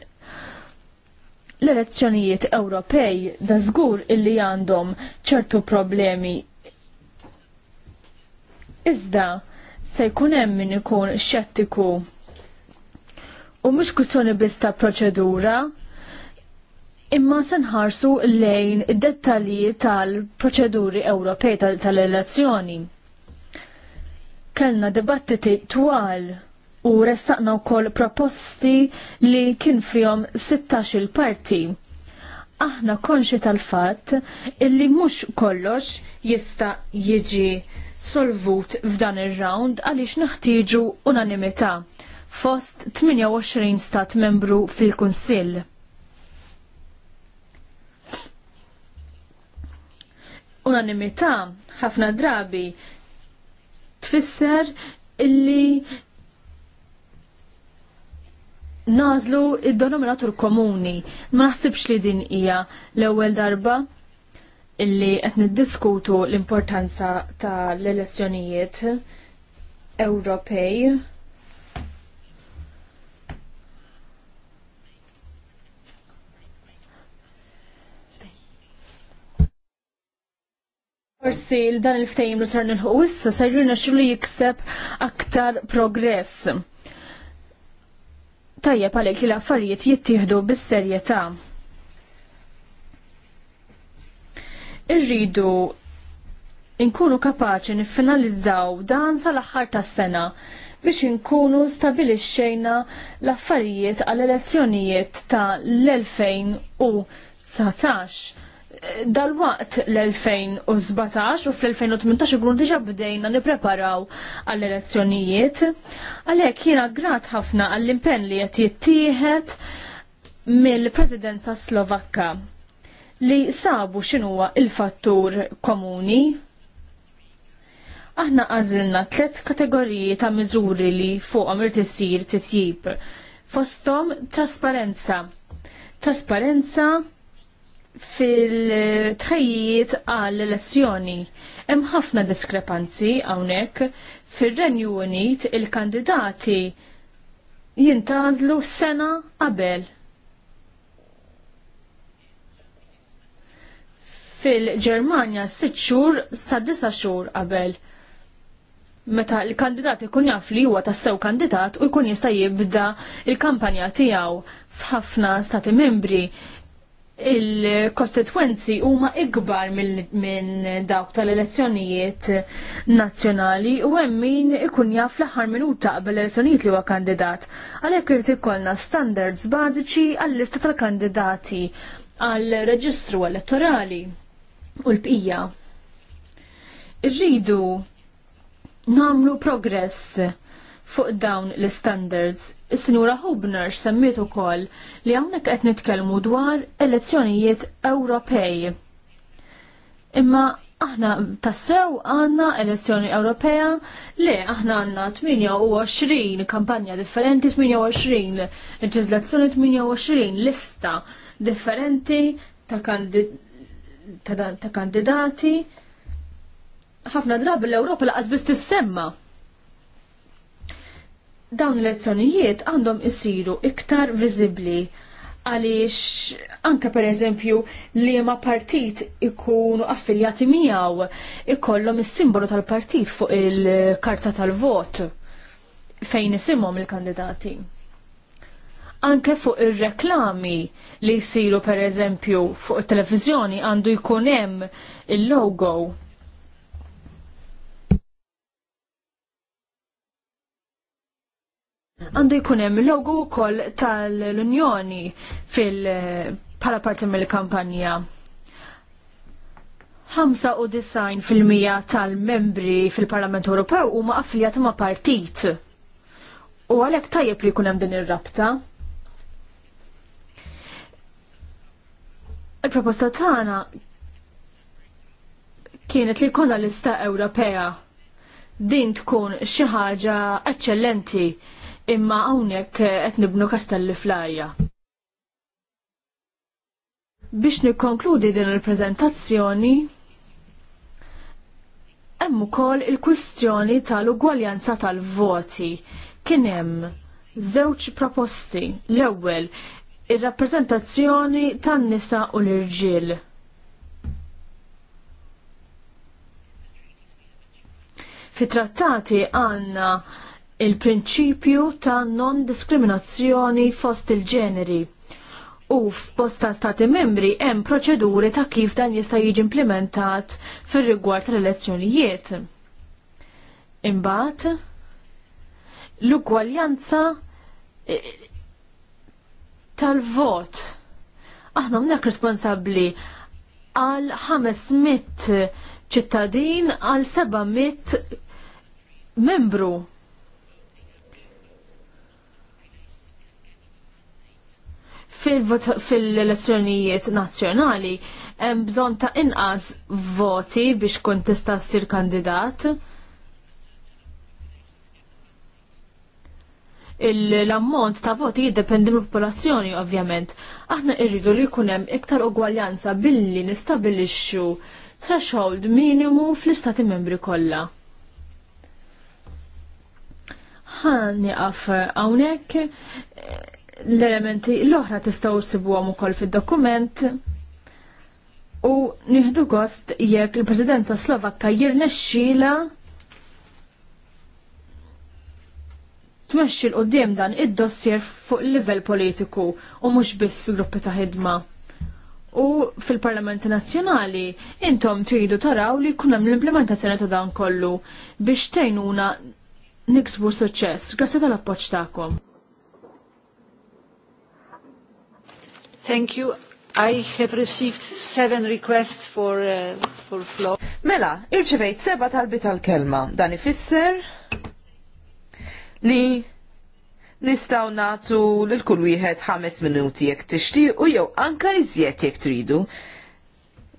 l-elezzjonijiet Ewropej da żgur illi għandhom ċertu problemi. Iżda, se jkun hemm min ikun xettiku. U mhux kwistjoni biss ta' proċedura, imma se nħarsu lejn id-dettalji tal-proċeduri Ewropej tal-elezzjoni. Kellna dibattiti twal u ressaqna wkoll proposti li kien fihom 16 il parti. Aħna konxi tal-fatt illi mhux kollox jista' jiġi solvut f'dan ir-round għaliex naħtieġu unanimità fost 28 stat membru fil-Kunsill. Unanimità ħafna drabi tfisser illi nażlu id-denominatur komuni. Ma naħsibx li din hija l-ewwel darba illi qed niddiskutu l-importanza tal elezzjonijiet Ewropej Forsi dan il-ftejm li sar nilħu issa ser jirna li jikseb aktar progress. Tajjeb għalhekk li l-affarijiet jittieħdu bis-serjetà. irridu inkunu kapaċi niffinalizzaw dan sal-aħħar tas-sena biex inkunu stabilixxejna l-affarijiet għall-elezzjonijiet ta' l-2019 dal-waqt l-2017 u fl-2018 kun diġa bdejna nipreparaw għall-elezzjonijiet. Għalhekk jiena grat ħafna għall impen li qed jittieħed mill-Presidenza Slovakka li sabu xinuwa il-fattur komuni. Aħna għazilna tlet kategoriji ta' miżuri li fuqhom irid isir titjib. Fostom trasparenza. Trasparenza fil tħajjiet għall elezzjoni Hemm ħafna diskrepanzi hawnhekk fir-Renju Unit il-kandidati jintazlu sena qabel fil-Ġermanja 6 xhur sa 9 xhur qabel. Meta l-kandidat ikun jaf li huwa tassew kandidat u jkun jista' jibda l kampanja tiegħu f'ħafna stati membri il-kostitwenzi huma ikbar minn dawk tal-elezzjonijiet nazzjonali u hemm min ikun jaf l-aħħar minuta qabel elezzjonijiet li huwa kandidat. Għalhekk irid ikollna standards bażiċi għall-lista tal-kandidati għall reġistru elettorali u l-bqija. Irridu namlu progress fuq dawn l-standards. Is-Sinjura Hubner semmiet ukoll li hawnhekk qed nitkellmu dwar elezzjonijiet Ewropej. Imma aħna tassew għanna elezzjoni Ewropea li aħna għanna 28 kampanja differenti, 28 leġizlazzjoni, 28 lista differenti ta' kandidati ta' kandidati. Ħafna drabi l-Ewropa laqas biss tissemma. Dawn l-elezzjonijiet għandhom isiru iktar viżibbli għaliex anke per eżempju li ma partit ikunu affiljati miegħu ikollhom is-simbolu tal-partit fuq il-karta tal-vot fejn isimhom il-kandidati anke fuq ir-reklami li jsiru pereżempju fuq it-televiżjoni għandu jkun hemm il-logo għandu jkun hemm logo wkoll tal-Unjoni fil bħala parti mill-kampanja. 95% tal-membri fil-Parlament Ewropew huma affiljati ma' partit. U għalhekk tajjeb li jkun hemm din ir-rabta. Il-proposta tagħna kienet li jkollna lista Ewropea. Din tkun xi ħaġa eċċellenti imma hawnhekk qed nibnu kastelli fl-arja. Biex nikkonkludi din il-preżentazzjoni, hemm ukoll il-kwistjoni tal-ugwaljanza tal-voti. Kien hemm żewġ proposti. L-ewwel ir-rappreżentazzjoni tan-nisa u l-irġiel. Fit-trattati għanna il-prinċipju ta' non-diskriminazzjoni fost il-ġeneri. U f'posta stati membri hemm proċeduri ta' kif dan jista' jiġi implementat fir-rigward tal-elezzjonijiet. Imbagħad l-ugwaljanza tal-vot. Aħna mnek responsabli għal 500 ċittadin għal 700 membru. fil-elezzjonijiet nazzjonali hemm bżonn ta' inqas voti biex kun tista' ssir kandidat. l-ammont ta' voti jiddependi mill-popolazzjoni ovvjament. Aħna irridu li jkun hemm iktar ugwaljanza billi nistabilixxu threshold minimu fl-istati membri kollha. Ħan jaqaf hawnhekk l-elementi l-oħra tistgħu sibuhom ukoll fid-dokument. U nieħdu gost jekk il-Presidenza Slovakka jirnexxila tmexxi l qudiem dan id-dossier fuq il-livell politiku u mhux biss fi gruppi ta' ħidma. U fil-Parlamenti Nazzjonali intom tridu taraw li jkun hemm l-implementazzjoni ta' dan kollu biex tgħinuna niksbu suċċess. Grazzi tal-appoġġ tagħkom. Thank you. I have received seven requests for, uh, for flow. Mela, irċevejt seba talbi tal-kelma. Dan ifisser li nistaw natu lil kull wieħed ħames minuti jekk tixtiequ jew anka iżjed jekk tridu.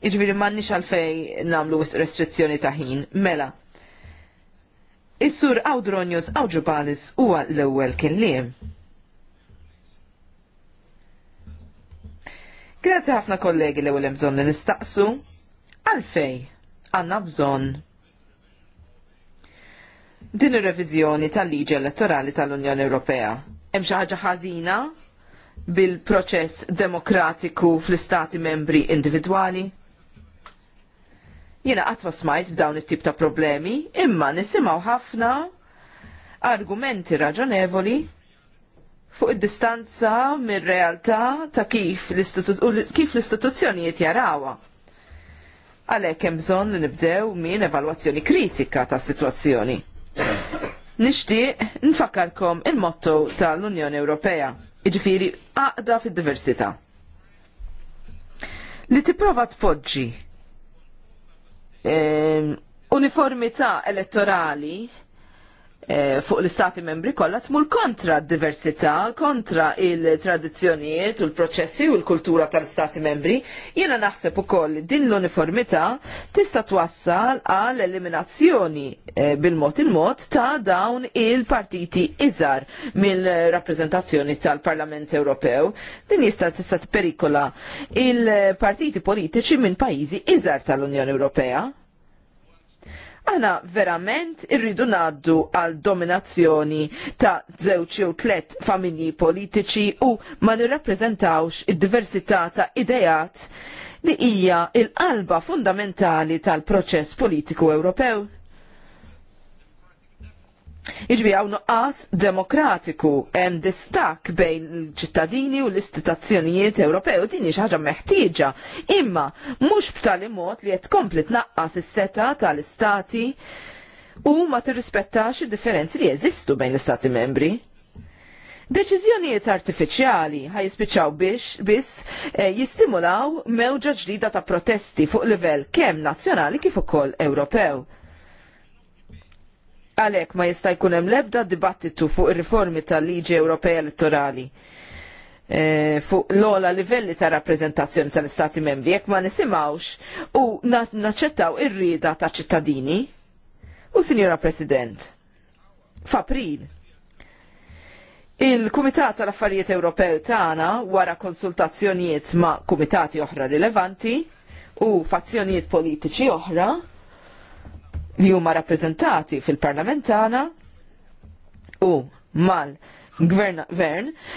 Jiġifieri m'għandniex għalfejn nagħmlu restrizzjoni ta' ħin, mela. Is-sur Awdronjus Awġubalis huwa l-ewwel kelliem. Grazzi ħafna kollegi l ewwel bżonn li nistaqsu. Għalfej, għanna bżonn din ir-reviżjoni tal-liġi elettorali tal-Unjoni Ewropea. Hemm xi ħaġa ħażina bil-proċess demokratiku fl-istati membri individwali? Jiena qatt ma smajt b'dawn it-tip ta' problemi, imma nisimgħu ħafna argumenti raġonevoli fuq id-distanza mir-realtà ta' kif l-istituzzjonijiet jarawha. Għalhekk hemm bżonn li nibdew minn evalwazzjoni kritika tas-sitwazzjoni. Nishtiq nfakkarkom il-motto tal-Unjoni Ewropea, jiġifieri għaqda fid-diversità. Li tipprova tpoġġi ehm, uniformità elettorali Eh, fuq l-istati membri kollha tmur kontra d-diversità, kontra il-tradizzjonijiet u l-proċessi u l-kultura tal-istati membri, jiena naħseb ukoll din l-uniformità tista' twassal għal eliminazzjoni eh, bil-mod il-mod ta' dawn il-partiti iżar mill-rappreżentazzjoni tal-Parlament Ewropew. Din jista' tista' perikola il-partiti politiċi minn pajjiżi iżar tal-Unjoni Ewropea Aħna verament irridu naddu għal dominazzjoni ta' żewġ jew tlet familji politiċi u ma nirrappreżentawx id-diversità ta' idejat li hija il qalba fundamentali tal-proċess politiku Ewropew. Iġbi għaw nuqqas demokratiku hemm distak bejn il-ċittadini u l-istituzzjonijiet Ewropew din hija ħaġa meħtieġa, imma mhux b'tali mod li qed tkompli tnaqqas is-seta tal-istati u ma tirrispettax id-differenzi li jeżistu bejn l-istati membri. Deċiżjonijiet artifiċjali ħajispiċċaw biex biss eh, jistimulaw mewġa ġdida ta' protesti fuq livell kemm nazzjonali kif ukoll Ewropew Għalhekk ma jista' jkun hemm l-ebda dibattitu fuq ir-riformi tal-Liġi Ewropea Elettorali e, fuq l-ola livelli ta' rappresentazzjoni tal-Istati membri, jekk ma nisimawx u naċċettaw ir-rida ta' ċittadini. U Sinjora President, f'April, il-Kumitat tal-Affarijiet Ewropew tagħna wara konsultazzjonijiet ma' kumitati oħra rilevanti u fazzjonijiet politiċi oħra li huma rappreżentati fil-parlament tagħna u mal gvern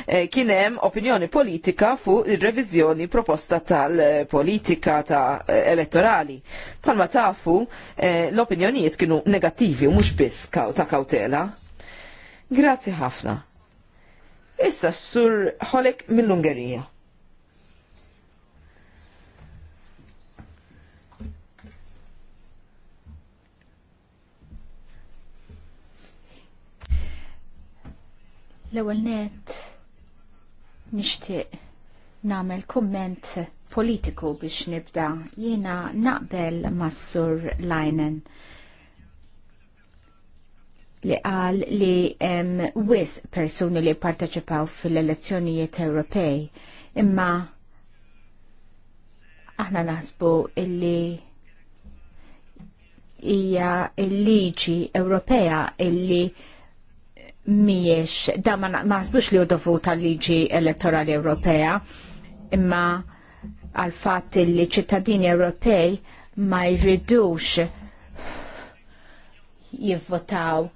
eh, kien hemm opinjoni politika fuq ir-reviżjoni proposta tal-politika ta' elettorali. Palma tafu eh, l-opinjonijiet kienu negattivi u mhux biss ta' kawtela. Grazzi ħafna. Issa s-sur ħolek mill-Ungerija. L-ewwel net nixtieq nagħmel kumment politiku biex nibda. Jiena naqbel mas-sur Leinen li qal li hemm wis persuni li parteċipaw fil-elezzjonijiet Ewropej imma aħna naħsbu illi hija l-liġi Ewropea illi miex, da ma naħsbux li u dovu tal-liġi elettorali Ewropea, imma għal fatt li ċittadini Ewropej ma jridux jivvotaw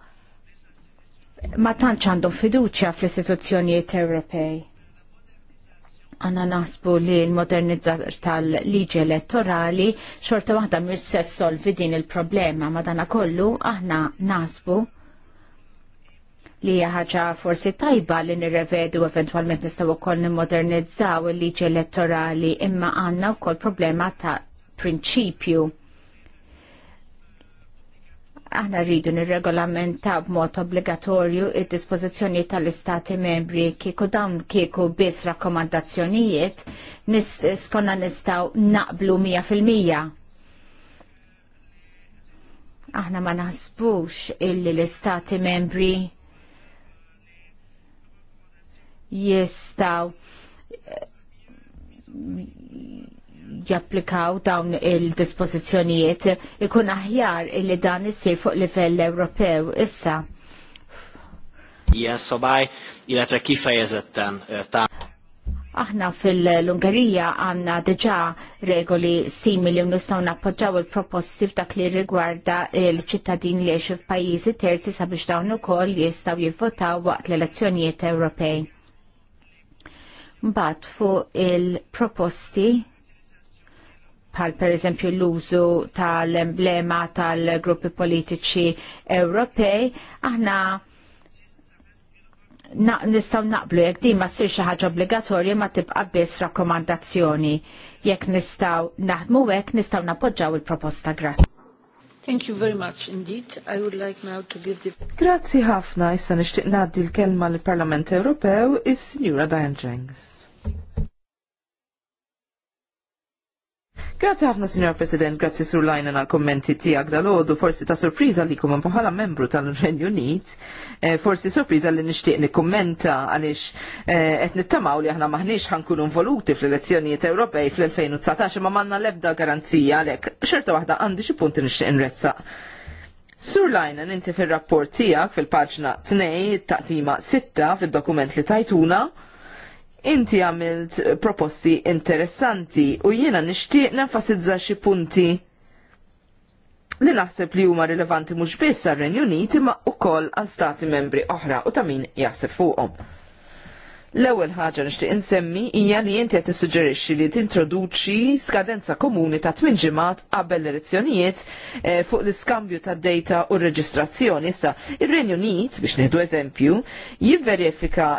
ma tantx għandhom fiduċja fl-istituzzjonijiet Ewropej. Għanna naħsbu li l-modernizzar tal-liġi elettorali xorta waħda mis-sess solvi din il-problema dana kollu aħna naħsbu li ħaġa forsi tajba li nirrevedu eventwalment nistaw ukoll nimmodernizzaw il-liġi elettorali imma għandna wkoll problema ta' prinċipju aħna rridu nirregolamenta b'mod obbligatorju id-dispożizzjoni tal-istati membri kieku dawn kieku biss rakkomandazzjonijiet skonna nistaw naqblu 100%. Aħna ma naħsbux illi l-istati membri jistaw eh, japplikaw dawn il-dispozizjonijiet ikun aħjar illi dan isir fuq livell Ewropew issa. Ilyen szabály, illetve kifejezetten eh, ta' Aħna fil-Ungerija għanna deġa regoli simili u nistaw nappoġġaw il-proposti f'dak li rigwarda il-ċittadin li f'pajjiżi terzi sabiex dawn ukoll jistgħu jivvotaw waqt l-elezzjonijiet Ewropej Mbagħad fuq il-proposti bħal per eżempju l-użu tal-emblema tal-gruppi politiċi Ewropej, aħna na, nistaw naqblu jekk din ma ssir xi ħaġa obbligatorja ma tibqa' biss rakkomandazzjoni. Jekk nistaw naħdmu hekk nistaw napoġġaw il-proposta grazzi. Thank you very much indeed. I would like now to give the Grazzi ħafna issa nixtieq ngħaddi l-kelma lill parlament Ewropew is signura Diane Jengs. Grazzi ħafna, Signor President, grazie sur lajna għal kommenti tijak dal-ħodu, forsi ta' sorpriza li kumman bħala membru tal-Renju Unit, eh, forsi sorpriza li nishtiq ni kommenta għalix et eh, nittamaw li aħna maħniex ħankun involuti fl-elezzjonijiet Ewropej fl-2019 ma manna lebda garanzija għalek, xerta wahda għandi xie punti nishtiq nressa. Sur lajna ninti fil-rapport tijak fil-paġna 2 taqsima 6 fil-dokument li tajtuna, Inti għamilt proposti interessanti u jiena nixtieq nenfasizza xi punti li naħseb li huma rilevanti mhux biss għar-Renju Unit imma wkoll għal stati membri oħra u ta' min jaħseb fuqhom. L-ewwel ħaġa nixtieq insemmi hija li inti qed tissuġġerixxi li tintroduċi skadenza komuni ta' tmien ġimgħat qabel l-elezzjonijiet eh, fuq l-iskambju tad data u r-reġistrazzjoni. Issa, ir-Renju Unit, biex nieħdu eżempju, jivverifika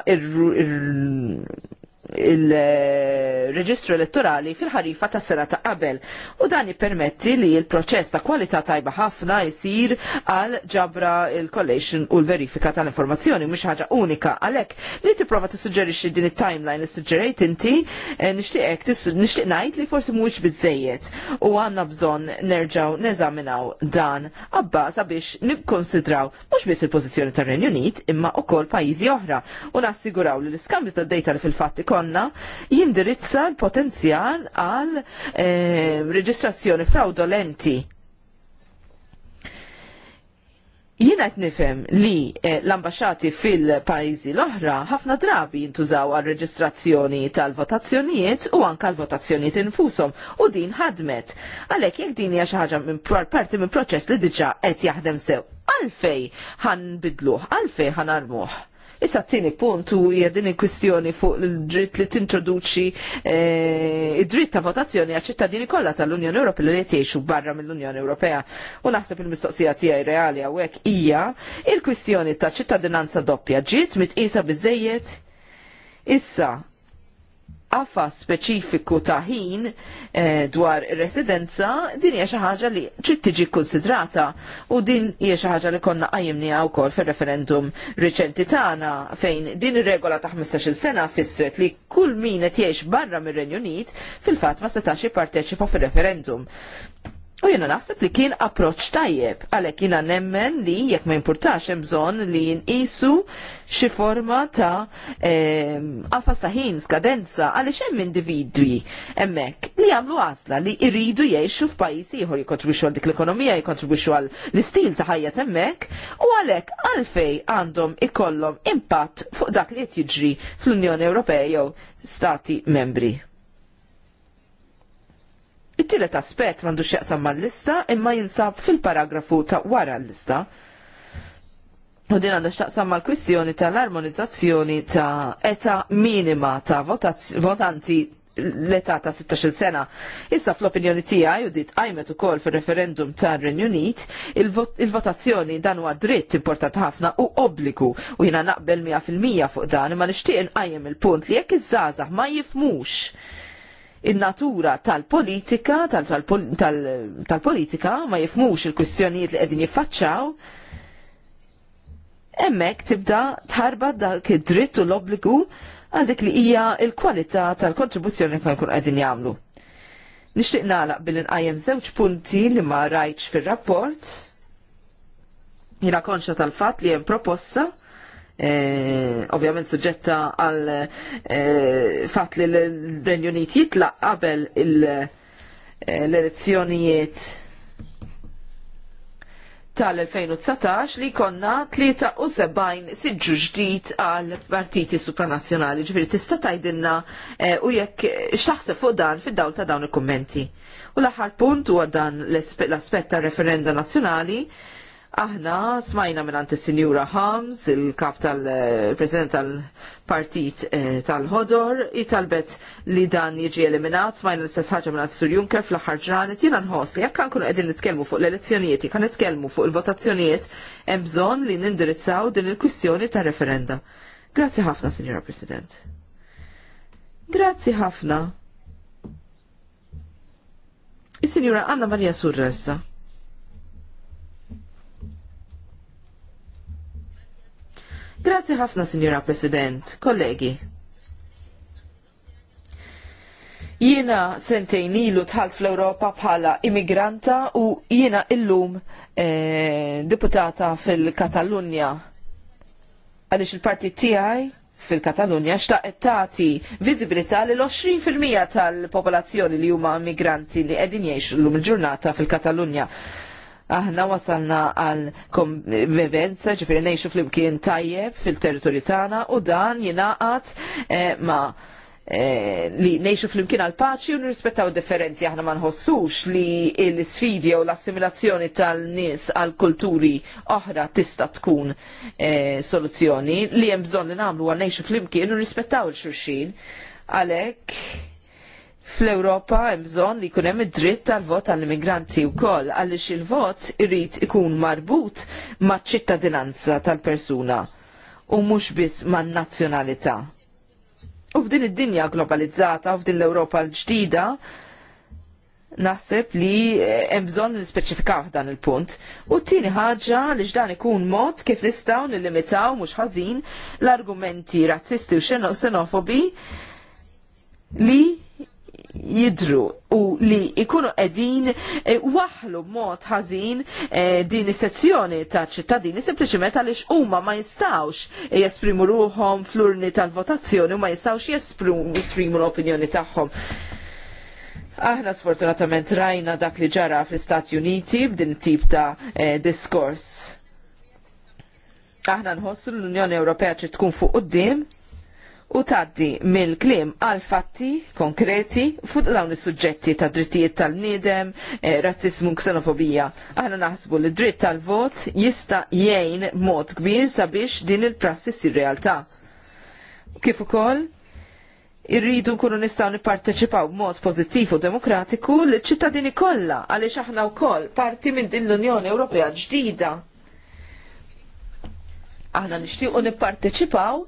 il-reġistru elettorali fil-ħarifa ta' sena ta' qabel u dan jippermetti li il-proċess ta' kwalità tajba ħafna jisir għal ġabra il-collation u l-verifika tal-informazzjoni mhux ħaġa unika għalhekk li tipprova tissuġġerixxi din it-timeline li suġġerejt inti eh, nixtieqek nixtieq ngħid li forsi mhuwiex bizzejiet u għandna bżonn nerġgħu neżaminaw dan abbaża biex nikkonsidraw mhux biss il-pożizzjoni tar-Renju Unit imma wkoll pajjiżi oħra u nassiguraw li l-iskambju tad-dejta li fil fatti konna jindirizza l-potenzjal għal eh, reġistrazzjoni fraudolenti. Jiena qed nifhem li eh, l ambasċati fil-pajjiżi l-oħra ħafna drabi jintużaw għal reġistrazzjoni tal-votazzjonijiet u anke l votazzjonijiet infushom u din ħadmet. Għalhekk jekk din hija xi ħaġa minn parti minn proċess li diġà qed jaħdem sew. Għalfej ħanbidluh, għalfej armuħ. Issa t-tieni punt u hija din il-kwistjoni fuq l dritt li tintroduċi eh, id-dritt ta' votazzjoni għal ċittadini kollha tal-Unjoni Ewropea li jgħixu barra mill-Unjoni Ewropea. U naħseb il-mistoqsija tiegħi reali hawnhekk hija il-kwistjoni ta' ċittadinanza doppja ġiet mitqisa biżejjed Issa, qafa speċifiku ta' ħin eh, dwar residenza, din hija xi ħaġa li trid tiġi kkunsidrata u din hija xi ħaġa li konna qajjimniha wkoll fir-referendum riċenti tagħna fejn din ir-regola ta' 15-il sena fissret li kull min qed jgħix barra mir-Renju Unit fil-fatt ma setax jipparteċipa fir-referendum. U jena naħseb li kien approċ tajjeb, għalhekk jiena nemmen li jekk ma jimpurtax hemm bżonn li jinqisu xi forma ta' għafas ehm, ta' skadenza għaliex hemm individwi hemmhekk li jagħmlu għasla li jridu jgħixu f'pajjiż ieħor jikontribwixxu għal dik l-ekonomija, jikontribwixxu għal l-istil ta' ħajja hemmhekk u għalhekk għalfej għandhom ikollhom impatt fuq dak li qed jiġri fl-Unjoni Ewropea jew Stati Membri. It-tielet aspett m'għandux x'jaqsam mal-lista imma jinsab fil-paragrafu ta' wara l-lista. U din għandha x'taqsam mal-kwistjoni tal-armonizzazzjoni ta' eta minima ta' votanti l-età ta' 16 sena. Issa fl-opinjoni tiegħi u dit qajmet ukoll fir-referendum tar renju Unit, il-votazzjoni dan huwa dritt importanti ħafna u obbligu u jiena naqbel 100% fuq dan imma nixtieq inqajjem il-punt li jekk iż-żgħażagħ ma jifmux in-natura tal-politika, tal-politika, ma jifmux il-kwistjonijiet li qegħdin jiffaċċaw, emmek tibda tħarba dak id-dritt u l-obbligu għal dik li hija l-kwalità tal-kontribuzzjoni li kun qegħdin jagħmlu. Nixtieq nagħlaq bil-inqajjem żewġ punti li ma rajtx fir-rapport. Jiena konxa tal-fatt li hemm proposta Eh, ovvjament suġġetta għal eh, fatt li l-Renju Unit jitlaq qabel eh, l-elezzjonijiet tal-2019 li konna 73 siġġu ġdid għal partiti supranazzjonali ġifiri tista' tajdinna u jekk xtaħseb fuq dan fid-dawl ta' dawn il-kummenti. U l-aħħar punt huwa dan l-aspett tar referenda nazzjonali Aħna smajna minn is-Sinjura Hams, il-kap tal-President tal-Partit eh, tal hodor italbet li dan jiġi eliminat, smajna l-istess ħaġa minn Sur Juncker fl-aħħar ġranet, jena nħos li jekk kunu qegħdin nitkellmu fuq l-elezzjonijiet, kan nitkelmu fuq il-votazzjonijiet, hemm bżonn li nindirizzaw din il-kwistjoni ta' referenda. Grazzi ħafna, Sinjura President. Grazzi ħafna. Is-Sinjura Anna Maria Surressa. Grazzi ħafna, Signora President, kollegi. Jiena sentejn ilu tħalt fl-Europa bħala immigranta u jiena illum eh, deputata fil-Katalunja. Għaliex il-partit tiegħi fil-Katalunja xtaqet tagħti viżibilità lil 20% tal-popolazzjoni li huma immigranti li qegħdin jgħixu llum il-ġurnata fil-Katalunja aħna wasalna għal konvivenza ġifiri nejxu fl-imkien tajjeb fil-territorju tagħna u dan jingħaqad eh, ma' eh, li nejxu fl-imkien għal paċi u nirrispettaw differenzi aħna ma nħossux li l-sfidi u l-assimilazzjoni tal-nies għal kulturi oħra tista' tkun eh, soluzzjoni li hemm bżonn li nagħmlu għal nejxu fl-imkien u nirrispettaw il-xurxin għalhekk fl-Europa hemm bżonn li jkun hemm id-dritt tal-vot għall-immigranti wkoll għaliex il-vot irid ikun marbut maċ-ċittadinanza tal-persuna u mhux biss man-nazzjonalità. U f'din id-dinja globalizzata, u f'din l-Ewropa l-ġdida, naħseb li eh, hemm bżonn nispeċifikaw dan il-punt. U t-tieni ħaġa li x'dan ikun mod kif nistgħu nillimitaw mhux ħażin l-argumenti razzisti u xenofobi li jidru u li ikunu edin eh, waħlu mod ħażin eh, din is-sezzjoni ta' ċittadini sempliċiment għaliex huma ma jistawx jesprimu ruhom fl-urni tal-votazzjoni u ma jistawx jesprimu l-opinjoni tagħhom. Aħna sfortunatament rajna dak li ġara fl-Istati Uniti b'din tip ta' eh, diskors. Aħna nħossu l-Unjoni Ewropea trid tkun fuq quddiem u taddi mill-klim għal fatti konkreti fuq dawn is-suġġetti ta' drittijiet tal-niedem, eh, razzismu, ksenofobija. Aħna naħsbu li dritt tal-vot jista' jgħin mod kbir sabiex din il-prassi sir realtà. Kif ukoll irridu nkunu nistgħu nipparteċipaw b'mod pożittiv u demokratiku l ċittadini kollha għaliex aħna wkoll parti minn din l-Unjoni Ewropea ġdida. Aħna nixtiequ nipparteċipaw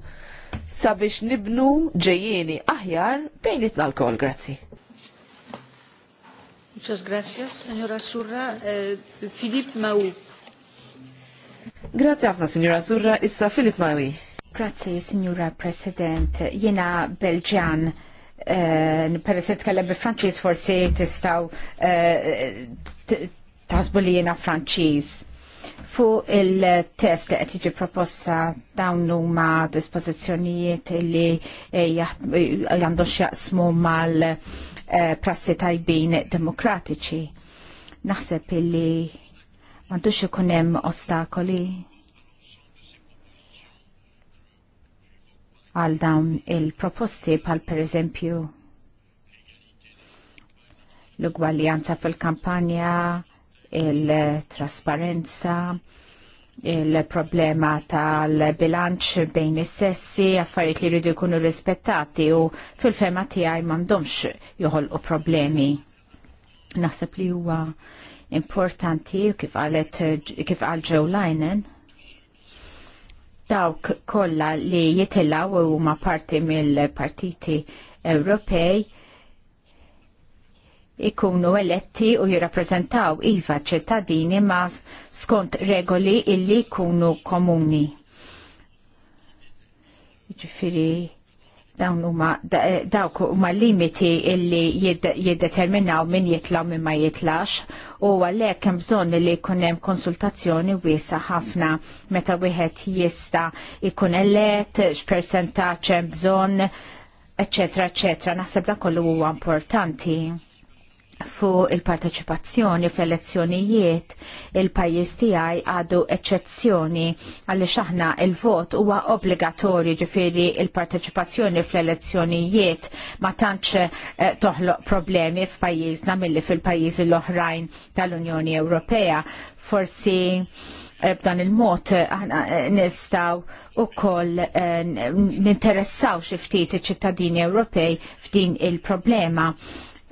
sabiex nibnu ġejjieni aħjar bejn it l alkohol Grazzi. Muchas gracias, signora Surra. Filip eh, Mau. Grazie ħafna, signora Surra. Issa Filip Mawi. Grazie, signora President. Jena Belġan. Eh, per se tkellem bi-Franċiż forsi tistgħu eh, tasbu li jiena Franċiż fuq il-test li qed proposta dawn huma dispożizzjonijiet li eh, eh, għandhom x'jaqsmu mal-prassi eh, tajbin demokratiċi. Naħseb illi m'għandux ikun hemm ostakoli għal dawn il-proposti pal pereżempju l-ugwaljanza fil-kampanja, il-trasparenza, il-problema tal-bilanċ bejn is-sessi, affarijiet li jridu jkunu rispettati u fil-fema tiegħi m'għandhomx joħolqu problemi. Naħseb li huwa importanti u kif qalet kif qal Joe Linen dawk kollha li jitilgħu huma parti mill-partiti Ewropej ikunu eletti u jirrappreżentaw iva ċittadini ma skont regoli illi kunu komuni. Ġifiri, dawn huma eh, dawk huma limiti illi jiddeterminaw min jitlaw minn ma jitlax u għalhekk hemm bżonn li jkun hemm konsultazzjoni wiesa ħafna meta wieħed jista' jkun elett x'persentaġġ hemm bżonn eċetera eċetera naħseb dak kollu huwa importanti. Fu il-parteċipazzjoni fl-elezzjonijiet il-pajjiż tiegħi għadu eċċezzjoni għaliex aħna il-vot huwa obbligatorju ġifiri il-parteċipazzjoni fl-elezzjonijiet ma tantx toħloq problemi f'pajjiżna milli fil-pajjiżi l-oħrajn tal-Unjoni Ewropea. Forsi b'dan il-mod nistaw u koll ninteressaw ftit iċ-ċittadini Ewropej f'din il-problema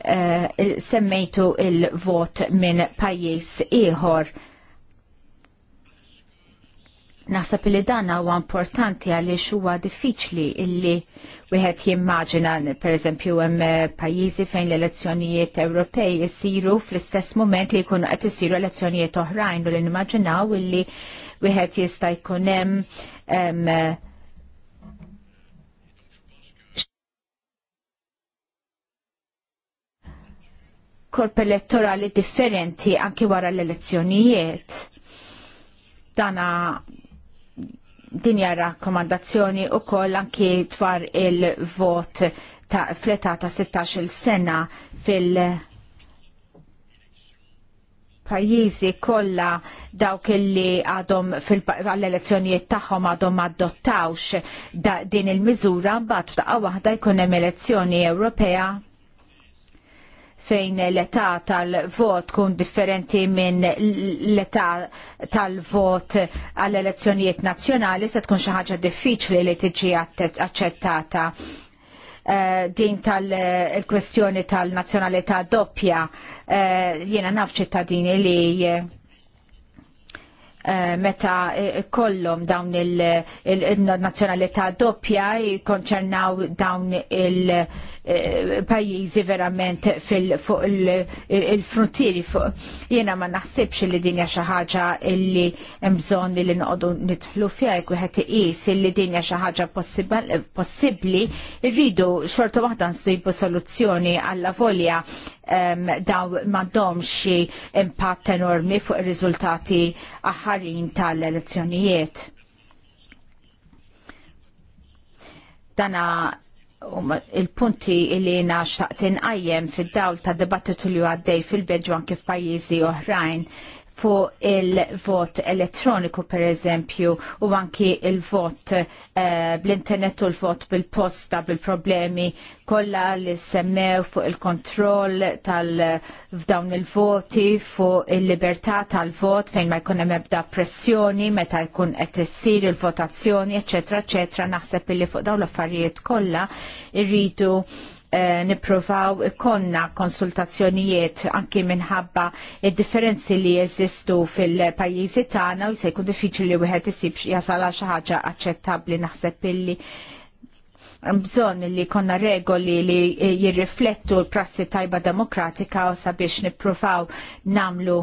Eh, semmejtu il-vot minn pajjiż ieħor. Nasab li dan huwa importanti għaliex huwa diffiċli illi wieħed jimmaġina pereżempju hemm eh, pajjiżi fejn l-elezzjonijiet Ewropej isiru fl-istess moment li jkunu qed isiru elezzjonijiet oħrajn u li nimmaġinaw illi wieħed jista' jkun hemm eh, korp elettorali differenti anki wara l-elezzjonijiet. Dana din hija rakkomandazzjoni wkoll anki dwar il-vot ta' fleta ta' 16 sena fil- pajjiżi kollha dawk illi għadhom fil-elezzjonijiet tagħhom għadhom adottawx din il-miżura mbagħad f'daqqa waħda jkun hemm elezzjoni Ewropea fejn l-età tal-vot kun differenti minn l-età tal-vot għall-elezzjonijiet nazzjonali se tkun xi ħaġa diffiċli li tiġi aċċettata. Uh, din tal-kwestjoni tal-nazzjonalità doppja uh, jiena naf ċittadini li Eh, meta eh, kollom dawn il-nazjonalità doppja konċernaw dawn il-pajjiżi eh, verament fuq il-frontieri fuq jiena ma naħsibx li din hija xi ħaġa illi hemm bżonn li noqogħdu nidħlu fiha jekk wieħed iqis illi din hija xi ħaġa possibbli rridu xorta waħda nsibu soluzzjoni alla volja um, daw mandomx impatt enormi fuq ir-riżultati aħħarin tal-elezzjonijiet. Dana um, il-punti li naċtaqtin inqajjem fid-dawl ta' dibattitu li għaddej fil-Belġu anke f'pajjiżi oħrajn fuq il-vot elettroniku per eżempju u anki il-vot eh, bl-internet u l-vot bil-posta bil-problemi kollha li semmew fuq il-kontroll tal-fdawn il-voti fuq il-libertà tal-vot fejn ma jkun hemm ebda pressjoni meta jkun qed issir il-votazzjoni eċetera eċetera naħseb illi fuq dawn l-affarijiet kollha irridu eh, niprofaw konna konsultazzjonijiet anki minħabba id-differenzi li jeżistu fil-pajjiżi tagħna u se jkun diffiċli wieħed isib jasal għal xi ħaġa aċċettabbli naħseb illi bżon li konna regoli li jirriflettu l-prassi tajba demokratika u sabiex niprofaw namlu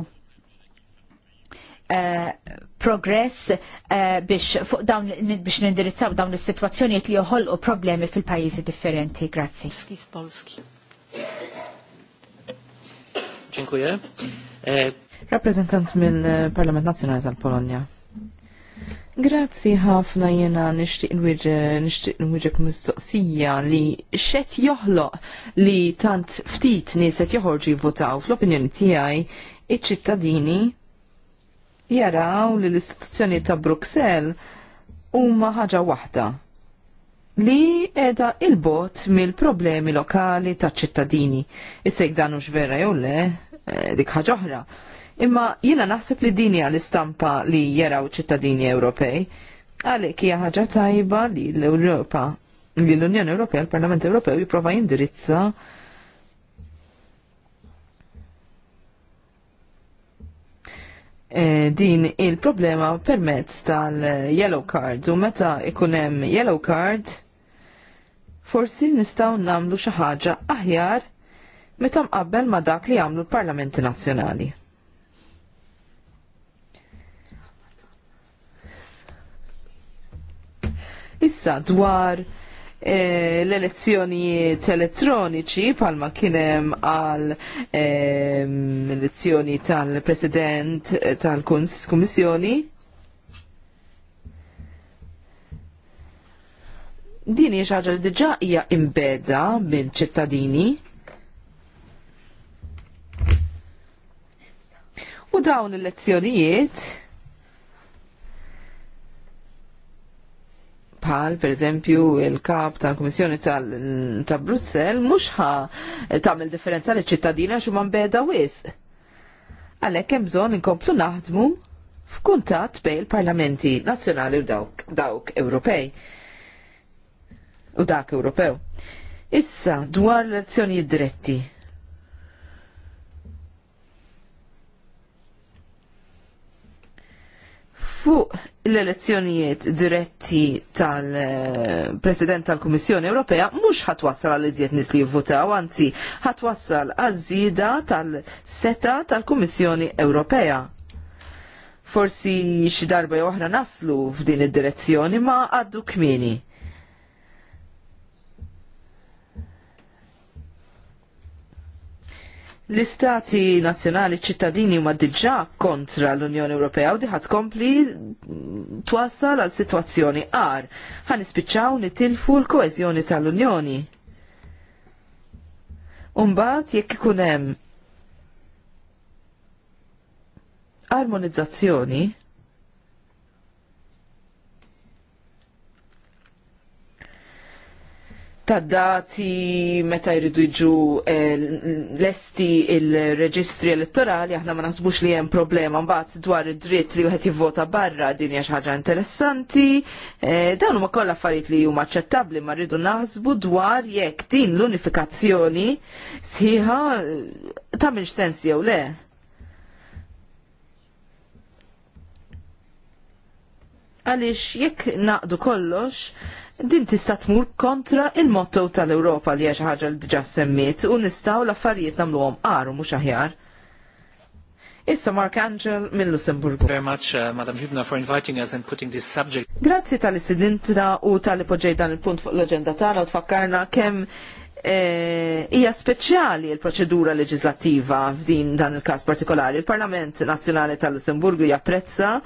progress eh, biex fuq dawn biex nindirizzaw dawn is-sitwazzjonijiet li joħolqu problemi fil-pajjiżi differenti. Grazzi. Dziękuję. E, Rappresentant minn eh, parlament Nazzjonali tal-Polonja. Grazzi ħafna jena nishtiq nwiġek mistoqsija li xet joħloq li tant ftit niset joħorġu votaw fl-opinjoni tiegħi iċ-ċittadini jaraw li l-istituzzjoni ta' Bruxelles huma ħaġa waħda li edha il-bot mill-problemi lokali ta' ċittadini. Issejk dan ux vera jew le, eh, dik ħaġa oħra. Imma jiena naħseb li dini għal-istampa li jaraw ċittadini Ewropej. Għalek hija ħaġa tajba li l-Ewropa li l-Unjoni Ewropea, l-Parlament Ewropew jipprova jindirizza Eh, din il-problema permezz tal-yellow card u meta ikun hemm yellow card forsi nistgħu nagħmlu xi ħaġa aħjar meta mqabbel ma' dak li għamlu l-Parlamenti Nazzjonali. Issa dwar E, l-elezzjonijiet elettroniċi palma kienem għal e, elezzjoni tal-president e, tal-kummissjoni. Din xaġa li diġà hija imbeda minn ċittadini. U dawn l-elezzjonijiet bħal per eżempju il-kap tal-Komissjoni ta' Brussel mhux ħa tagħmel differenza li ċittadina xum man beda wis. Għalhekk hemm bżonn inkomplu naħdmu f'kuntatt bejn il-parlamenti nazzjonali u dawk, dawk Ewropej. U dak Ewropew. Issa dwar l-azzjonijiet diretti Fuq l-elezzjonijiet diretti tal-President tal-Kummissjoni Ewropea mhux ħatwassal għal iżjed nis li jivvutaw, anzi ħatwassal għal żieda tal-seta tal-Kummissjoni Ewropea. Forsi xi darba oħra naslu f'din id-direzzjoni ma għaddu kmieni. l-istati nazjonali ċittadini huma diġà kontra l-Unjoni Ewropea u diħat kompli twassal għal situazzjoni għar Għan ispiċċaw nitilfu l-koezjoni tal-Unjoni. Umbat jekk ikun hemm armonizzazzjoni ta' dati meta jridu jġu eh, lesti il-reġistri elettorali aħna ma nasbux li hemm problema mbagħad dwar id-dritt li wieħed jivvota barra din hija xi ħaġa interessanti. Eh, dawn huma kollha affarijiet li huma aċċettabbli ma rridu naħsbu dwar jekk din l-unifikazzjoni sħiħa eh, tagħmilx sens jew le. Għaliex jekk naqdu kollox, din tista' tmur kontra il-motto tal-Ewropa li hija ħaġa li diġà semmiet u nistgħu l-affarijiet nagħmluhom qaru mhux aħjar. Issa Mark Angel mill lussemburgu Very much, uh, Madam Hübner, for inviting us and putting this subject. Grazzi tal istidintra u tal ipoġej dan il-punt fuq l-agenda tagħna u tfakkarna kemm eh, hija speċjali l-proċedura leġislattiva f'din dan il-każ partikolari. Il-Parlament Nazzjonali tal-Lussemburgu japprezza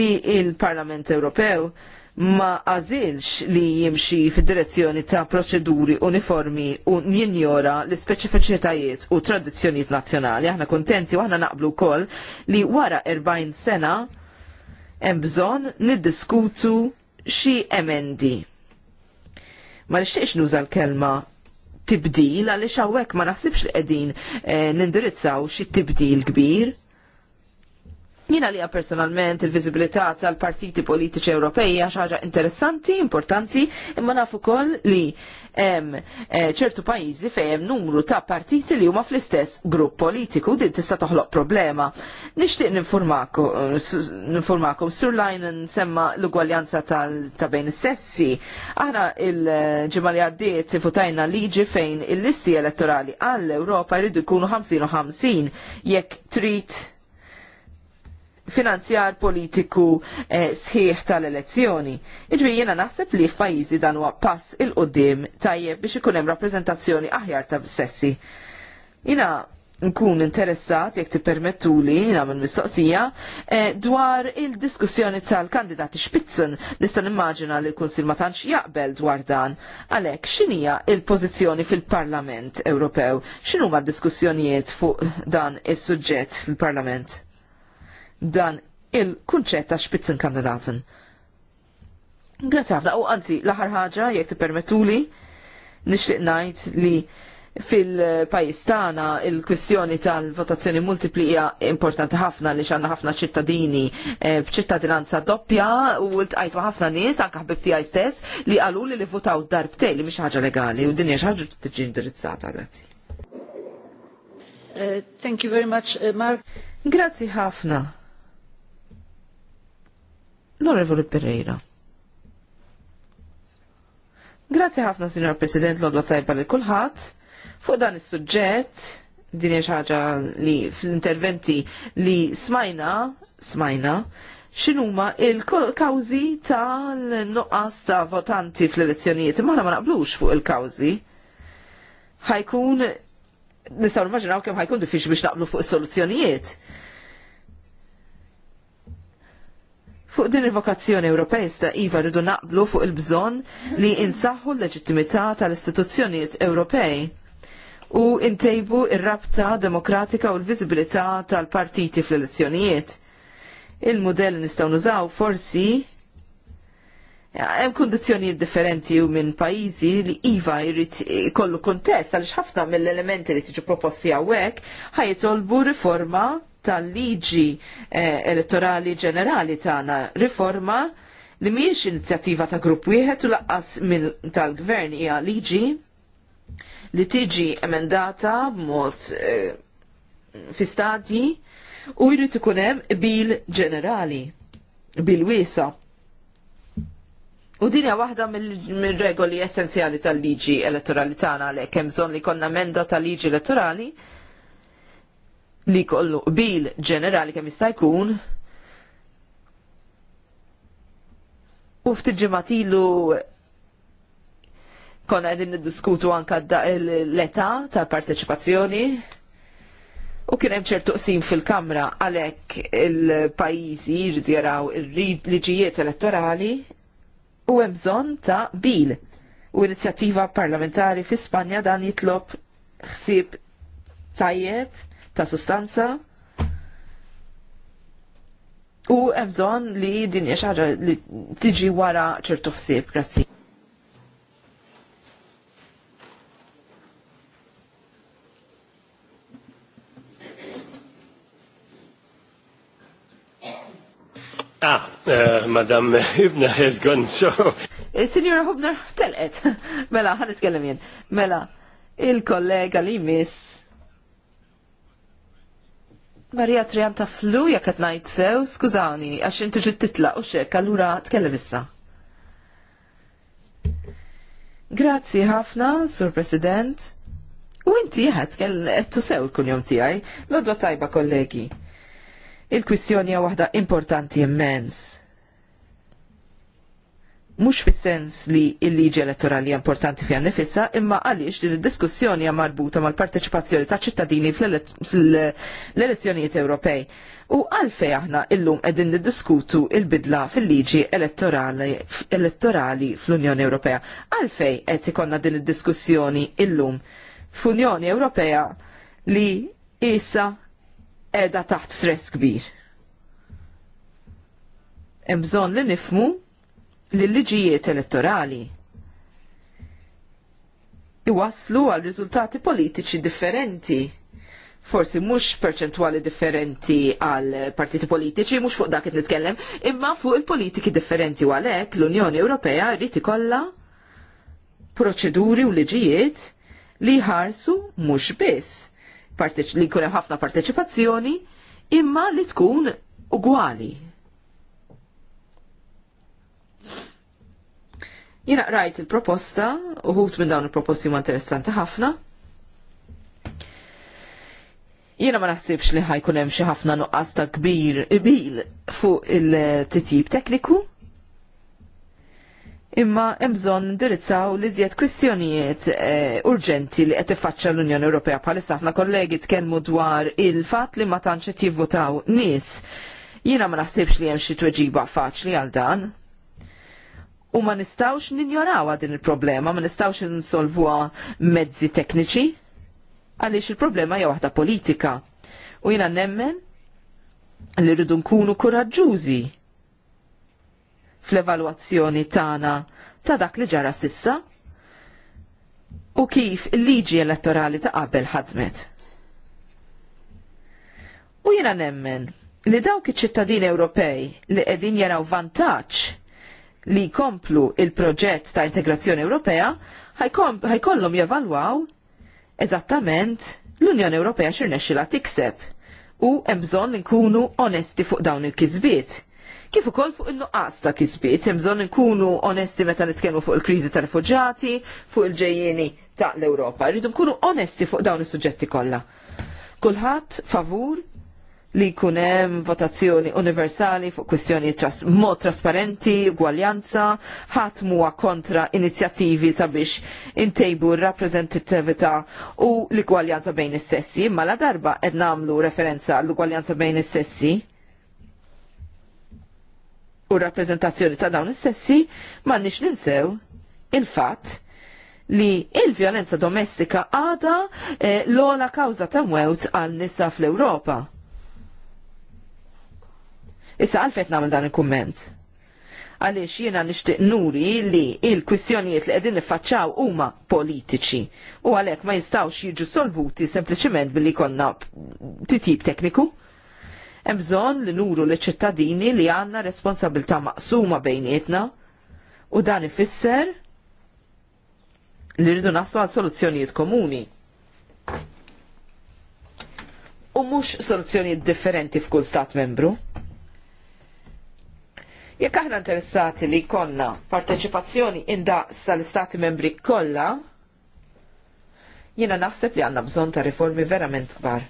li il-Parlament Ewropew ma għażilx li jimxi fid-direzzjoni ta' proċeduri uniformi u jinjora l-ispeċifiċitajiet u tradizzjonijiet nazzjonali. Aħna kontenti u aħna naqblu wkoll li wara 40 sena hemm bżonn niddiskutu xi emendi. Ma nixtieqx nuża l-kelma tibdil għaliex hawnhekk ma naħsibx li qegħdin eh, nindirizzaw xi tibdil kbir Jina li personalment il-vizibilità tal-partiti politiċi Ewropej għax ħaġa interessanti, importanti, imma nafu ukoll li hemm eh, ċertu pajjiżi fejn hemm numru ta' partiti li huma fl-istess grupp politiku din tista' toħloq problema. Nixtieq ninformakom eh, sur lajn nsemma l-ugwaljanza ta' bejn is-sessi. Aħna il-ġimgħa li għaddiet votajna liġi fejn il-listi elettorali għall-Ewropa jridu jkunu 50 u 50 jekk trid finanzjar politiku eh, sħiħ tal-elezzjoni. Iġvi jena naħseb li f'pajjiżi dan huwa pass il-qoddim tajjeb biex ikun hemm rappreżentazzjoni aħjar ta' sessi. Jina nkun interessat, jek ti permettuli, minn mistoqsija, eh, dwar il-diskussjoni tal-kandidati Spitzen. Nista' nimmaġina li l-Kunsil ma tantx jaqbel dwar dan. Għalek, xinija il-pozizjoni fil-Parlament Ewropew? Xinu ma diskussjonijiet fuq dan is-suġġett fil-Parlament? dan il-kunċett ta' spitzen kandidaten. Grazie ħafna, u għanzi, laħar ħaġa, jek t-permetuli, nishtiq najt li fil-pajis tagħna il-kwistjoni tal-votazzjoni multipli hija importanti ħafna li għandna ħafna ċittadini eh, b'ċittadinanza doppja u ltqajt ma' ħafna nies anke ħbib tiegħi stess li qalu li li votaw darbtej li mhix ħaġa legali u dinja xi ħaġa tiġi indirizzata grazzi. Eh, thank you very much, eh, Mark. Grazzi ħafna. L-Onorevoli Pereira. Grazie ħafna, Signor President, l-odwa tajba li kulħadd. Fuq dan is-suġġett, din hija ħaġa li fl-interventi li smajna, smajna, x'inhuma il-kawżi tal-nuqqas ta' votanti fl-elezzjonijiet. Imma ma naqblux fuq il-kawżi. Ħajkun nistgħu nimmaġinaw kemm ħajkun diffiċli biex naqblu fuq is-soluzzjonijiet Fuq din il-vokazzjoni Ewropejsta iva rridu naqblu fuq il-bżon li insaħħu l-leġittimità tal-istituzzjonijiet Ewropej u intejbu ir-rabta demokratika u l-viżibilità tal-partiti fl-elezzjonijiet. Il-modell nistgħu nużaw forsi Hemm kundizzjonijiet differenti u minn pajjiżi li iva jrid ikollu kuntest għaliex ħafna mill-elementi li tiġi proposti hawnhekk ħajtolbu riforma tal-liġi eh, elettorali ġenerali tagħna riforma li mhijiex inizjattiva ta' grupp wieħed u laqqas tal-gvern hija liġi li tiġi emendata b'mod eh, fi stadji u jrid ikun hemm bil ġenerali bil wiesa. U dinja waħda mill-regoli essenzjali tal-liġi elettorali tagħna għalhekk hemm bżonn li konna menda tal-liġi elettorali li kollu bil ġenerali kemm jista' jkun u ftit ilu konna qegħdin niddiskutu anke l-età tal-parteċipazzjoni u kien hemm ċertu qsim fil-Kamra għalhekk il-pajjiżi jridu jaraw il-liġijiet elettorali u hemm bżonn ta' bil u inizjattiva parlamentari fi Spanja dan jitlob ħsieb tajjeb ta' sustanza u hemm li din hija li tiġi wara ċertu ħsieb. Grazzi. Ah, eh, Madam Hübner has gone, so... Eh, Signora Hübner, it. Mela, ħan itkellem jien. Mela, il-kollega li miss Marija Trian ta' flu jekk qed ngħid sew, skużawni, għax inti ġid titlaq u xek, allura tkellem issa. Grazzi ħafna, Sur President. U inti jħed qed tusew il-kunjom tiegħi, l-odwa tajba kollegi. Il-kwistjoni hija waħda importanti immens mhux fis-sens li l-liġi elettorali importanti fiha nifissa, imma għaliex din id-diskussjoni hija marbuta mal-parteċipazzjoni ta' ċittadini fl-elezzjonijiet Ewropej. U għalfej aħna illum qegħdin niddiskutu il-bidla fil-liġi elettorali fl-Unjoni Ewropea. Għalfej qed ikonna din id-diskussjoni illum fl-Unjoni Ewropea li issa qiegħda taħt stress kbir. Hemm bżonn li nifmu l-liġijiet elettorali iwaslu għal riżultati politiċi differenti. Forsi mhux perċentwali differenti għal partiti politiċi, mhux fuq dak nitkellem, imma fuq il-politiki differenti u għalhekk l-Unjoni Ewropea rrid ikollha proċeduri u liġijiet li ħarsu mhux biss li jkun hemm ħafna parteċipazzjoni imma li tkun ugwali Jena rajt il-proposta, uħut minn dawn il-proposti ma interessanti ħafna. Jena ma naħsibx li ħajkun hemm xi ħafna nuqqas ta' kbir ibil fuq il-titjib tekniku. Imma hemm bżonn indirizzaw li żjed kwistjonijiet eh, urġenti li qed tiffaċċa l-Unjoni Ewropea bħalissa ħafna kollegi tkellmu dwar il-fatt li ma tantx qed jivvotaw nies. Jiena ma naħsibx li hemm xi tweġiba faċli għal dan U ma nistawx ninjorawa din il-problema, ma nistawx insolvuha mezzi tekniċi, għaliex il-problema hija waħda politika. U jina nemmen li rridu nkunu kuraġġużi fl-evalwazzjoni tagħna ta' dak li ġara sissa u kif il-liġi elettorali ta' qabel ħadmet. U jina nemmen li dawk iċ-ċittadini Ewropej li qegħdin jaraw vantaġġ li jkomplu il-proġett ta' integrazzjoni Ewropea ħajkollhom jevalwaw eżattament l-Unjoni Ewropea xirnexxila tikseb u hemm bżonn nkunu onesti fuq dawn il-kisbiet. Kif ukoll fuq in-nuqqas ta' kisbiet, hemm bżonn nkunu onesti meta nitkellmu fuq il-kriżi ta' rifuġjati, fuq il-ġejjieni ta' l-Ewropa. Rridu nkunu onesti fuq dawn is-suġġetti kollha. Kulħadd favur li jkun hemm votazzjoni universali fuq kwistjoni tras mod trasparenti, gwaljanza, ħadd huwa kontra inizjattivi sabiex intejbu r-rappreżentattività u l-gwaljanza bejn is-sessi, imma la darba qed nagħmlu referenza għall-gwaljanza bejn is-sessi u r-rappreżentazzjoni ta' dawn is-sessi, m'għandniex ninsew il-fatt li il-vjolenza domestika għada eh, l-ola kawza ta' mwewt għal nisa fl-Europa. Issa għalfejn nagħmel dan il-kumment. Għaliex jiena nixtieq nuri li il-kwistjonijiet li qegħdin niffaċċaw huma politiċi u għalhekk ma jistgħux jiġu solvuti sempliciment billi konna titjib tekniku. Hemm bżonn li nuru li ċittadini li għandna responsabilità maqsuma bejnietna u dan ifisser li rridu naslu għal soluzzjonijiet komuni. U mhux soluzzjonijiet differenti f'kull stat membru. Jekk aħna interessati li konna parteċipazzjoni indaqs tal-Istati membri kollha, jiena naħseb li għandna bżonn ta' riformi verament kbar.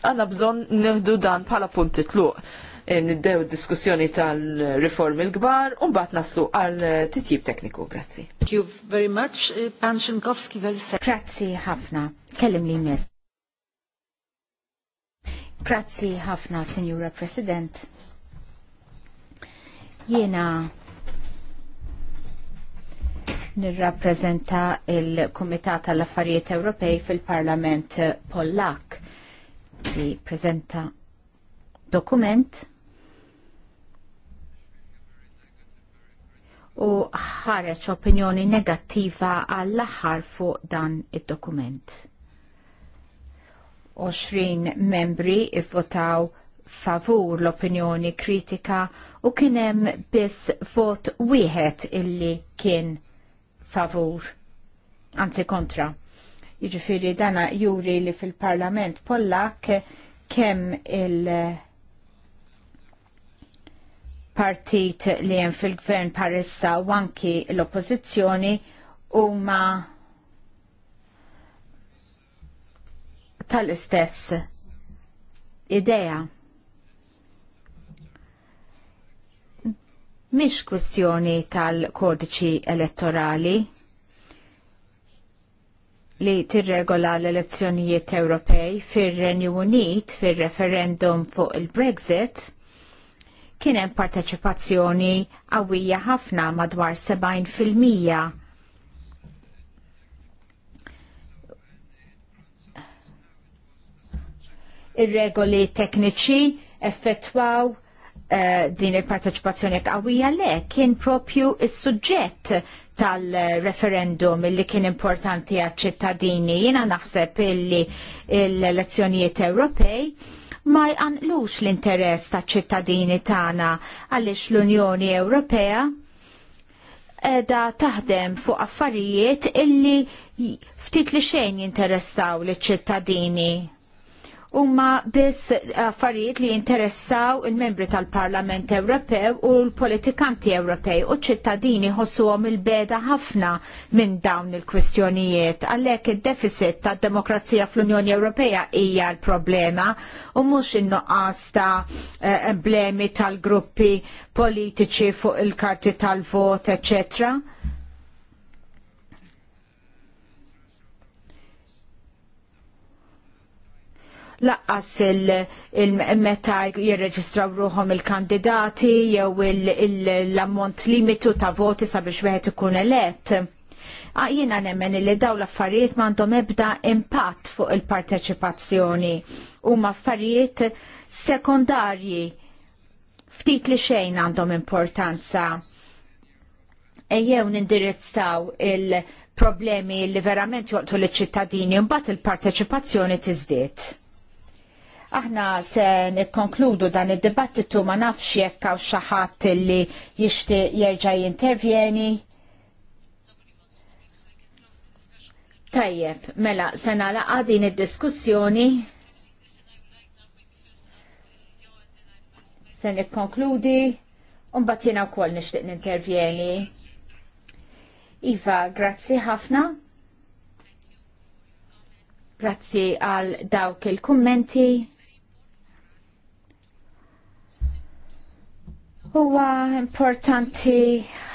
Għandna bżonn nifdu dan bħala punt tluq e, niddew diskussjoni tal-riformi l-kbar u mbagħad naslu għal titjib tekniku. Grazzi. Thank you very much, eh, Pan Szynkowski Welse. Grazzi ħafna. Kellim li mis. Grazzi ħafna, Signora President. Jena nirrappreżenta il-Kumitat tal-Affarijiet Ewropej fil-Parlament Pollak li prezenta dokument u ħareġ opinjoni negattiva għall-aħħar fuq dan id-dokument. 20 membri ivvotaw favur l-opinjoni kritika u kienem biss vot wieħed illi kien favur, anzi kontra. Jiġifieri dana juri li fil-Parlament Pollak kemm il- partit li jen fil-gvern parissa u anki l-oppozizjoni huma tal-istess idea. Mhix kwestjoni tal-kodiċi elettorali li tirregola l-elezzjonijiet Ewropej fir-Renju Unit fir-referendum fuq il-Brexit kien hemm parteċipazzjoni qawwija ħafna madwar 70 fil-mija ir-regoli tekniċi effettwaw Eh, din il-parteċipazzjoni qawwija le kien propju il suġġett tal-referendum li kien importanti għal ċittadini jiena naħseb illi l-elezzjonijiet Ewropej ma jqanqlux l-interess ta' ċittadini tagħna għaliex l-Unjoni Ewropea da taħdem fuq affarijiet illi ftit li xejn jinteressaw li ċittadini huma biss affarijiet li jinteressaw il-membri tal-Parlament Ewropew u l-politikanti Ewropej u ċittadini ħossuhom il-beda ħafna minn dawn il-kwistjonijiet. Għalhekk id-deficit tad-demokrazija fl-Unjoni Ewropea hija l-problema u mhux in-nuqqas ta' eh, emblemi tal-gruppi politiċi fuq il-karti tal-vot, eċċetera laqqas il-meta jirreġistraw ruħom il-kandidati jew l-ammont limitu ta' voti sabiex wieħed ikun elett. Jiena nemmen li daw l-affarijiet mandom ebda impatt fuq il-parteċipazzjoni huma affarijiet sekondarji ftit li xejn għandhom importanza. Ejjew nindirizzaw il-problemi li verament joqtu l-ċittadini mbagħad il-parteċipazzjoni tiżdied. Aħna se nikkonkludu dan id-dibattitu ma nafx jekk hawn xi ħadd li jixtieq jerġa' jintervjeni. Tajjeb, mela se nalaqa' din id-diskussjoni. Se nikkonkludi u mbagħad jiena wkoll nixtieq nintervjeni. Iva, grazzi ħafna. Grazzi għal dawk il-kummenti. Huwa importanti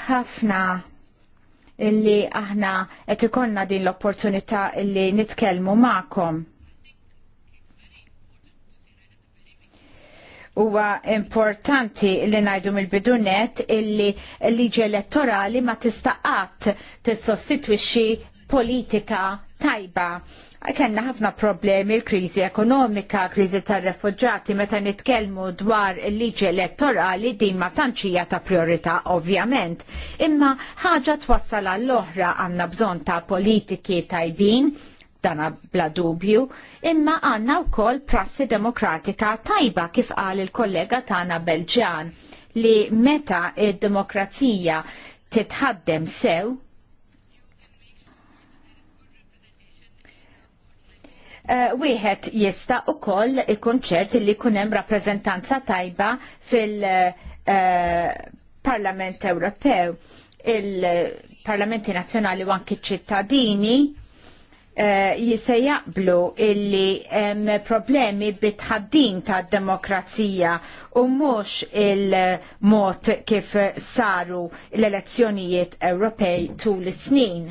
ħafna illi aħna qed ikollna din l-opportunità illi nitkellmu magħkom. Huwa importanti li ngħidu mill-bidunet illi l-liġi elettorali ma tista' qatt tissostitwixxi politika tajba kellna ħafna problemi l-kriżi ekonomika, kriżi tar-refuġġati, meta nitkellmu dwar il-liġi elettorali din ma tantx hija ta' priorità ovvjament. Imma ħaġa twassal għall-oħra għandna bżonn ta' politiki tajbin dana bla dubju, imma għanna wkoll prassi demokratika tajba kif qal il-kollega tagħna Belġan li meta id-demokrazija titħaddem sew, Eh, wieħed jista' ukoll ikun ċert li jkun hemm rappreżentanza tajba fil-Parlament eh, Ewropew. Il-Parlamenti Nazzjonali u anki ċittadini eh, jista' jaqblu illi hemm problemi bitħaddin tad demokrazija u mhux il-mod kif saru l-elezzjonijiet Ewropej tul is-snin.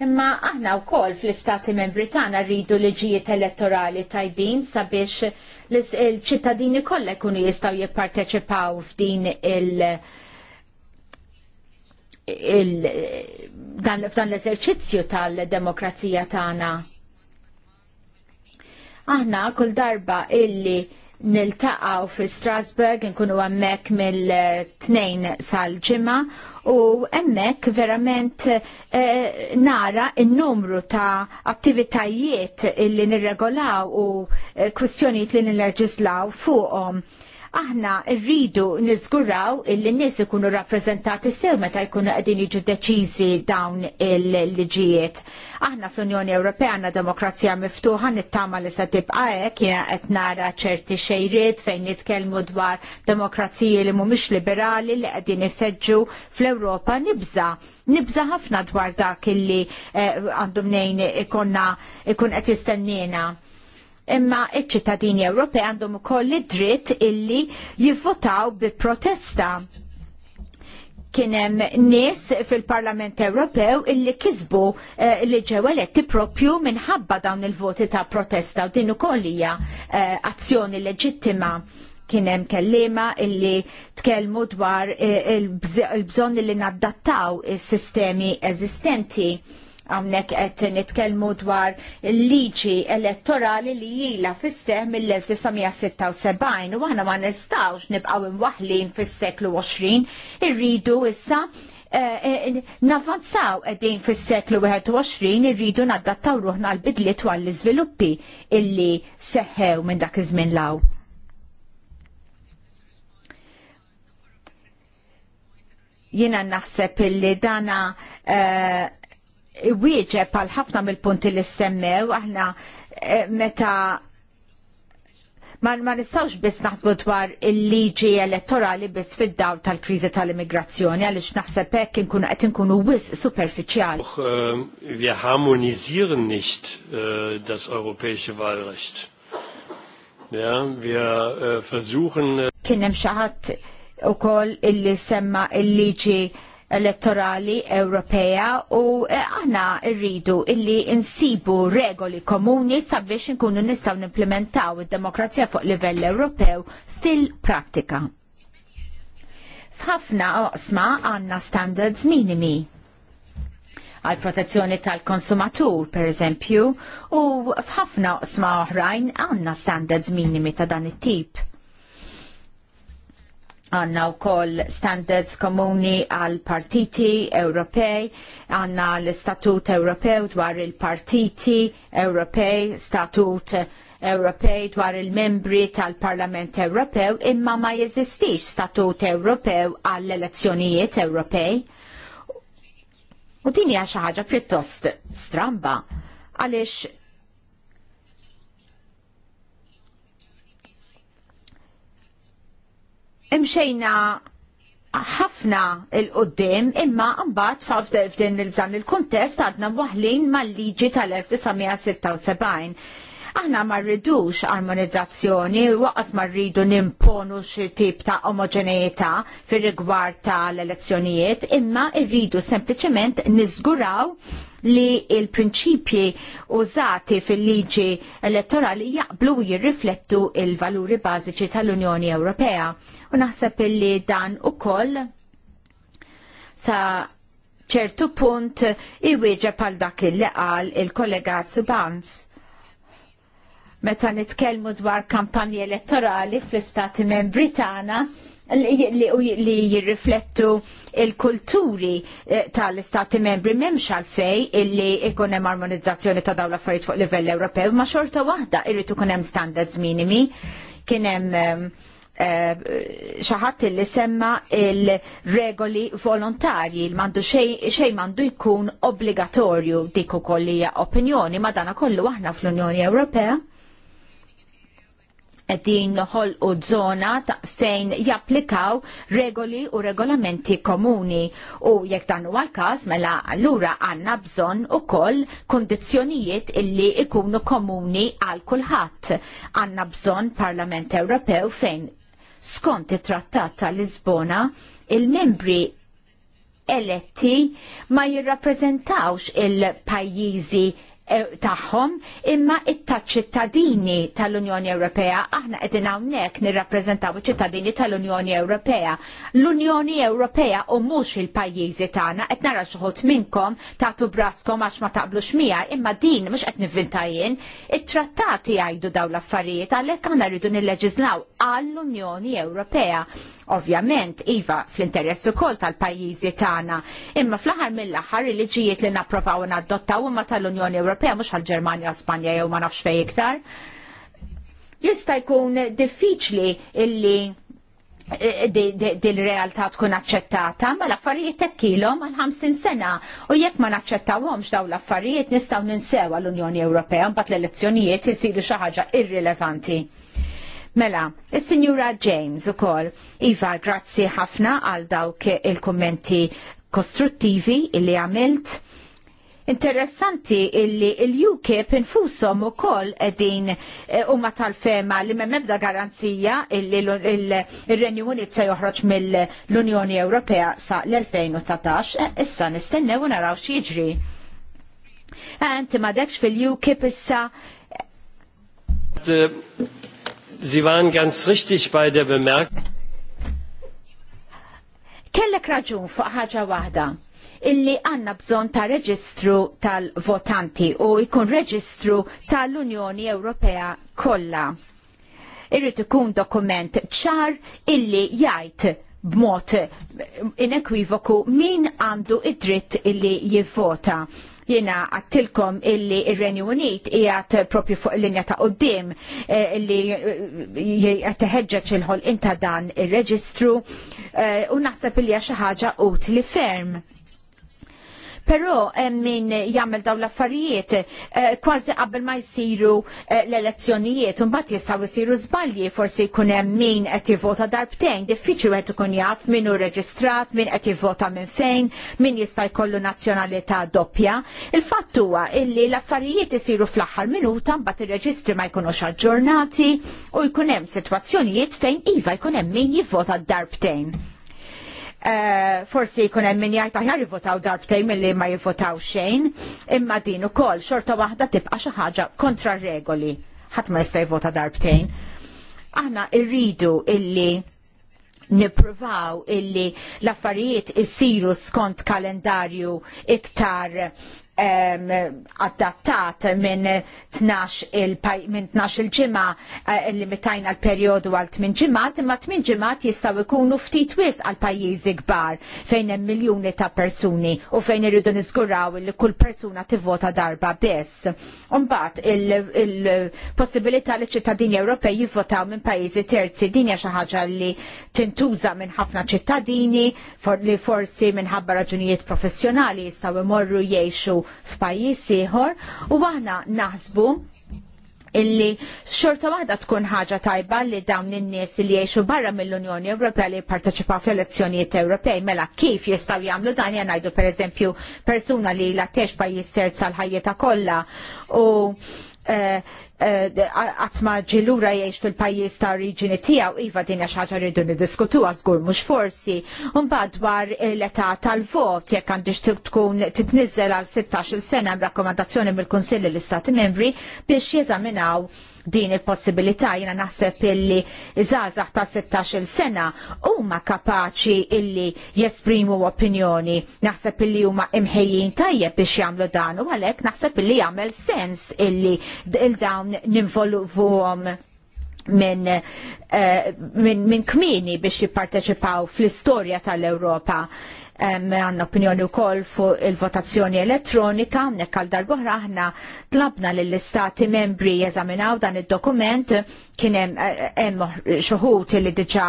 Imma aħna wkoll fl-istati membri tagħna rridu liġijiet elettorali tajbin sabiex l-ċittadini kollha jkunu jistgħu jipparteċipaw f'din il- il, dan, l-eżerċizzju tal-demokrazija tagħna. Aħna kull darba illi niltaqaw fi Strasbourg, nkunu għammek mill-tnejn sal-ġimma u emmek verament eh, nara il-numru ta' attivitajiet illi nirregolaw u eh, kwistjoniet li nirreġislaw fuqom. Um aħna rridu niżguraw illi nies ikunu rappreżentati sew meta jkunu qegħdin jiġu deċiżi dawn il-liġijiet. Aħna fl-Unjoni Ewropea għandna demokrazija miftuħa nittama li se tibqa' hekk jiena qed nara ċerti xejriet fejn nitkellmu dwar demokrazija li mhumiex liberali li qegħdin ifeġġu fl-Ewropa nibża. Nibża ħafna dwar dak illi eh, għandhom nejn ikun qed jistennina imma iċ-ċittadini Ewropej għandhom ukoll id-dritt illi jivvotaw bi protesta kien hemm nies fil-Parlament Ewropew illi kisbu eh, li ġew eletti propju minħabba dawn il-voti ta' protesta u din ukoll hija eh, azzjoni leġittima kien hemm kellima illi tkellmu dwar eh, il-bżonn il li naddattaw is-sistemi eżistenti Għamnek qed nitkellmu dwar il-liġi elettorali li jila fis mill-1976 u aħna ma nistawx nibqaw imwaħlin fis-seklu 20. Irridu issa eh, eh, navanzaw qegħdin fis-seklu 21 irridu naddattaw ruħna l-bidliet u għall-iżviluppi illi seħħew minn dak iż-żmien law. jina naħseb illi dana eh, wieġeb għal ħafna mill-punti li s semmew aħna eh, meta ma, nistawx biss naħsbu dwar il-liġi elettorali biss fid-daw tal krizi tal-immigrazzjoni għalix naħseb hekk inkunu qed inkunu wis superfiċjali. Ähm, wir harmonisieren nicht äh, das europäische Wahlrecht. Ja, wir äh, versuchen äh, Kien hemm xi ħadd ukoll illi semma il-liġi il liġi elettorali Ewropea u eh, aħna rridu illi insibu regoli komuni sabiex nkunu nistgħu nimplementaw id-demokrazija fuq livell Ewropew fil-prattika. F'ħafna oqsma għandna standards minimi għal protezzjoni tal-konsumatur, per eżempju, u f'ħafna oqsma oħrajn għandna standards minimi ta' dan it-tip għanna u koll standards komuni għal partiti Ewropej, għanna l-statut Ewropew dwar il-partiti Ewropej, statut Ewropej dwar il-membri tal-Parlament Ewropew, imma ma jeżistix statut Ewropew għall-elezzjonijiet Ewropej. U dini għaxa ħaġa pjuttost stramba, għalix imxejna ħafna il-qoddim imma mbagħad f'din il-dan il-kuntest għadna waħlin mal-liġi tal-1976 Aħna ma rridux armonizzazzjoni waqqas waqas ma rridu nimponu xi tip ta' omogeneità fir-rigward tal-elezzjonijiet, imma rridu sempliċement niżguraw li il-prinċipji użati fil-liġi elettorali jaqblu jirriflettu il-valuri bażiċi tal-Unjoni Ewropea. U naħseb illi dan ukoll sa ċertu punt iwieġeb għal dak il-li qal il-kollega Zubans meta nitkellmu dwar kampanji elettorali fl-istati membri tagħna li jirriflettu il-kulturi eh, tal-istati membri memx għalfej illi ikun hemm armonizzazzjoni ta' dawla affarijiet fuq livell Ewropew ma' xorta waħda irrid ikun hemm standards minimi kien hemm ehm, eh, xaħat li semma il-regoli volontarji, mandu xej mandu jkun obbligatorju dik ukoll hija opinjoni, ma dana kollu aħna fl-Unjoni Ewropea Din noħol u zona fejn japplikaw regoli u regolamenti komuni u jekk dan huwa l-każ mela allura għandna bżonn ukoll kundizzjonijiet illi ikunu komuni għal kulħadd. Għandna bżonn Parlament Ewropew fejn skont it-Trattat ta' Lisbona il-membri eletti ma jirrappreżentawx il-pajjiżi E, taħħom imma it ċittadini tal-Unjoni Ewropea aħna qegħdin hawnhekk nirrappreżentaw iċ-ċittadini tal-Unjoni Ewropea. L-Unjoni Ewropea u mhux il-pajjiżi tagħna qed nara xi minnkom tagħtu braskom għax ma taqblux miegħi imma din mhux qed nivvinta jien. It-trattati jgħidu dawn l-affarijiet għalhekk aħna rridu nilleġislaw għall-Unjoni Ewropea. Ovvjament, iva fl-interess ukoll tal-pajjiżi tagħna, imma fl-aħħar mill-aħħar il-liġijiet li napprovaw u nadottaw imma tal-Unjoni Ewropea Ewropea, mhux għall ġermanja Spanja jew ma nafx fejn iktar. Jista' jkun diffiċli illi eh, dil-realtà tkun aċċettata, ma l-affarijiet tekkilhom għal 50 sena u jekk ma naċċettawhomx dawn l-affarijiet nistgħu ninsew l-Unjoni Ewropea mbagħad l-elezzjonijiet isiru xi ħaġa irrilevanti. Mela, is-Sinjura James ukoll, Iva, grazzi ħafna għal dawk il-kummenti kostruttivi illi għamilt Interessanti illi il-UKIP koll ukoll eh, u ma tal-fema li m'hemm ebda garanzija illi il-Renju Unit se joħroġ mill-Unjoni Ewropea sa l 2013 eh, issa nistenne u naraw xieġri. Għanti eh, ma dekx fil-UKIP issa äh, Sie waren ganz richtig bei der Bemerkung. Kellek raġun fuq ħaġa wahda illi għanna bżon ta' reġistru tal-votanti u jkun reġistru tal-Unjoni Ewropea kollha. Irrid ikun dokument ċar illi jgħid b'mod inekwivoku min għandu id-dritt illi jivvota jena għattilkom illi il-Renju Unit jgħat propju fuq l-linja ta' qoddim eh, illi jgħatħedġaċ il-ħol inta dan il-reġistru eh, u naħseb illi ħaġa ut li ferm. Però eh, min jagħmel dawn l-affarijiet eh, kważi qabel ma jsiru eh, l-elezzjonijiet u mbagħad jistgħu jsiru żbalji forsi jkun hemm min qed jivvota darbtejn, diffiċli wieħed ikun jaf min hu reġistrat, min qed jivvota minn fejn, min jista' jkollu nazzjonalità doppja. Il-fatt huwa illi l-affarijiet isiru fl-aħħar minuta mbagħad ir-reġistri ma jkunux aġġornati u jkun hemm sitwazzjonijiet fejn iva jkun hemm min jivvota darbtejn. Eh, forsi jkun hemm min jgħid aħjar jivvotaw darbtejn milli ma jivvotaw xejn, imma din ukoll xorta waħda tibqa' xi ħaġa kontra regoli ħadd ma jista' jvota darbtejn. Aħna rridu illi nippruvaw illi l-affarijiet isiru skont kalendarju iktar adattat minn 12 il-ġimma eh, li mittajna l-periodu għal 8 ġimmat, imma 8 ġimmat jistaw ikunu ftit wis għal pajjiżi kbar fejn hemm miljuni ta' persuni u fejn irridu niżguraw li kull persuna tivvota darba biss. Umbagħad il-possibilità li ċittadini Ewropej jivvotaw minn pajjiżi terzi din hija xi ħaġa li tintuża minn ħafna ċittadini li forsi minħabba raġunijiet professjonali jistgħu imorru jgħixu f'pajjiż ieħor u aħna naħsbu illi xorta waħda tkun ħaġa tajba li dawn in-nies li jgħixu barra mill-Unjoni Ewropea li jipparteċipaw fl-elezzjonijiet Ewropej mela kif jistgħu jagħmlu dan ngħidu pereżempju persuna li la tex pajjiż terza għal ħajjeta kollha u uh, għatma ġilura jiex fil-pajis ta' oriġini tijaw, iva dinja xaġa rridu nidiskutu għazgur mux forsi. un dwar l-età tal-vot, jekk għandix tkun titnizzel għal 16 sena rakkomandazzjoni mill-Konsilli l-Istati Membri biex jeżaminaw din il-possibilità jina naħseb illi zazax ta' 16 sena huma kapaċi illi jesprimu opinjoni naħseb illi huma imħejjin tajjeb biex jagħmlu dan u għalhekk naħseb illi jagħmel sens illi il-dawn ninvolvuhom minn uh, eh, min, min kmini biex jipparteċipaw fl-istorja tal-Ewropa għanna opinjoni u koll fuq il-votazzjoni elettronika, nekk għal darbohra aħna tlabna l-istati membri jeżaminaw dan il-dokument, kienem hemm eh, xoħut li diġa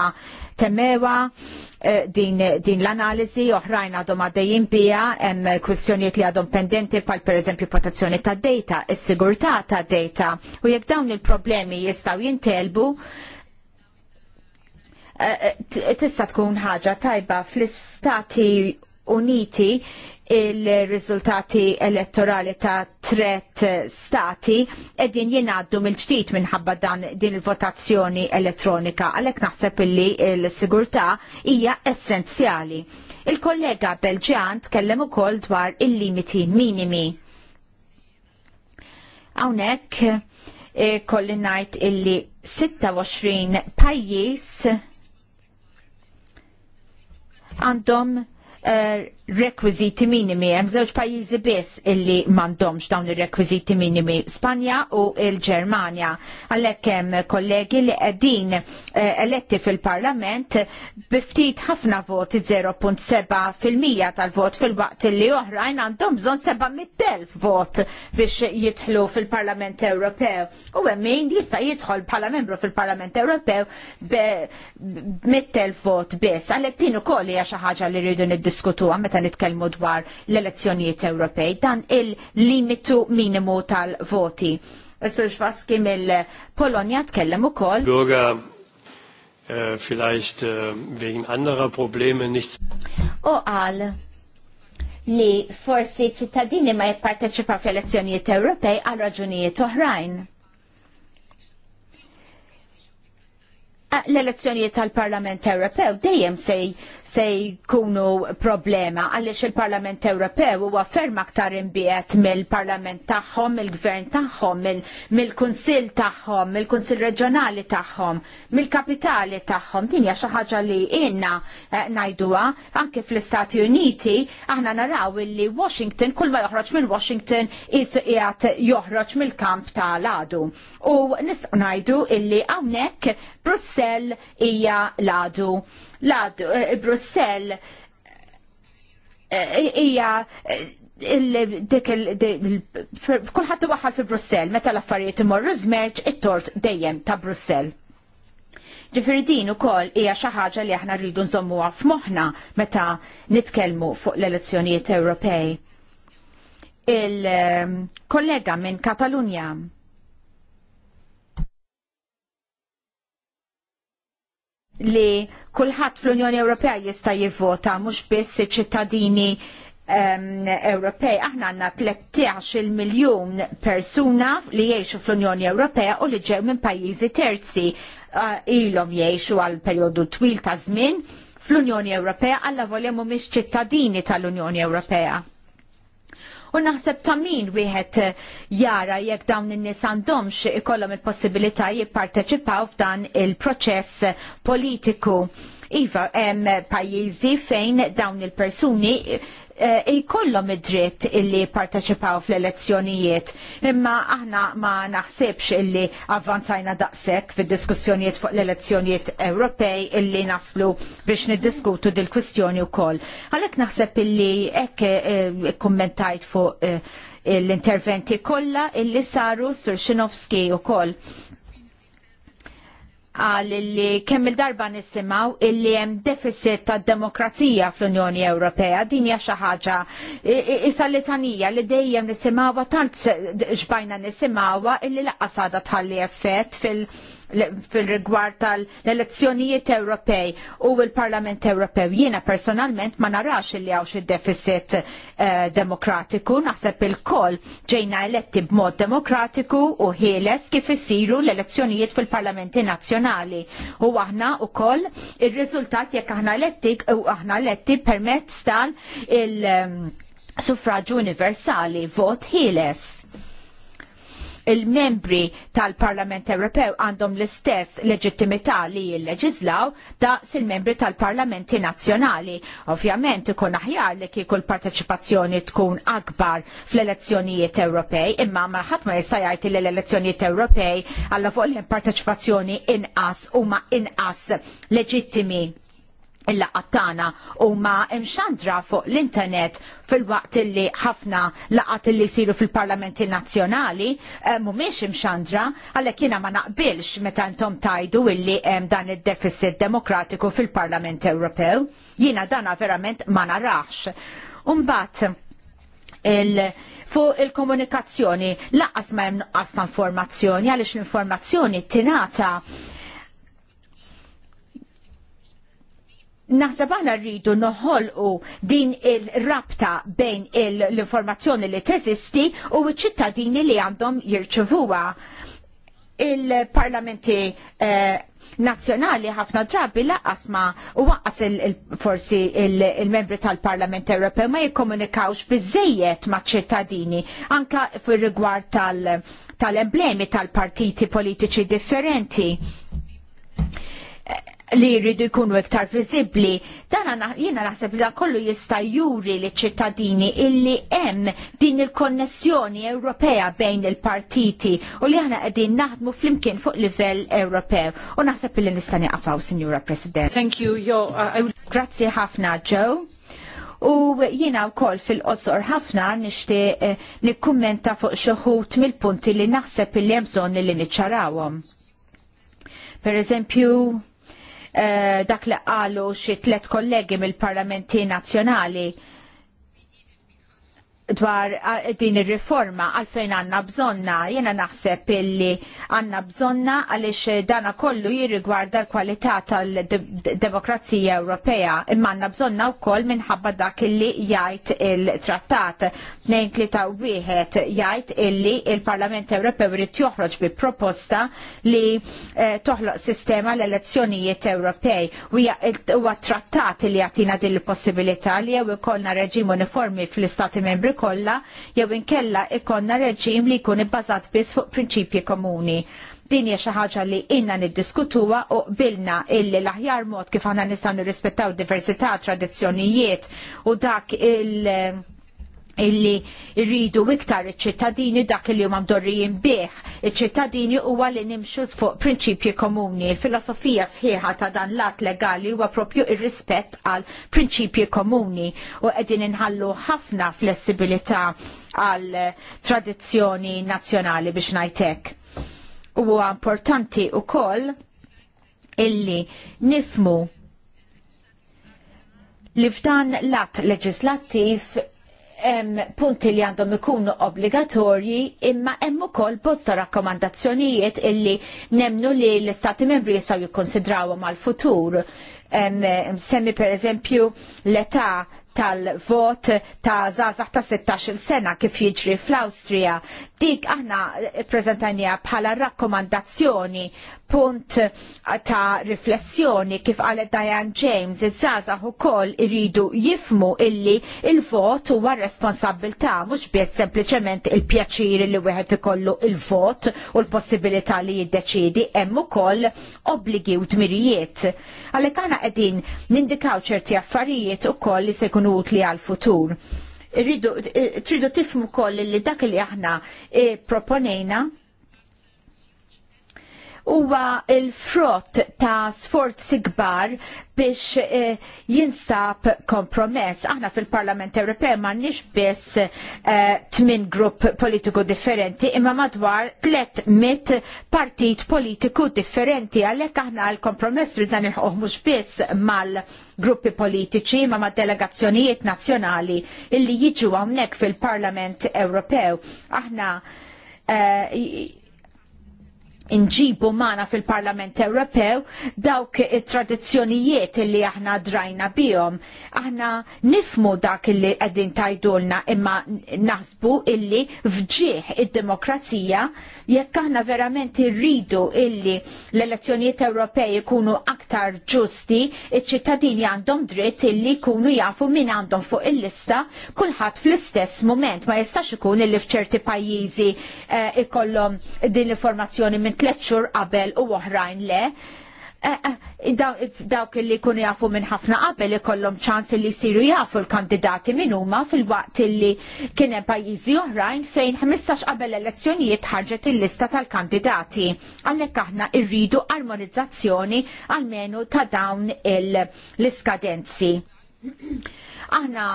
temmewa eh, din, l-analizi oħrajn għadhom għaddejjin bija hemm kwistjonijiet li għadhom pendenti pal per eżempju protezzjoni ta' data, is-sigurtà ta' data u jekk dawn il-problemi jistgħu jintelbu Eh, eh, tista' tkun ħaġa tajba fl-Istati Uniti il-rizultati elettorali ta' tret stati edin jenaddu mill-ġdid minħabba dan din il-votazzjoni elettronika għalek naħseb illi il sigurta hija essenzjali. Il-kollega Belġan tkellem ukoll dwar il-limiti minimi. Hawnhekk eh, kolli ngħid illi 26 pajjiż għandhom eh, rekwiziti minimi, hemm żewġ pajjiżi biss illi m'għandhomx dawn ir-rekwiżiti minimi, Spanja u l-Ġermanja. Għalhekk hemm kollegi li qegħdin eh, eletti fil-Parlament biftit ħafna voti 0.7% tal-vot fil-waqt li oħrajn għandhom bżonn 700.000 vot biex jidħlu fil-Parlament Ewropew. U hemm min jista' jidħol bħala membru fil-Parlament Ewropew mid-telf vot biss. Għalhekk din ukoll hija xi ħaġa li rridu niddiskutuha meta nitkellmu dwar l-elezzjonijiet Ewropej, dan il-limitu minimu tal-voti. Sur Xvaski mill-Polonja tkellem ukoll. Bürger äh, vielleicht äh, wegen anderer Probleme nichts. U qal li forsi ċittadini ma jipparteċipaw fl-elezzjonijiet Ewropej għal raġunijiet oħrajn l-elezzjonijiet tal-Parlament Ewropew dejjem se jkunu problema għaliex il-Parlament Ewropew huwa ferm aktar imbiet mill-Parlament tagħhom, mill-Gvern tagħhom, mill-Kunsill tagħhom, mill-Kunsill Reġjonali tagħhom, mill-Kapitali tagħhom. Din hija xi ħaġa li inna eh, ngħiduha anke fl-Istati Uniti aħna naraw li Washington kull ma joħroġ minn Washington isu qiegħed joħroġ mill-kamp tal-għadu. U nisqnajdu illi hawnhekk Brussell hija ladu. Ladu, eh, Brussell eh, hija eh, dik kulħadd waħal fi Brussell, meta l-affarijiet imorru żmerġ it-tort dejjem ta' Brussell. Ġifiri din ukoll hija xi ħaġa li aħna rridu nżommuha f'moħħna meta nitkellmu fuq l-elezzjonijiet Ewropej. Il-kollega minn Katalunja li kulħadd fl-Unjoni Ewropea jista' jivvota mhux biss iċ-ċittadini um, Ewropej. Aħna għandna 13 miljun persuna li jgħixu fl-Unjoni Ewropea u li ġew minn pajjiżi terzi uh, ilhom jgħixu għal perjodu twil ta' żmien fl-Unjoni Ewropea alla volja mhumiex ċittadini tal-Unjoni Ewropea. U naħseb ta' min wieħed eh, jara jekk dawn in-nies għandhomx ikollhom il-possibilità jipparteċipaw f'dan il-proċess politiku. Iva, hemm pajjiżi fejn dawn il-persuni Eh, jkollhom id-dritt illi parteċipaw fl-elezzjonijiet. Imma aħna ma naħsibx illi avvanzajna daqshekk fid-diskussjonijiet fuq l-elezzjonijiet Ewropej illi naslu biex niddiskutu dil-kwistjoni wkoll. Għalhekk naħseb illi hekk eh, kummentajt fuq eh, l-interventi kollha illi saru Sur u wkoll għal li kemm il-darba nisimaw illi hemm deficit ta' demokrazija fl-Unjoni Ewropea, din hija xi ħaġa isha litanija li dejjem nisimgħuha tant xbajna nisimgħuha illi laqqas għadha tħalli effett fil- fil-rigward tal-elezzjonijiet Ewropej u l-Parlament Ewropew. Jiena personalment ma narax li għawx il deficit eh, demokratiku, naħseb il-koll ġejna eletti b'mod demokratiku u ħieles kif isiru l-elezzjonijiet fil-Parlamenti Nazzjonali. U aħna koll ir-riżultat jekk aħna eletti u aħna eletti permezz tal il- eh, suffraġġu universali, vot ħieles il-membri tal-Parlament Ewropew għandhom l-istess leġittimità li jilleġislaw daqs il-membri tal-Parlamenti Nazzjonali. Ovvjament ikun aħjar li kieku l-parteċipazzjoni tkun akbar fl-elezzjonijiet Ewropej, imma marħat ma jista' l-elezzjonijiet Ewropej alla fuq li parteċipazzjoni inqas huma inqas leġittimi il-laqat tagħna huma imxandra fuq l-internet fil-waqt illi ħafna laqat illi jsiru fil-parlamenti nazzjonali eh, mhumiex imxandra għalhekk jiena ma naqbilx meta intom tajdu illi hemm dan id-deficit demokratiku fil-Parlament Ewropew. Jiena dana verament ma narax. Umbat, il- fuq il-komunikazzjoni laqas ma hemm nuqqas ta' informazzjoni għaliex l-informazzjoni tingħata Naħseb aħna rridu noħolqu din il-rabta bejn l-informazzjoni li teżisti u ċ-ċittadini li għandhom jirċivuha. Il-parlamenti eh, nazzjonali ħafna drabi laqas ma u waqqas forsi il-membri il membri tal parlament Ewropew ma jikkomunikawx biżejjed ma' ċittadini anka fir-rigward tal-emblemi tal emblemi tal partiti politiċi differenti li jridu jkunu iktar viżibbli. Dan jiena naħseb li dan kollu jista' juri li ċittadini illi hemm din il-konnessjoni Ewropea bejn il-partiti u li aħna qegħdin naħdmu flimkien fuq livell Ewropew. U naħseb li nista' niqafaw, Sinjura President. Thank you, yo, uh, Grazzi ħafna, Joe. U jiena wkoll fil-qosor ħafna nishti eh, nikkummenta fuq xoħut mill-punti li naħseb il-li jemżon li niċċarawhom. Per eżempju, Eh, dak li qalu xi tliet kollegi mill-Parlamenti Nazzjonali dwar din ir-riforma għalfejn għandna bżonna, jiena naħseb illi għandna bżonna għaliex dana kollu jirrigwarda l-kwalità tal-demokrazija Ewropea, imma għandna bżonna wkoll minħabba dak illi jgħid il-trattat wieħed jgħid illi il-Parlament Ewropew irid joħroġ bi proposta li eh, toħloq sistema l-elezzjonijiet Ewropej u huwa trattat li jagħtina din il-possibilità li jew ikollna reġim uniformi fl-Istati Membri kollha jew inkella ikonna reġim li jkun ibbażat biss fuq prinċipji komuni. Din hija xi ħaġa li inna niddiskutuha u qbilna illi l-aħjar mod kif aħna nistgħu nirrispettaw diversità, tradizzjonijiet u dak il- illi rridu iktar iċ-ċittadini dak li huma mdorrijin bih. Iċ-ċittadini huwa li nimxu fuq prinċipji komuni. Il-filosofija sħiħa ta' dan l-att legali huwa propju ir-rispett għal prinċipji komuni u qegħdin inħallu ħafna flessibilità għal tradizzjoni nazzjonali biex ngħidlek. Huwa importanti wkoll illi nifmu li f'dan l-att leġislattiv hemm punti li għandhom ikunu obbligatorji imma hemm ukoll bosta rakkomandazzjonijiet illi nemnu li l-Istati membri jistgħu jikkonsidrawhom għal futur. Semmi per eżempju l-età tal-vot ta' zazax ta' 16 sena kif jiġri fl-Austria. Dik aħna prezentanija bħala rakkomandazzjoni punt ta' riflessjoni kif qalet Diane James iż-żgħażagħ ukoll iridu jifmu illi il-vot huwa responsabilta' mhux biss sempliċement il-pjaċir li wieħed ikollu il-vot u l-possibilità li jiddeċiedi hemm ukoll obbligi u tmirijiet. Għalhekk aħna qegħdin nindikaw ċerti affarijiet ukoll li se jkunu utli għal-futur. Eh, tridu tifmu koll li dak li aħna eh, proponejna huwa il-frott ta' sforzi kbar biex eh, jinsab kompromess. Aħna fil-Parlament Ewropew m'għandniex biss tmien eh, tmin grupp politiku differenti, imma madwar tlet mit partit politiku differenti. Għalhekk aħna l-kompromess ridna nilħuh mhux biss mal-gruppi politiċi imma mad delegazzjonijiet nazzjonali illi jiġu hawnhekk fil-Parlament Ewropew. Aħna eh, nġibu mana fil-Parlament Ewropew dawk it-tradizzjonijiet li aħna drajna bihom. Aħna nifmu dak li qegħdin tajdulna imma naħsbu illi fġieħ id-demokrazija jekk aħna verament irridu illi l-elezzjonijiet Ewropej ikunu aktar ġusti, iċ-ċittadini għandhom dritt illi jkunu jafu min għandhom fuq il-lista kulħadd fl-istess mument ma jistax ikun illi f'ċerti pajjiżi eh, ikollhom din l-informazzjoni minn tletxur xhur qabel u oħrajn le. Eh, eh, dawk li jkunu jafu minn ħafna qabel ikollhom ċans li jsiru jafu l-kandidati minn huma fil-waqt li kien hemm pajjiżi oħrajn fejn 15 qabel elezzjonijiet ħarġet il-lista tal-kandidati. Għalhekk aħna rridu armonizzazzjoni għall-menu ta' dawn l-iskadenzi. Aħna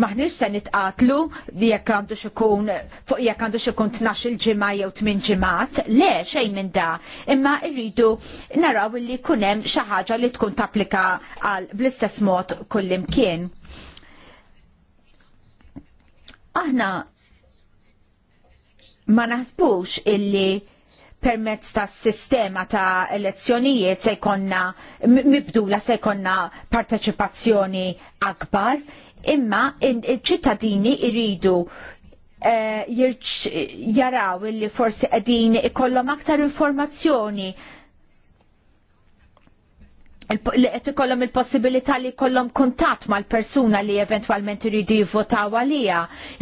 maħniex se nitqatlu li jekk għandu xikun fuq jekk għandu xikun il ġimgħa jew tmin ġimgħat, le xejn minn da, imma rridu naraw li jkun hemm xi ħaġa li tkun tapplika għal bl-istess mod kullimkien. Aħna ma naħsbux illi permezz tas sistema ta' elezzjonijiet se jkollna mibdula se jkollna parteċipazzjoni akbar, imma iċ-ċittadini jridu eh, jaraw li forsi qegħdin ikollhom aktar informazzjoni li qed ikollhom il-possibilità li jkollhom kuntatt mal-persuna li eventwalment iridu jivvotaw għalija,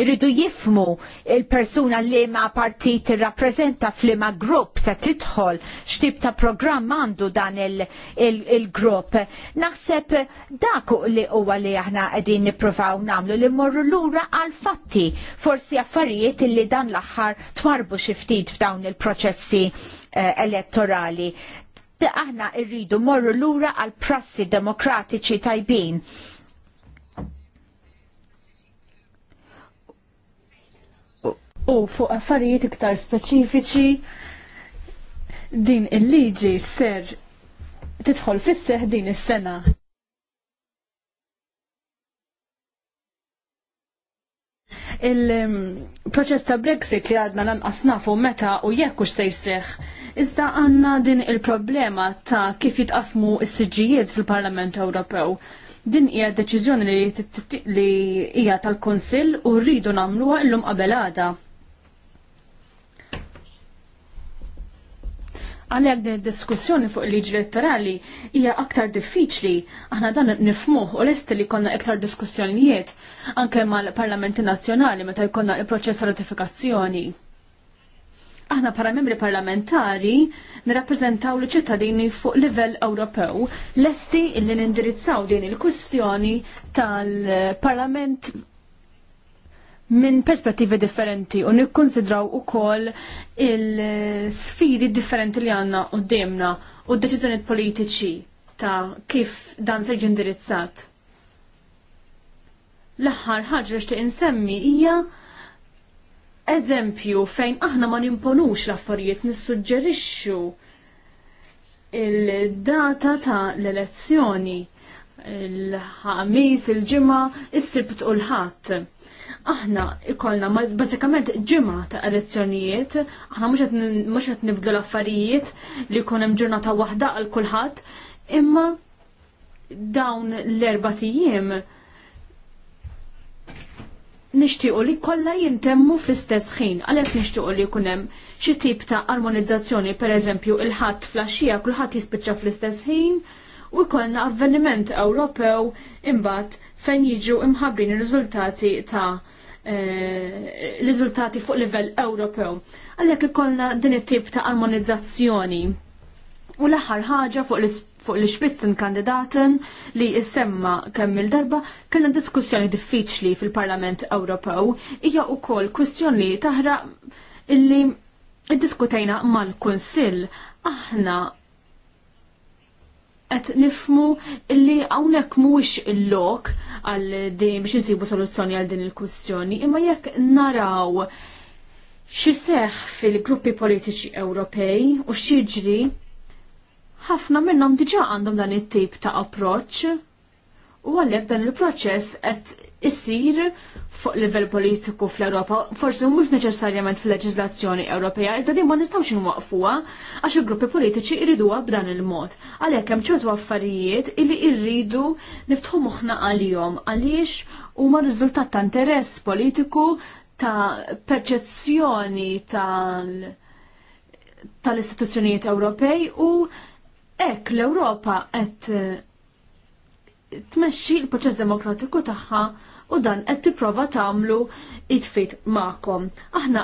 iridu jifmu il-persuna li ma partit irrappreżenta f'liema grupp se tidħol x'tip ta' programm għandu dan il-grupp. Naħseb dak li huwa li aħna qegħdin nippruvaw nagħmlu li mmorru lura għal fatti forsi affarijiet illi dan l-aħħar twarbu xi ftit f'dawn il-proċessi eh, elettorali aħna rridu morru lura għal prassi demokratiċi tajbin. U fuq affarijiet iktar speċifiċi din il-liġi ser tidħol fis-seħ din is-sena. il-proċess ta' Brexit li għadna lanqas nafu meta u jekk se jseħ. Iżda għanna din il-problema ta' kif jitqasmu s sġijiet fil-Parlament Ewropew. Din hija deċiżjoni li hija tal kunsill u rridu nagħmluha llum qabel għada. għalek din id-diskussjoni fuq il-liġi elettorali hija aktar diffiċli aħna dan nifmuh u lest li konna iktar diskussjonijiet anke mal-Parlamenti Nazzjonali meta jkollna il-proċess ratifikazzjoni. Aħna para membri parlamentari nirrappreżentaw li ċittadini fuq livell Ewropew lesti li nindirizzaw din il-kwistjoni tal-Parlament minn perspettivi differenti u nikkonsidraw ukoll il-sfidi differenti li għanna u demna u d-deċiżjonijiet politiċi ta' kif dan se indirizzat. L-aħħar ħaġa xtieq insemmi hija eżempju fejn aħna ma nimponux l-affarijiet nissuġġerixxu il-data ta' l-elezzjoni il-ħamis, il-ġimgħa, is-sibt u l-ħadd aħna ikollna bażikament ġimgħa ta' elezzjonijiet, aħna mhux qed nibdu l-affarijiet li jkun hemm ġurnata waħda għal kulħadd, imma dawn l-erba' tijiem nixtiequ li kollha jintemmu fl-istess ħin, għalhekk nixtiequ li jkun hemm xi tip ta' armonizzazzjoni, pereżempju il-ħadd flaxija kulħadd jispiċċa fl-istess ħin u jkollna avveniment Ewropew imbagħad fejn jiġu imħabbin ir-riżultati ta' Eh, riżultati fuq livell Ewropew. Għalhekk ikollna din it-tip ta' armonizzazzjoni. U l-aħħar ħaġa fuq l-Spitzen kandidaten li jissemma kemm il-darba kellna diskussjoni diffiċli fil-Parlament Ewropew hija wkoll kwistjoni taħraq illi iddiskutejna mal-Kunsill aħna qed nifmu li hawnhekk mhuwiex il-lok għal din biex isibu soluzzjoni għal din il-kwistjoni, imma jekk naraw xi seħ fil-gruppi politiċi Ewropej u x'jiġri ħafna minnhom diġà għandhom dan it-tip ta' approċċ u għalhekk dan il-proċess qed isir fuq livell politiku fl-Ewropa, forsi mhux neċessarjament fil-leġiżlazzjoni Ewropea, iżda din ma nistgħux nwaqfuha għax il-gruppi politiċi jriduha b'dan il-mod. Għalhekk hemm ċertu affarijiet illi rridu niftħu moħħna għalihom għaliex huma riżultat ta' interess politiku ta' perċezzjoni tal tal-istituzzjonijiet Ewropej u hekk l-Ewropa qed tmexxi l-proċess demokratiku tagħha u dan qed tipprova tagħmlu it-fit magħkom. Aħna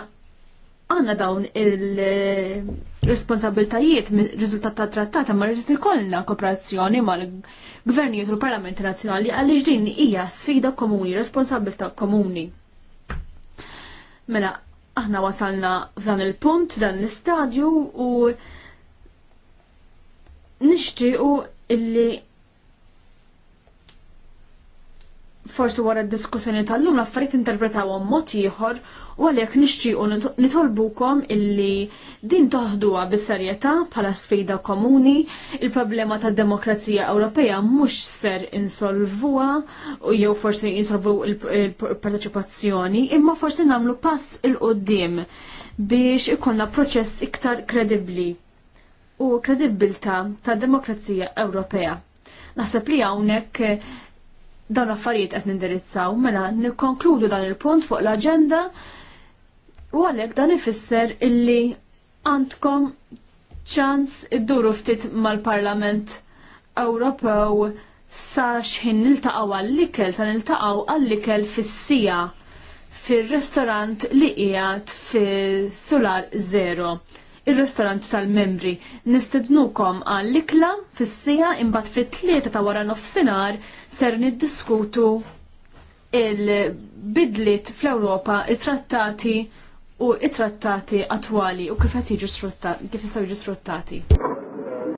għanna dawn il-responsabiltajiet riżultat ta' trattata ma rrid ikollna kooperazzjoni mal-gvernijiet u l-Parlamenti Nazzjonali għaliex din hija sfida komuni, responsabilità komuni. Mela, aħna wasalna f'dan il-punt, dan l-istadju u nixtiequ illi forsi wara d-diskussjoni tal-lum l-affarijiet interpretawhom mod ieħor u għalhekk nixtiequ nitolbukom illi din toħduha bis-serjetà bħala sfida komuni, il-problema tad-demokrazija Ewropea mhux ser insolvuha u jew forsi insolvu il-parteċipazzjoni, imma forsi nagħmlu pass il qudiem biex ikonna proċess iktar kredibbli u kredibilta tad-demokrazija Ewropea. Naħseb li hawnhekk dawn affarijiet qed nindirizzaw mela nikkonkludu dan il-punt fuq l-aġenda u għalhekk dan ifisser illi għandkom ċans idduru ftit mal-Parlament Ewropew sa xħin niltaqgħu għall-ikel, sa niltaqgħu għall-ikel fis-sija fir-restorant li qiegħed fis-sular Zero il-ristorant tal-membri. Nistednukom għall-ikla fis imbat imbagħad fit-tlieta ta' wara nofsinhar ser niddiskutu il-bidlit fl-Ewropa, it-trattati u it-trattati attwali u kif kif jistgħu jiġu sfruttati.